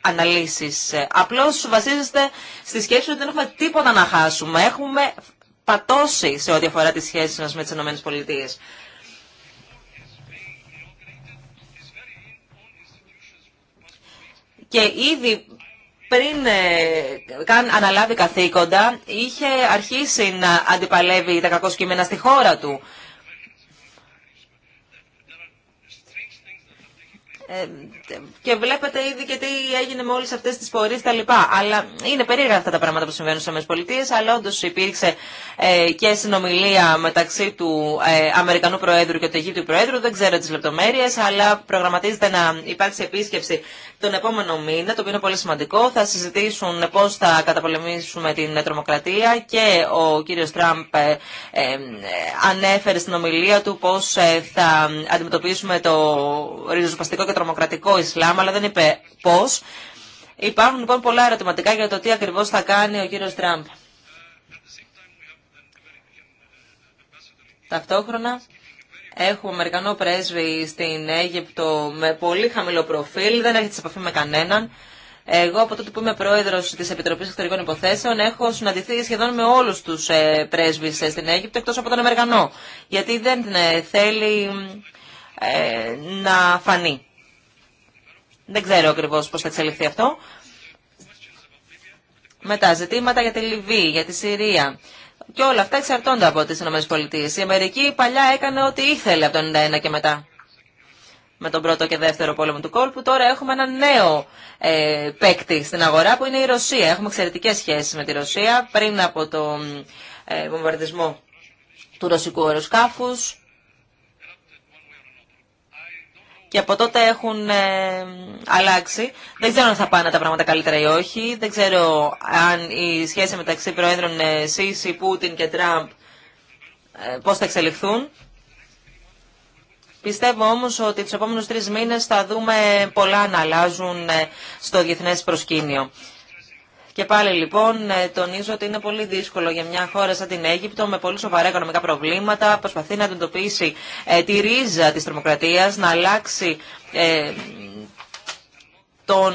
αναλύσεις. Απλώς βασίζεται στη σκέψη ότι δεν έχουμε τίποτα να χάσουμε. Έχουμε πατώσει σε ό,τι αφορά τις σχέσεις μας με τις ΗΠΑ. Και ήδη πριν ε, καν αναλάβει καθήκοντα, είχε αρχίσει να αντιπαλεύει τα κακό στη χώρα του. Ε, και βλέπετε ήδη και τι έγινε με όλε αυτέ τι τα λοιπά. Αλλά είναι περίεργα αυτά τα πράγματα που συμβαίνουν στι ΗΠΑ. Αλλά όντω υπήρξε ε, και συνομιλία μεταξύ του ε, Αμερικανού Προέδρου και του Αιγύπτου Προέδρου. Δεν ξέρω τι λεπτομέρειε, αλλά προγραμματίζεται να υπάρξει επίσκεψη τον επόμενο μήνα, το οποίο είναι πολύ σημαντικό. Θα συζητήσουν πώ θα καταπολεμήσουμε την τρομοκρατία και ο κύριο Τραμπ ανέφερε στην ομιλία του πώ θα αντιμετωπίσουμε το ριζοσπαστικό και τρομοκρατικό Ισλάμ, αλλά δεν είπε πώς. Υπάρχουν λοιπόν πολλά ερωτηματικά για το τι ακριβώ θα κάνει ο κύριο Τραμπ. Ταυτόχρονα έχουμε Αμερικανό πρέσβη στην Αίγυπτο με πολύ χαμηλό προφίλ, δεν έχει επαφή με κανέναν. Εγώ από τότε που είμαι πρόεδρο τη Επιτροπή Εξωτερικών Υποθέσεων έχω συναντηθεί σχεδόν με όλου του ε, πρέσβει ε, στην Αίγυπτο εκτό από τον Αμερικανό. Γιατί δεν ε, θέλει να φανεί. Δεν ξέρω ακριβώς πώς θα εξελιχθεί αυτό. Μετά, ζητήματα για τη Λιβύη, για τη Συρία. Και όλα αυτά εξαρτώνται από τις ΗΠΑ. Η Αμερική παλιά έκανε ό,τι ήθελε από το 1991 και μετά. Με τον πρώτο και δεύτερο πόλεμο του κόλπου, τώρα έχουμε ένα νέο ε, παίκτη στην αγορά που είναι η Ρωσία. Έχουμε εξαιρετικέ σχέσει με τη Ρωσία πριν από τον ε, βομβαρδισμό του ρωσικού αεροσκάφου. και από τότε έχουν ε, αλλάξει. Δεν ξέρω αν θα πάνε τα πράγματα καλύτερα ή όχι. Δεν ξέρω αν η σχέση μεταξύ Προέδρων ε, Πούτιν και Τραμπ ε, πώς θα εξελιχθούν. Πιστεύω όμως ότι τους επόμενους τρεις μήνες θα δούμε πολλά να αλλάζουν ε, στο διεθνές προσκήνιο. Και πάλι λοιπόν ε, τονίζω ότι είναι πολύ δύσκολο για μια χώρα σαν την Αίγυπτο με πολύ σοβαρά οικονομικά προβλήματα, προσπαθεί να αντιμετωπίσει ε, τη ρίζα της τρομοκρατίας, να αλλάξει ε, τον,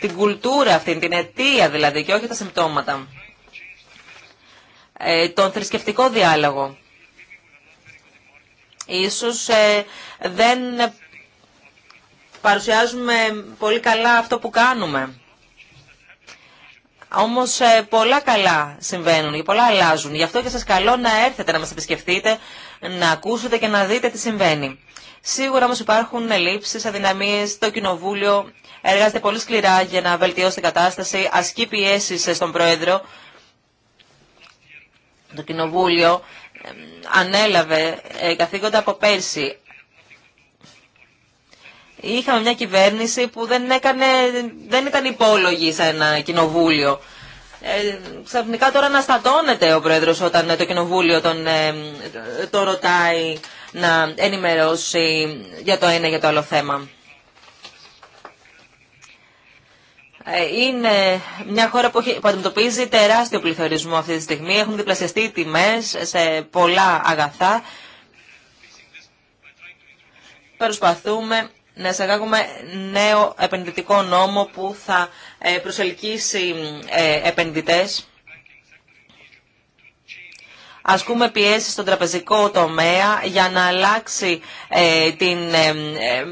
την κουλτούρα αυτή, την αιτία δηλαδή και όχι τα συμπτώματα. τον θρησκευτικό διάλογο. Ίσως δεν παρουσιάζουμε πολύ καλά αυτό που κάνουμε. Όμως ε, πολλά καλά συμβαίνουν και πολλά αλλάζουν. Γι' αυτό και σας καλώ να έρθετε να μας επισκεφτείτε, να ακούσετε και να δείτε τι συμβαίνει. Σίγουρα όμως υπάρχουν ελλείψει, αδυναμίες. Το Κοινοβούλιο εργάζεται πολύ σκληρά για να βελτιώσει την κατάσταση, ασκεί πιέσει ε, στον Πρόεδρο. Το Κοινοβούλιο ανέλαβε ε, καθήκοντα από πέρσι είχαμε μια κυβέρνηση που δεν, έκανε, δεν ήταν υπόλογη σε ένα κοινοβούλιο. Ε, ξαφνικά τώρα αναστατώνεται ο πρόεδρος όταν το κοινοβούλιο τον, ε, το ρωτάει να ενημερώσει για το ένα για το άλλο θέμα. Ε, είναι μια χώρα που αντιμετωπίζει τεράστιο πληθωρισμό αυτή τη στιγμή. Έχουν διπλασιαστεί οι τιμές σε πολλά αγαθά. Προσπαθούμε να εισαγάγουμε νέο επενδυτικό νόμο που θα ε, προσελκύσει ε, επενδυτές. Ασκούμε πιέσεις στον τραπεζικό τομέα για να αλλάξει ε, την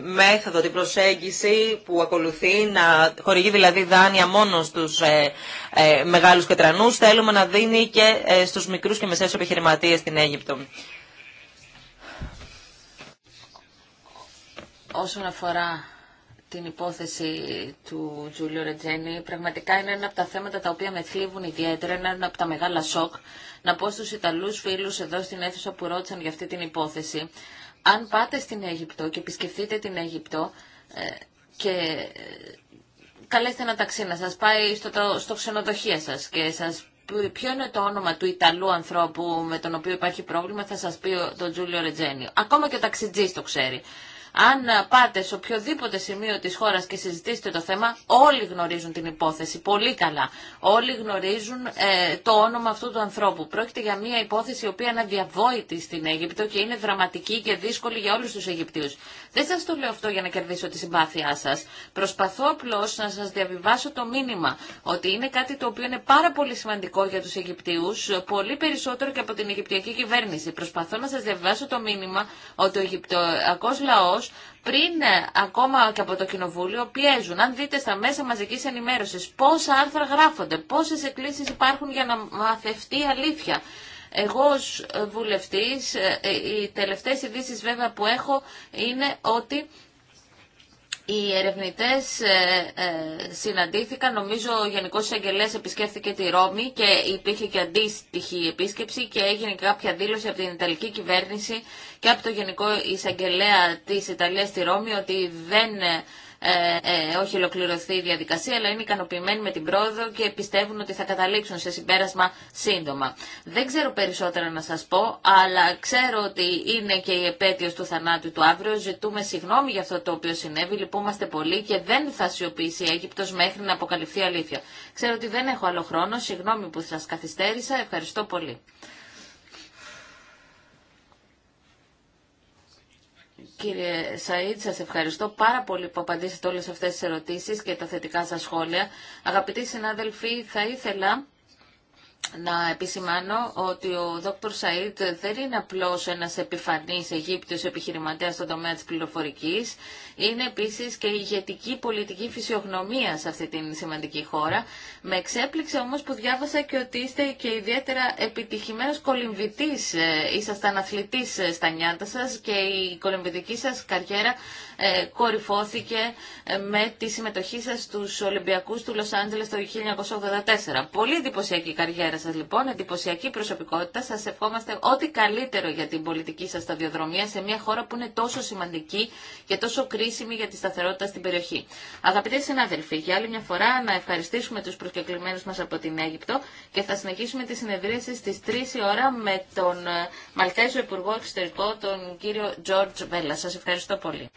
μέθοδο, την προσέγγιση που ακολουθεί, να χορηγεί δηλαδή δάνεια μόνο στους μεγάλους κετρανούς. Θέλουμε να δίνει και στους μικρούς και μεσαίους επιχειρηματίες στην Αίγυπτο. όσον αφορά την υπόθεση του Τζούλιο Ρετζένη, πραγματικά είναι ένα από τα θέματα τα οποία με θλίβουν ιδιαίτερα, ένα από τα μεγάλα σοκ. Να πω στους Ιταλούς φίλους εδώ στην αίθουσα που ρώτησαν για αυτή την υπόθεση, αν πάτε στην Αίγυπτο και επισκεφτείτε την Αίγυπτο ε, και ε, καλέστε ένα ταξί να σας πάει στο, στο ξενοδοχείο σας και σας ποιο είναι το όνομα του Ιταλού ανθρώπου με τον οποίο υπάρχει πρόβλημα, θα σας πει τον Τζούλιο Ρετζένιο. Ακόμα και ο ταξιτζής το ξέρει. Αν πάτε σε οποιοδήποτε σημείο της χώρας και συζητήσετε το θέμα, όλοι γνωρίζουν την υπόθεση πολύ καλά. Όλοι γνωρίζουν ε, το όνομα αυτού του ανθρώπου. Πρόκειται για μια υπόθεση η οποία είναι αδιαβόητη στην Αίγυπτο και είναι δραματική και δύσκολη για όλους τους Αιγυπτίους. Δεν σας το λέω αυτό για να κερδίσω τη συμπάθειά σας. Προσπαθώ απλώ να σας διαβιβάσω το μήνυμα ότι είναι κάτι το οποίο είναι πάρα πολύ σημαντικό για τους Αιγυπτίους, πολύ περισσότερο και από την Αιγυπτιακή κυβέρνηση. Προσπαθώ να σας διαβιβάσω το μήνυμα ότι ο Αιγυπτιακός λαός πριν ε, ακόμα και από το Κοινοβούλιο πιέζουν. Αν δείτε στα μέσα μαζικής ενημέρωσης πόσα άρθρα γράφονται, πόσες εκκλήσεις υπάρχουν για να μαθευτεί αλήθεια. Εγώ ως ε, βουλευτής, ε, οι τελευταίες ειδήσει βέβαια που έχω είναι ότι οι ερευνητές ε, ε, συναντήθηκαν, νομίζω ο Γενικό Εισαγγελέα επισκέφθηκε τη Ρώμη και υπήρχε και αντίστοιχη επίσκεψη και έγινε κάποια δήλωση από την Ιταλική κυβέρνηση και από το Γενικό Εισαγγελέα τη Ιταλίας στη Ρώμη ότι δεν ε, ε, ε, όχι ολοκληρωθεί η διαδικασία, αλλά είναι ικανοποιημένοι με την πρόοδο και πιστεύουν ότι θα καταλήξουν σε συμπέρασμα σύντομα. Δεν ξέρω περισσότερα να σας πω, αλλά ξέρω ότι είναι και η επέτειος του θανάτου του αύριο. Ζητούμε συγγνώμη για αυτό το οποίο συνέβη, λυπούμαστε πολύ και δεν θα σιωπήσει η Αίγυπτος μέχρι να αποκαλυφθεί αλήθεια. Ξέρω ότι δεν έχω άλλο χρόνο, συγγνώμη που σας καθυστέρησα, ευχαριστώ πολύ. Κύριε Σαΐτ, σας ευχαριστώ πάρα πολύ που απαντήσατε όλες αυτές τις ερωτήσεις και τα θετικά σας σχόλια. Αγαπητοί συνάδελφοι, θα ήθελα να επισημάνω ότι ο Δόκτωρ Σαΐτ δεν είναι απλώς ένας επιφανής Αιγύπτιος επιχειρηματίας στον τομέα της πληροφορικής είναι επίση και η ηγετική πολιτική φυσιογνωμία σε αυτή την σημαντική χώρα. Με εξέπληξε όμω που διάβασα και ότι είστε και ιδιαίτερα επιτυχημένο κολυμβητή. Ε, ήσασταν αθλητή ε, στα νιάτα σα, και η κολυμβητική σα καριέρα ε, κορυφώθηκε με τη συμμετοχή σα στου Ολυμπιακού του Λος Άντζελες το 1984. Πολύ εντυπωσιακή καριέρα σα, λοιπόν, εντυπωσιακή προσωπικότητα. Σα ευχόμαστε ό,τι καλύτερο για την πολιτική σα σταδιοδρομία σε μια χώρα που είναι τόσο σημαντική και τόσο κρίσιμη κρίσιμη για τη σταθερότητα στην περιοχή. Αγαπητέ συνάδελφοι, για άλλη μια φορά να ευχαριστήσουμε τους προσκεκλημένου μας από την Αίγυπτο και θα συνεχίσουμε τη συνεδρίαση στις 3 η ώρα με τον ε, Μαλτέζο Υπουργό Εξωτερικό, τον κύριο Τζόρτζ Βέλλα. Σα ευχαριστώ πολύ.